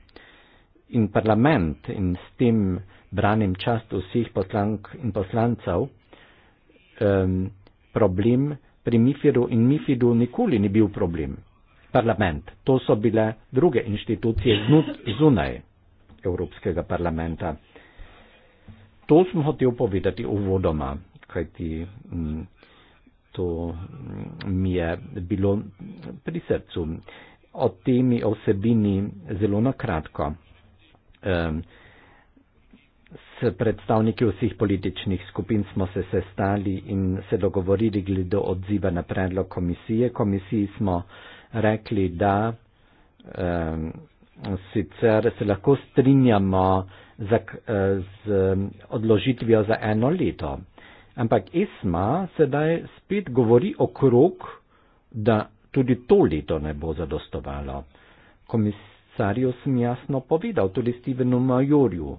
In parlament in s tem branim čast vseh poslank in poslancev, problem, pri Mifiru in Mifidu nikoli ni bil problem. Parlament, to so bile druge inštitucije zunaj Evropskega parlamenta. To sem hotel povedati uvodoma, kajti mm, to mm, mi je bilo pri srcu. O temi osebini zelo nakratko. Um, predstavniki vseh političnih skupin smo se sestali in se dogovorili glede odziva na predlog komisije. Komisiji smo rekli, da um, sicer se lahko strinjamo za, e, z odložitvijo za eno leto, ampak ESMA sedaj spet govori o krok, da tudi to leto ne bo zadostovalo. Komisarju sem jasno povedal, tudi Stevenu Majorju.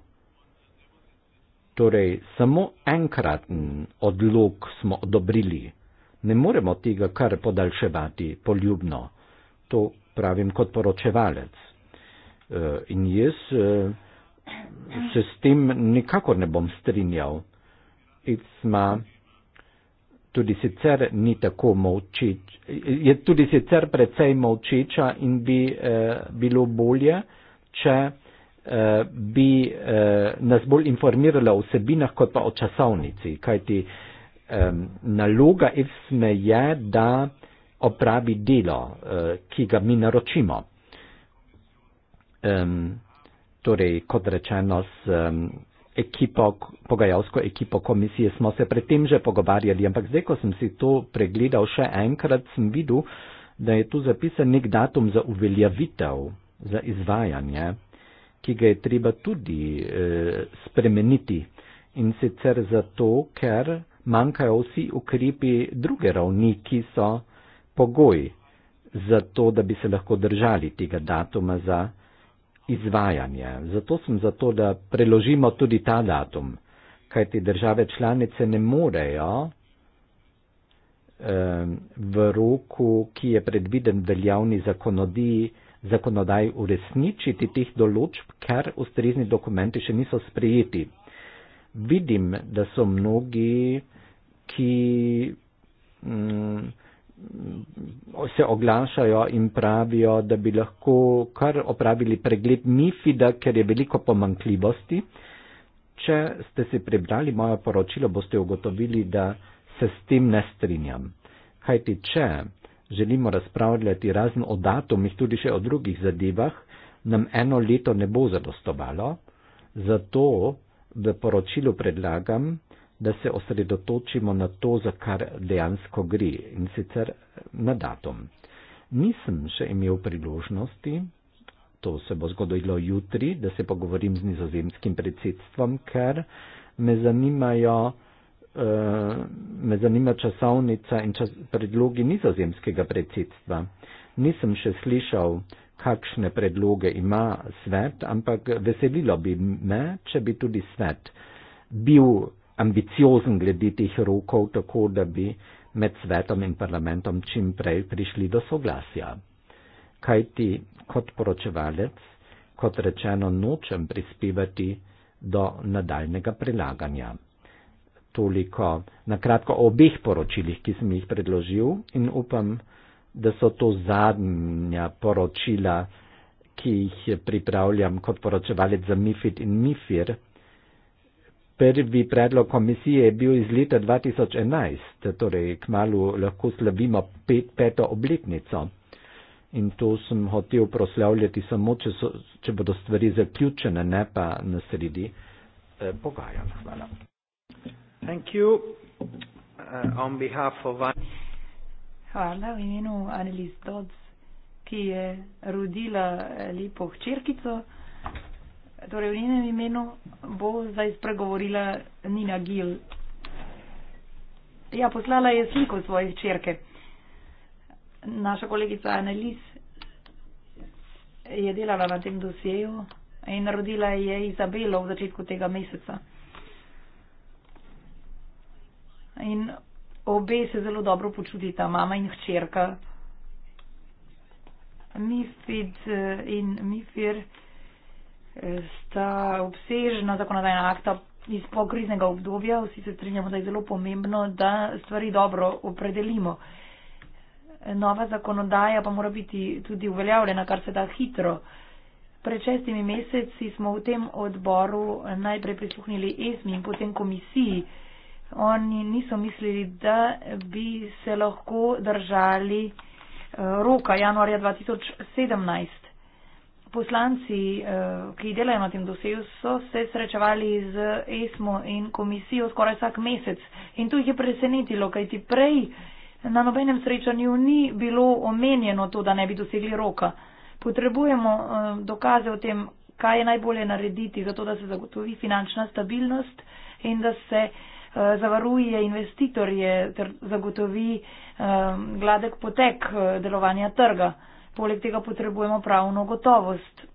Torej, samo enkraten odlog smo odobrili, ne moremo tega kar podaljševati poljubno. To pravim kot poročevalec. Eh, in jaz eh, se s tem nikakor ne bom strinjal. Icma tudi sicer ni tako molčeča, je tudi sicer precej molčeča in bi eh, bilo bolje, če Eh, bi eh, nas bolj informirala o vsebinah, kot pa o časovnici, kajti naloga EFSME je, da opravi delo, eh, ki ga mi naročimo. Torej, kot rečeno, s ekipo, pogajalsko ekipo komisije smo se predtem že pogovarjali, ampak zdaj, ko sem si to pregledal še enkrat, sem videl, da je tu zapisan nek datum za uveljavitev, za izvajanje ki ga je treba tudi eh, spremeniti in sicer zato, ker manjkajo vsi ukrepi druge ravni, ki so pogoj za to, da bi se lahko držali tega datuma za izvajanje. Zato sem zato, da preložimo tudi ta datum, kajti države članice ne morejo eh, v roku, ki je predviden veljavni zakonodiji, zakonodaj uresničiti tih določb, ker ustrezni dokumenti še niso sprejeti. Vidim, da so mnogi, ki mm, se oglašajo in pravijo, da bi lahko kar opravili pregled MIFID-a, ker je veliko pomankljivosti. Če ste si prebrali moje poročilo, boste ugotovili, da se s tem ne strinjam. Kajti, če želimo razpravljati razno o datumih, tudi še o drugih zadevah, nam eno leto ne bo zadostovalo, zato v poročilu predlagam, da se osredotočimo na to, za kar dejansko gre in sicer na datum. Nisem še imel priložnosti, to se bo zgodilo jutri, da se pogovorim z nizozemskim predsedstvom, ker me zanimajo Eh, me zanima časovnica in čas, predlogi nizozemskega predsedstva. Nisem še slišal, kakšne predloge ima svet, ampak veselilo bi me, če bi tudi svet bil ambiciozen glede teh rokov, tako da bi med svetom in parlamentom čim prej prišli do soglasja. Kaj ti kot poročevalec, kot rečeno, nočem prispevati do nadaljnega prilaganja toliko na kratko o obeh poročilih, ki sem jih predložil in upam, da so to zadnja poročila, ki jih pripravljam kot poročevalec za MIFID in MIFIR. Prvi predlog komisije je bil iz leta 2011, torej kmalo lahko slavimo pet, peto obletnico. In to sem hotel proslavljati samo, če, so, če bodo stvari zaključene, ne pa na sredi eh, pogajanj. Hvala. Thank you. Uh, on behalf of. Hvala v imenu Annelies Dodds, ki je rodila eh, lepo hčerkico. Torej, v njenem imenu bo zdaj spregovorila Nina Gil. Ja, poslala je sliko svoje hčerke. Naša kolegica Annelies je delala na tem dosjeju in rodila je Izabelo v začetku tega meseca. In obe se zelo dobro počutita, mama in hčerka. Mifid eh, in Mifir eh, sta obsežna zakonodajna akta iz pokriznega obdobja. Vsi se strinjamo, da je zelo pomembno, da stvari dobro opredelimo. Nova zakonodaja pa mora biti tudi uveljavljena, kar se da hitro. Pred šestimi meseci smo v tem odboru najprej prisluhnili ESMI in potem komisiji. Hm oni niso mislili, da bi se lahko držali eh, roka januarja 2017. Poslanci, eh, ki delajo na tem dosegu, so se srečevali z ESMO in komisijo skoraj vsak mesec. In to jih je presenetilo, kajti prej na nobenem srečanju ni bilo omenjeno to, da ne bi dosegli roka. Potrebujemo eh, dokaze o tem, kaj je najbolje narediti, zato da se zagotovi finančna stabilnost in da se zavaruje investitorje ter zagotovi eh, gladek potek eh, delovanja trga. Poleg tega potrebujemo pravno gotovost.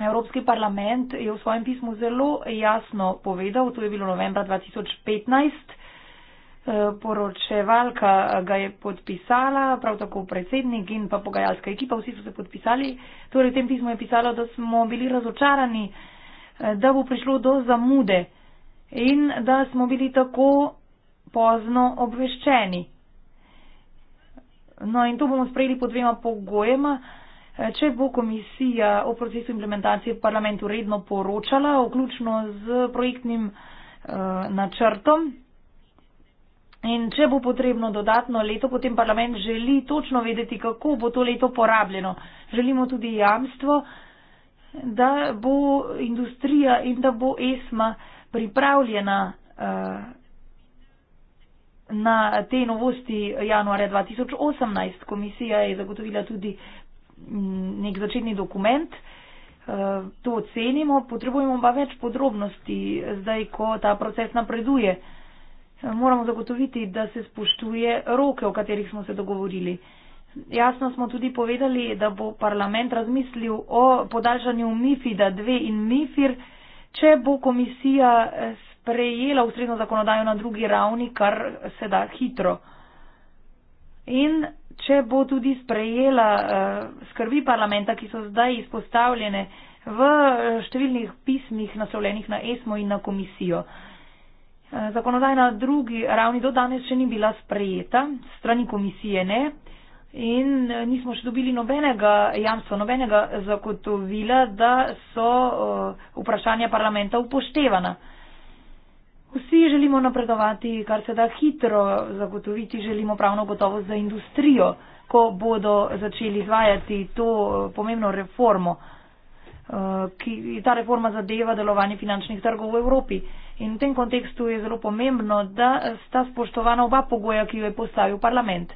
Evropski parlament je v svojem pismu zelo jasno povedal, to je bilo novembra 2015, eh, poročevalka ga je podpisala, prav tako predsednik in pa pogajalska ekipa, vsi so se podpisali. Torej v tem pismu je pisalo, da smo bili razočarani, da bo prišlo do zamude in da smo bili tako pozno obveščeni. No in to bomo sprejeli po dvema pogojema. Če bo komisija o procesu implementacije v parlamentu redno poročala, vključno z projektnim eh, načrtom, in če bo potrebno dodatno leto, potem parlament želi točno vedeti, kako bo to leto porabljeno. Želimo tudi jamstvo, da bo industrija in da bo ESMA eh, pripravljena uh, na te novosti januarja 2018. Komisija je zagotovila tudi mm, nek začetni dokument. Eh, to ocenimo, potrebujemo pa več podrobnosti, zdaj, ko ta proces napreduje. Eh, moramo zagotoviti, da se spoštuje roke, o katerih smo se dogovorili. Jasno smo tudi povedali, da bo parlament razmislil o podaljšanju MIFID-a 2 in MIFIR Če bo komisija eh, sprejela ustrezno zakonodajo na drugi ravni, kar se da hitro. In če bo tudi sprejela eh, skrbi parlamenta, ki so zdaj izpostavljene v eh, številnih pismih naslovljenih na ESMO in na komisijo. Zakonodaj na drugi ravni do danes še ni bila sprejeta, strani komisije ne, in eh, nismo še dobili nobenega jamstva, nobenega zagotovila, da so eh, vprašanja parlamenta upoštevana. Vsi želimo napredovati, kar se da hitro zagotoviti, želimo pravno gotovost za industrijo, ko bodo začeli izvajati to eh, pomembno reformo, ki ta reforma zadeva delovanje finančnih trgov v Evropi. In v tem kontekstu je zelo pomembno, da sta spoštovana oba pogoja, ki jo je postavil parlament.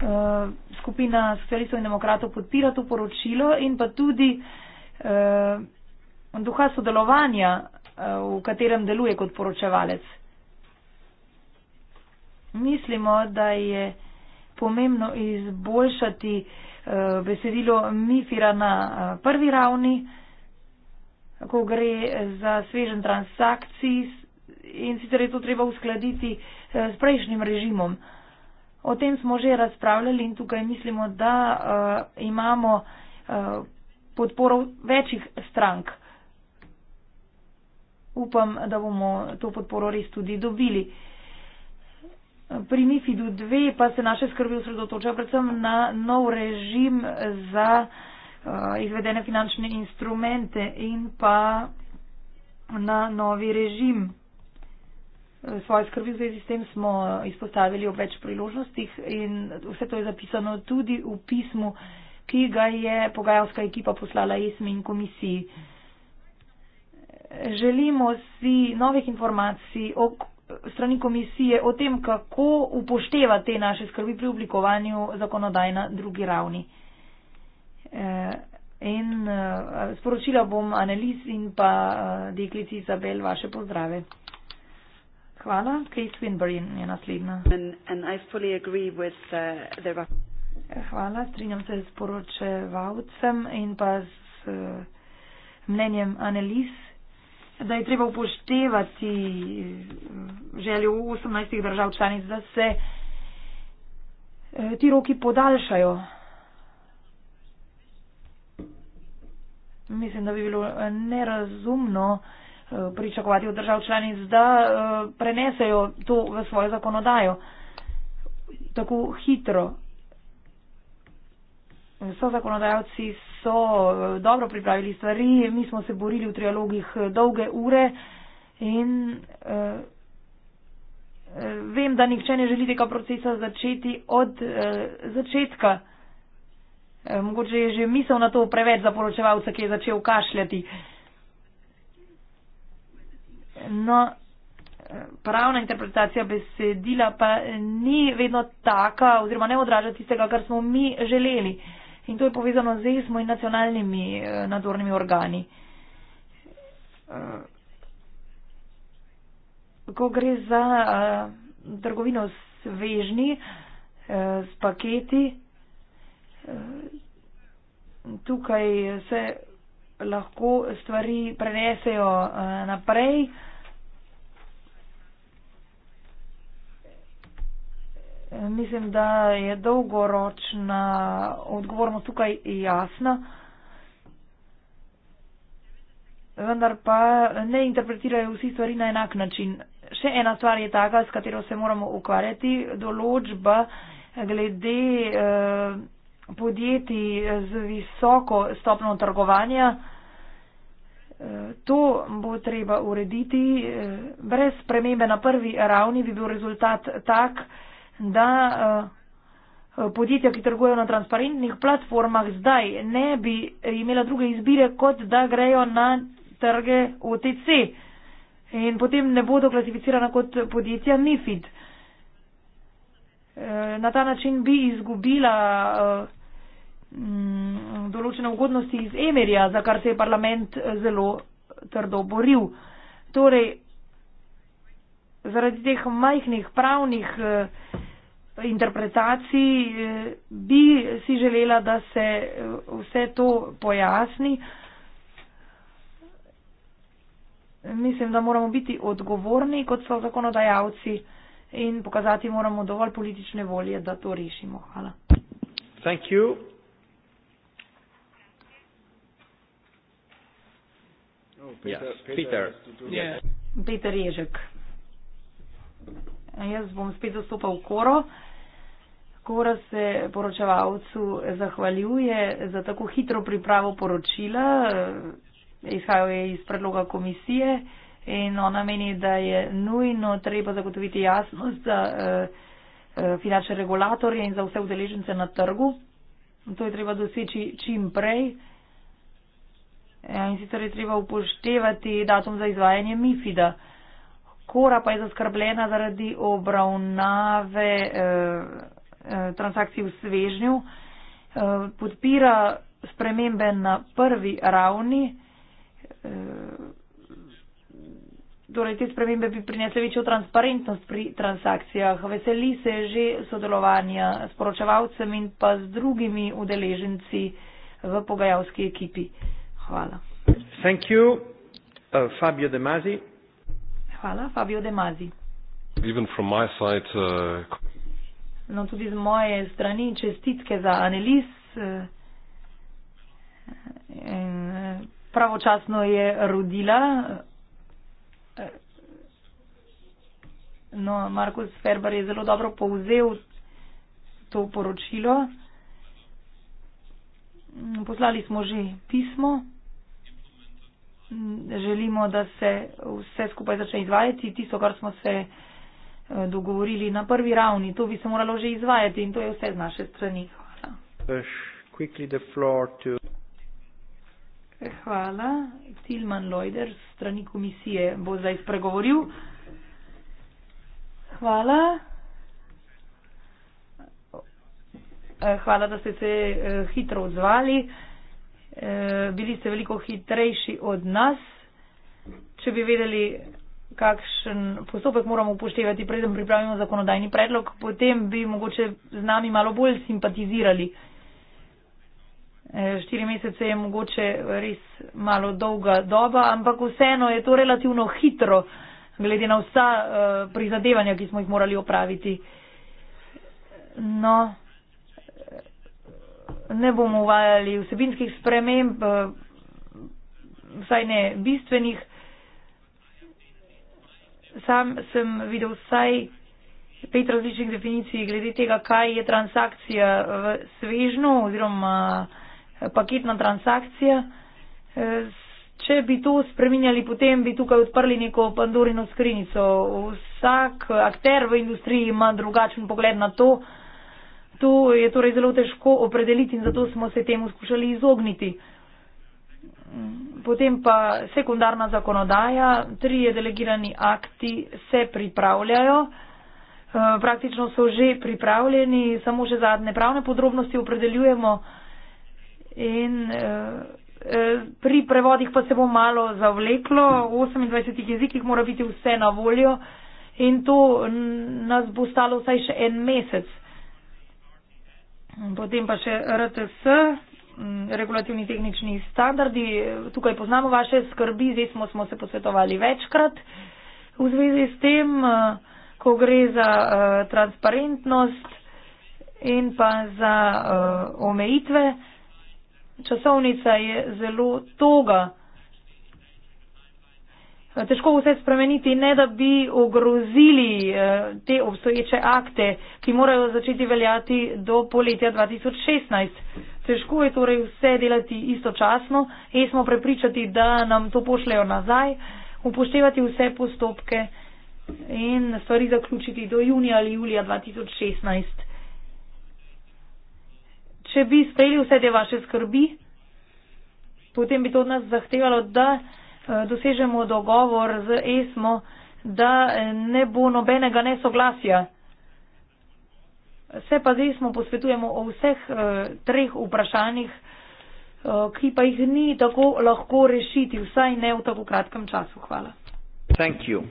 Eh, skupina socialistov in demokratov podpira to poročilo in pa tudi uh, duha sodelovanja, uh, v katerem deluje kot poročevalec. Mislimo, da je pomembno izboljšati uh, besedilo MIFIRA na uh, prvi ravni, ko gre za svežen transakcij in sicer je to treba uskladiti uh, s prejšnjim režimom. Uh, O tem smo že razpravljali in tukaj mislimo, da uh, imamo uh, podporo večjih strank. Upam, da bomo to podporo res tudi dobili. Pri MIFID-u 2 pa se naše skrbi osredotočajo predvsem na nov režim za uh, izvedene finančne instrumente in pa na novi režim svoje skrbi v zvezi s tem smo izpostavili v več priložnostih in vse to je zapisano tudi v pismu, ki ga je pogajalska ekipa poslala ESMI in komisiji. Želimo si novih informacij o strani komisije o tem, kako upošteva te naše skrbi pri oblikovanju zakonodaj na drugi ravni. Eh, in eh, sporočila bom analiz in pa eh, deklici Izabel vaše pozdrave. Hvala. Kate Winburn je naslednja. And, and uh, the, the... Hvala. Strinjam se s poročevalcem in pa s uh, mnenjem analiz, da je treba upoštevati uh, željo 18 držav članic, da se uh, ti roki podaljšajo. Mislim, da bi bilo uh, nerazumno, Eh, pričakovati od držav članic, da eh, prenesejo to v svojo zakonodajo tako hitro. So zakonodajalci so eh, dobro pripravili stvari, mi smo se borili v trialogih dolge ure in eh, vem, da nihče ne želi tega procesa začeti od eh, začetka. Eh, mogoče je že misel na to preveč za poročevalce, ki je začel kašljati. Eh, No, pravna interpretacija besedila pa ni vedno taka oziroma ne odraža tistega, kar smo mi želeli. In to je povezano z ESMO in nacionalnimi eh, nadzornimi organi. Eh, ko gre za eh, trgovino svežni s paketi, tukaj se lahko stvari prenesejo naprej. mislim, da je dolgoročna odgovornost tukaj jasna. Vendar pa ne interpretirajo vsi stvari na enak način. Še ena stvar je taka, s katero se moramo ukvarjati, določba glede eh, podjetij z visoko stopno trgovanja. Eh, to bo treba urediti. Eh, brez premembe na prvi ravni bi bil rezultat tak, da eh, podjetja, ki trgujejo na transparentnih platformah, zdaj ne bi imela druge izbire, kot da grejo na trge OTC in potem ne bodo klasificirana kot podjetja MIFID. Eh, na ta način bi izgubila eh, mm, določene ugodnosti iz Emerja, za kar se je parlament zelo trdo boril. Torej, zaradi teh majhnih pravnih eh, interpretaciji, eh, bi si želela, da se eh, vse to pojasni. Mislim, da moramo biti odgovorni, kot so zakonodajalci, in pokazati moramo dovolj politične volje, da to rešimo. Hvala. Thank you. Oh, Peter, yes. Peter. Peter. Yeah. Peter Ježek. Jaz bom spet zastopal koro. Skoraj se poročevalcu zahvaljuje za tako hitro pripravo poročila, izhajal je iz predloga komisije in ona meni, da je nujno treba zagotoviti jasnost za eh, eh, finančne regulatorje in za vse udeležence na trgu. To je treba doseči čim prej. Ja, in sicer je treba upoštevati datum za izvajanje MIFID-a. Kora pa je zaskrbljena zaradi obravnave. Eh, Eh, transakcij v svežnju, eh, podpira spremembe na prvi ravni. Eh, torej, te spremembe bi prinesle večjo transparentnost pri transakcijah. Veseli se že sodelovanja s poročevalcem in pa z drugimi udeleženci v pogajalski ekipi. Hvala. Thank you, uh, Fabio De Mazi. Hvala, Fabio De Mazi. Even from my side, uh... No, tudi z moje strani čestitke za Anelis. Eh, eh, pravočasno je rodila. No, Markus Ferber je zelo dobro povzel to poročilo. Poslali smo že pismo. Želimo, da se vse skupaj začne izvajati. Tisto, kar smo se. Eh, dogovorili na prvi ravni. To bi se moralo že izvajati in to je vse z naše strani. Hvala. Hvala. Tilman Lojder z strani komisije bo zdaj spregovoril. Hvala. Eh, hvala, da ste se eh, hitro odzvali. Bili ste veliko hitrejši od nas. Če bi vedeli, kakšen postopek moramo upoštevati, preden pripravimo zakonodajni predlog, potem bi mogoče z nami malo bolj simpatizirali. Eh, štiri mesece je mogoče res malo dolga doba, ampak vseeno je to relativno hitro, glede na vsa eh, prizadevanja, ki smo jih morali opraviti. No, ne bomo uvajali vsebinskih sprememb, eh, vsaj ne bistvenih sam sem videl vsaj pet različnih definicij glede tega, kaj je transakcija v svežnu oziroma eh, paketna transakcija. Eh, če bi to spreminjali, potem bi tukaj odprli neko pandorino skrinico. Vsak akter v industriji ima drugačen pogled na to. To je torej zelo težko opredeliti in zato smo se temu skušali izogniti potem pa sekundarna zakonodaja, trije delegirani akti se pripravljajo, eh, praktično so že pripravljeni, samo še zadnje pravne podrobnosti opredeljujemo in eh, eh, pri prevodih pa se bo malo zavleklo, v 28 jezikih mora biti vse na voljo in to nas bo stalo vsaj še en mesec. Potem pa še RTS. Mm, regulativni tehnični standardi. Tukaj poznamo vaše skrbi, zdaj smo, smo se posvetovali večkrat v zvezi s tem, eh, ko gre za uh, transparentnost in pa za uh, omejitve. Časovnica je zelo toga. Težko vse spremeniti, ne da bi ogrozili te obstoječe akte, ki morajo začeti veljati do poletja 2016. Težko je torej vse delati istočasno, esmo prepričati, da nam to pošljajo nazaj, upoštevati vse postopke in stvari zaključiti do junija ali julija 2016. Če bi sprejeli vse te vaše skrbi, potem bi to od nas zahtevalo, da eh, dosežemo dogovor z esmo, da eh, ne bo nobenega nesoglasja. Se pa zdaj smo posvetujemo o vseh eh, treh vprašanjih, eh, ki pa jih ni tako lahko rešiti, vsaj ne v tako kratkem času. Hvala. You,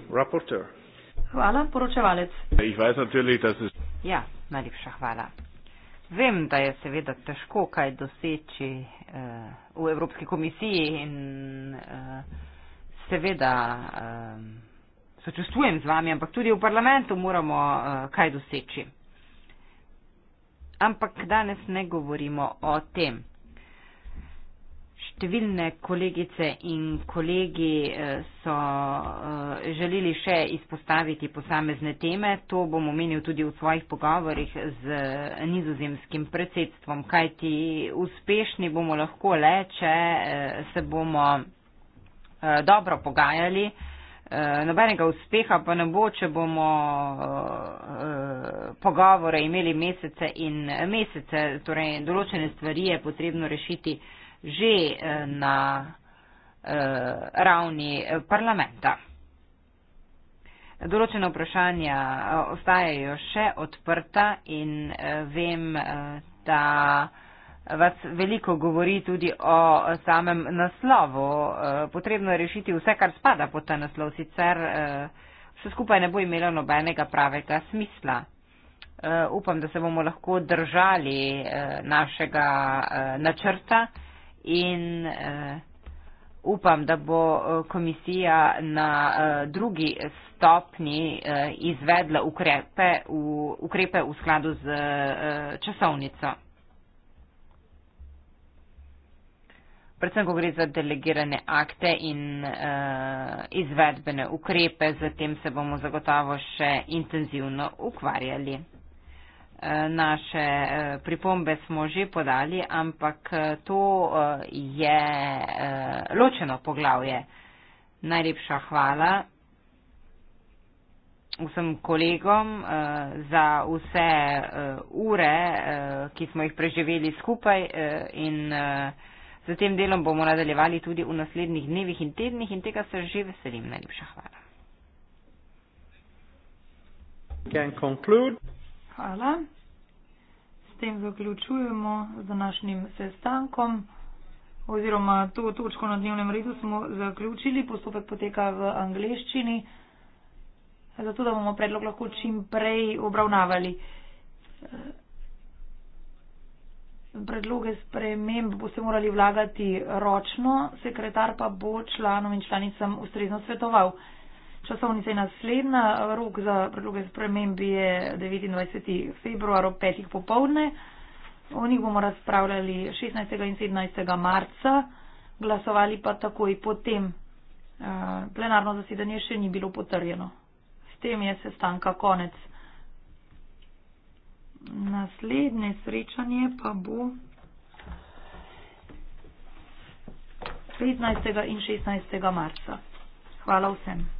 hvala, poročevalec. Ja, najlepša hvala. Vem, da je seveda težko kaj doseči eh, v Evropski komisiji in eh, seveda eh, sočustvujem z vami, ampak tudi v parlamentu moramo eh, kaj doseči. Ampak danes ne govorimo o tem. Številne kolegice in kolegi eh, so eh, želeli še izpostaviti posamezne teme. To bom omenil tudi v svojih pogovorjih z nizozemskim predsedstvom, kajti uspešni bomo lahko le, če eh, se bomo dobro pogajali. Eh, nobenega uspeha pa ne bo, če bomo eh, pogovore imeli mesece in mesece, torej določene stvari je potrebno rešiti že eh, na ravni parlamenta. Določene vprašanja ostajajo še odprta in vem, da vas veliko govori tudi o samem naslovu. Eh, potrebno je rešiti vse, kar spada pod ta naslov, sicer eh, vse skupaj ne bo imelo nobenega pravega smisla. Eh, upam, da se bomo lahko držali našega načrta in upam, da bo komisija na drugi stopni izvedla ukrepe v, ukrepe v skladu z časovnico. predvsem ko gre za delegirane akte in uh, izvedbene ukrepe, z tem se bomo zagotovo še intenzivno ukvarjali. Eh, naše eh, pripombe smo že podali, ampak to je ločeno poglavje. Najlepša hvala vsem kolegom za vse ure, ki smo jih preživeli skupaj in Z tem delom bomo nadaljevali tudi v naslednjih dnevih in tednih in tega se že veselim. Najlepša hvala. Hvala. S tem zaključujemo z današnjim sestankom oziroma to točko na dnevnem redu smo zaključili. Postopek poteka v angleščini, zato da bomo predlog lahko čim prej obravnavali. Uh, predloge sprememb boste morali vlagati ročno, sekretar pa bo članom in članicam ustrezno svetoval. Časovnica je naslednja, rok za predloge sprememb je 29. februar ob 5. popovdne. O njih bomo razpravljali 16. in 17. marca, glasovali pa takoj potem. Eh, plenarno zasedanje še ni bilo potrjeno. S tem je sestanka konec. Naslednje srečanje pa bo 15. in 16. marca. Hvala vsem.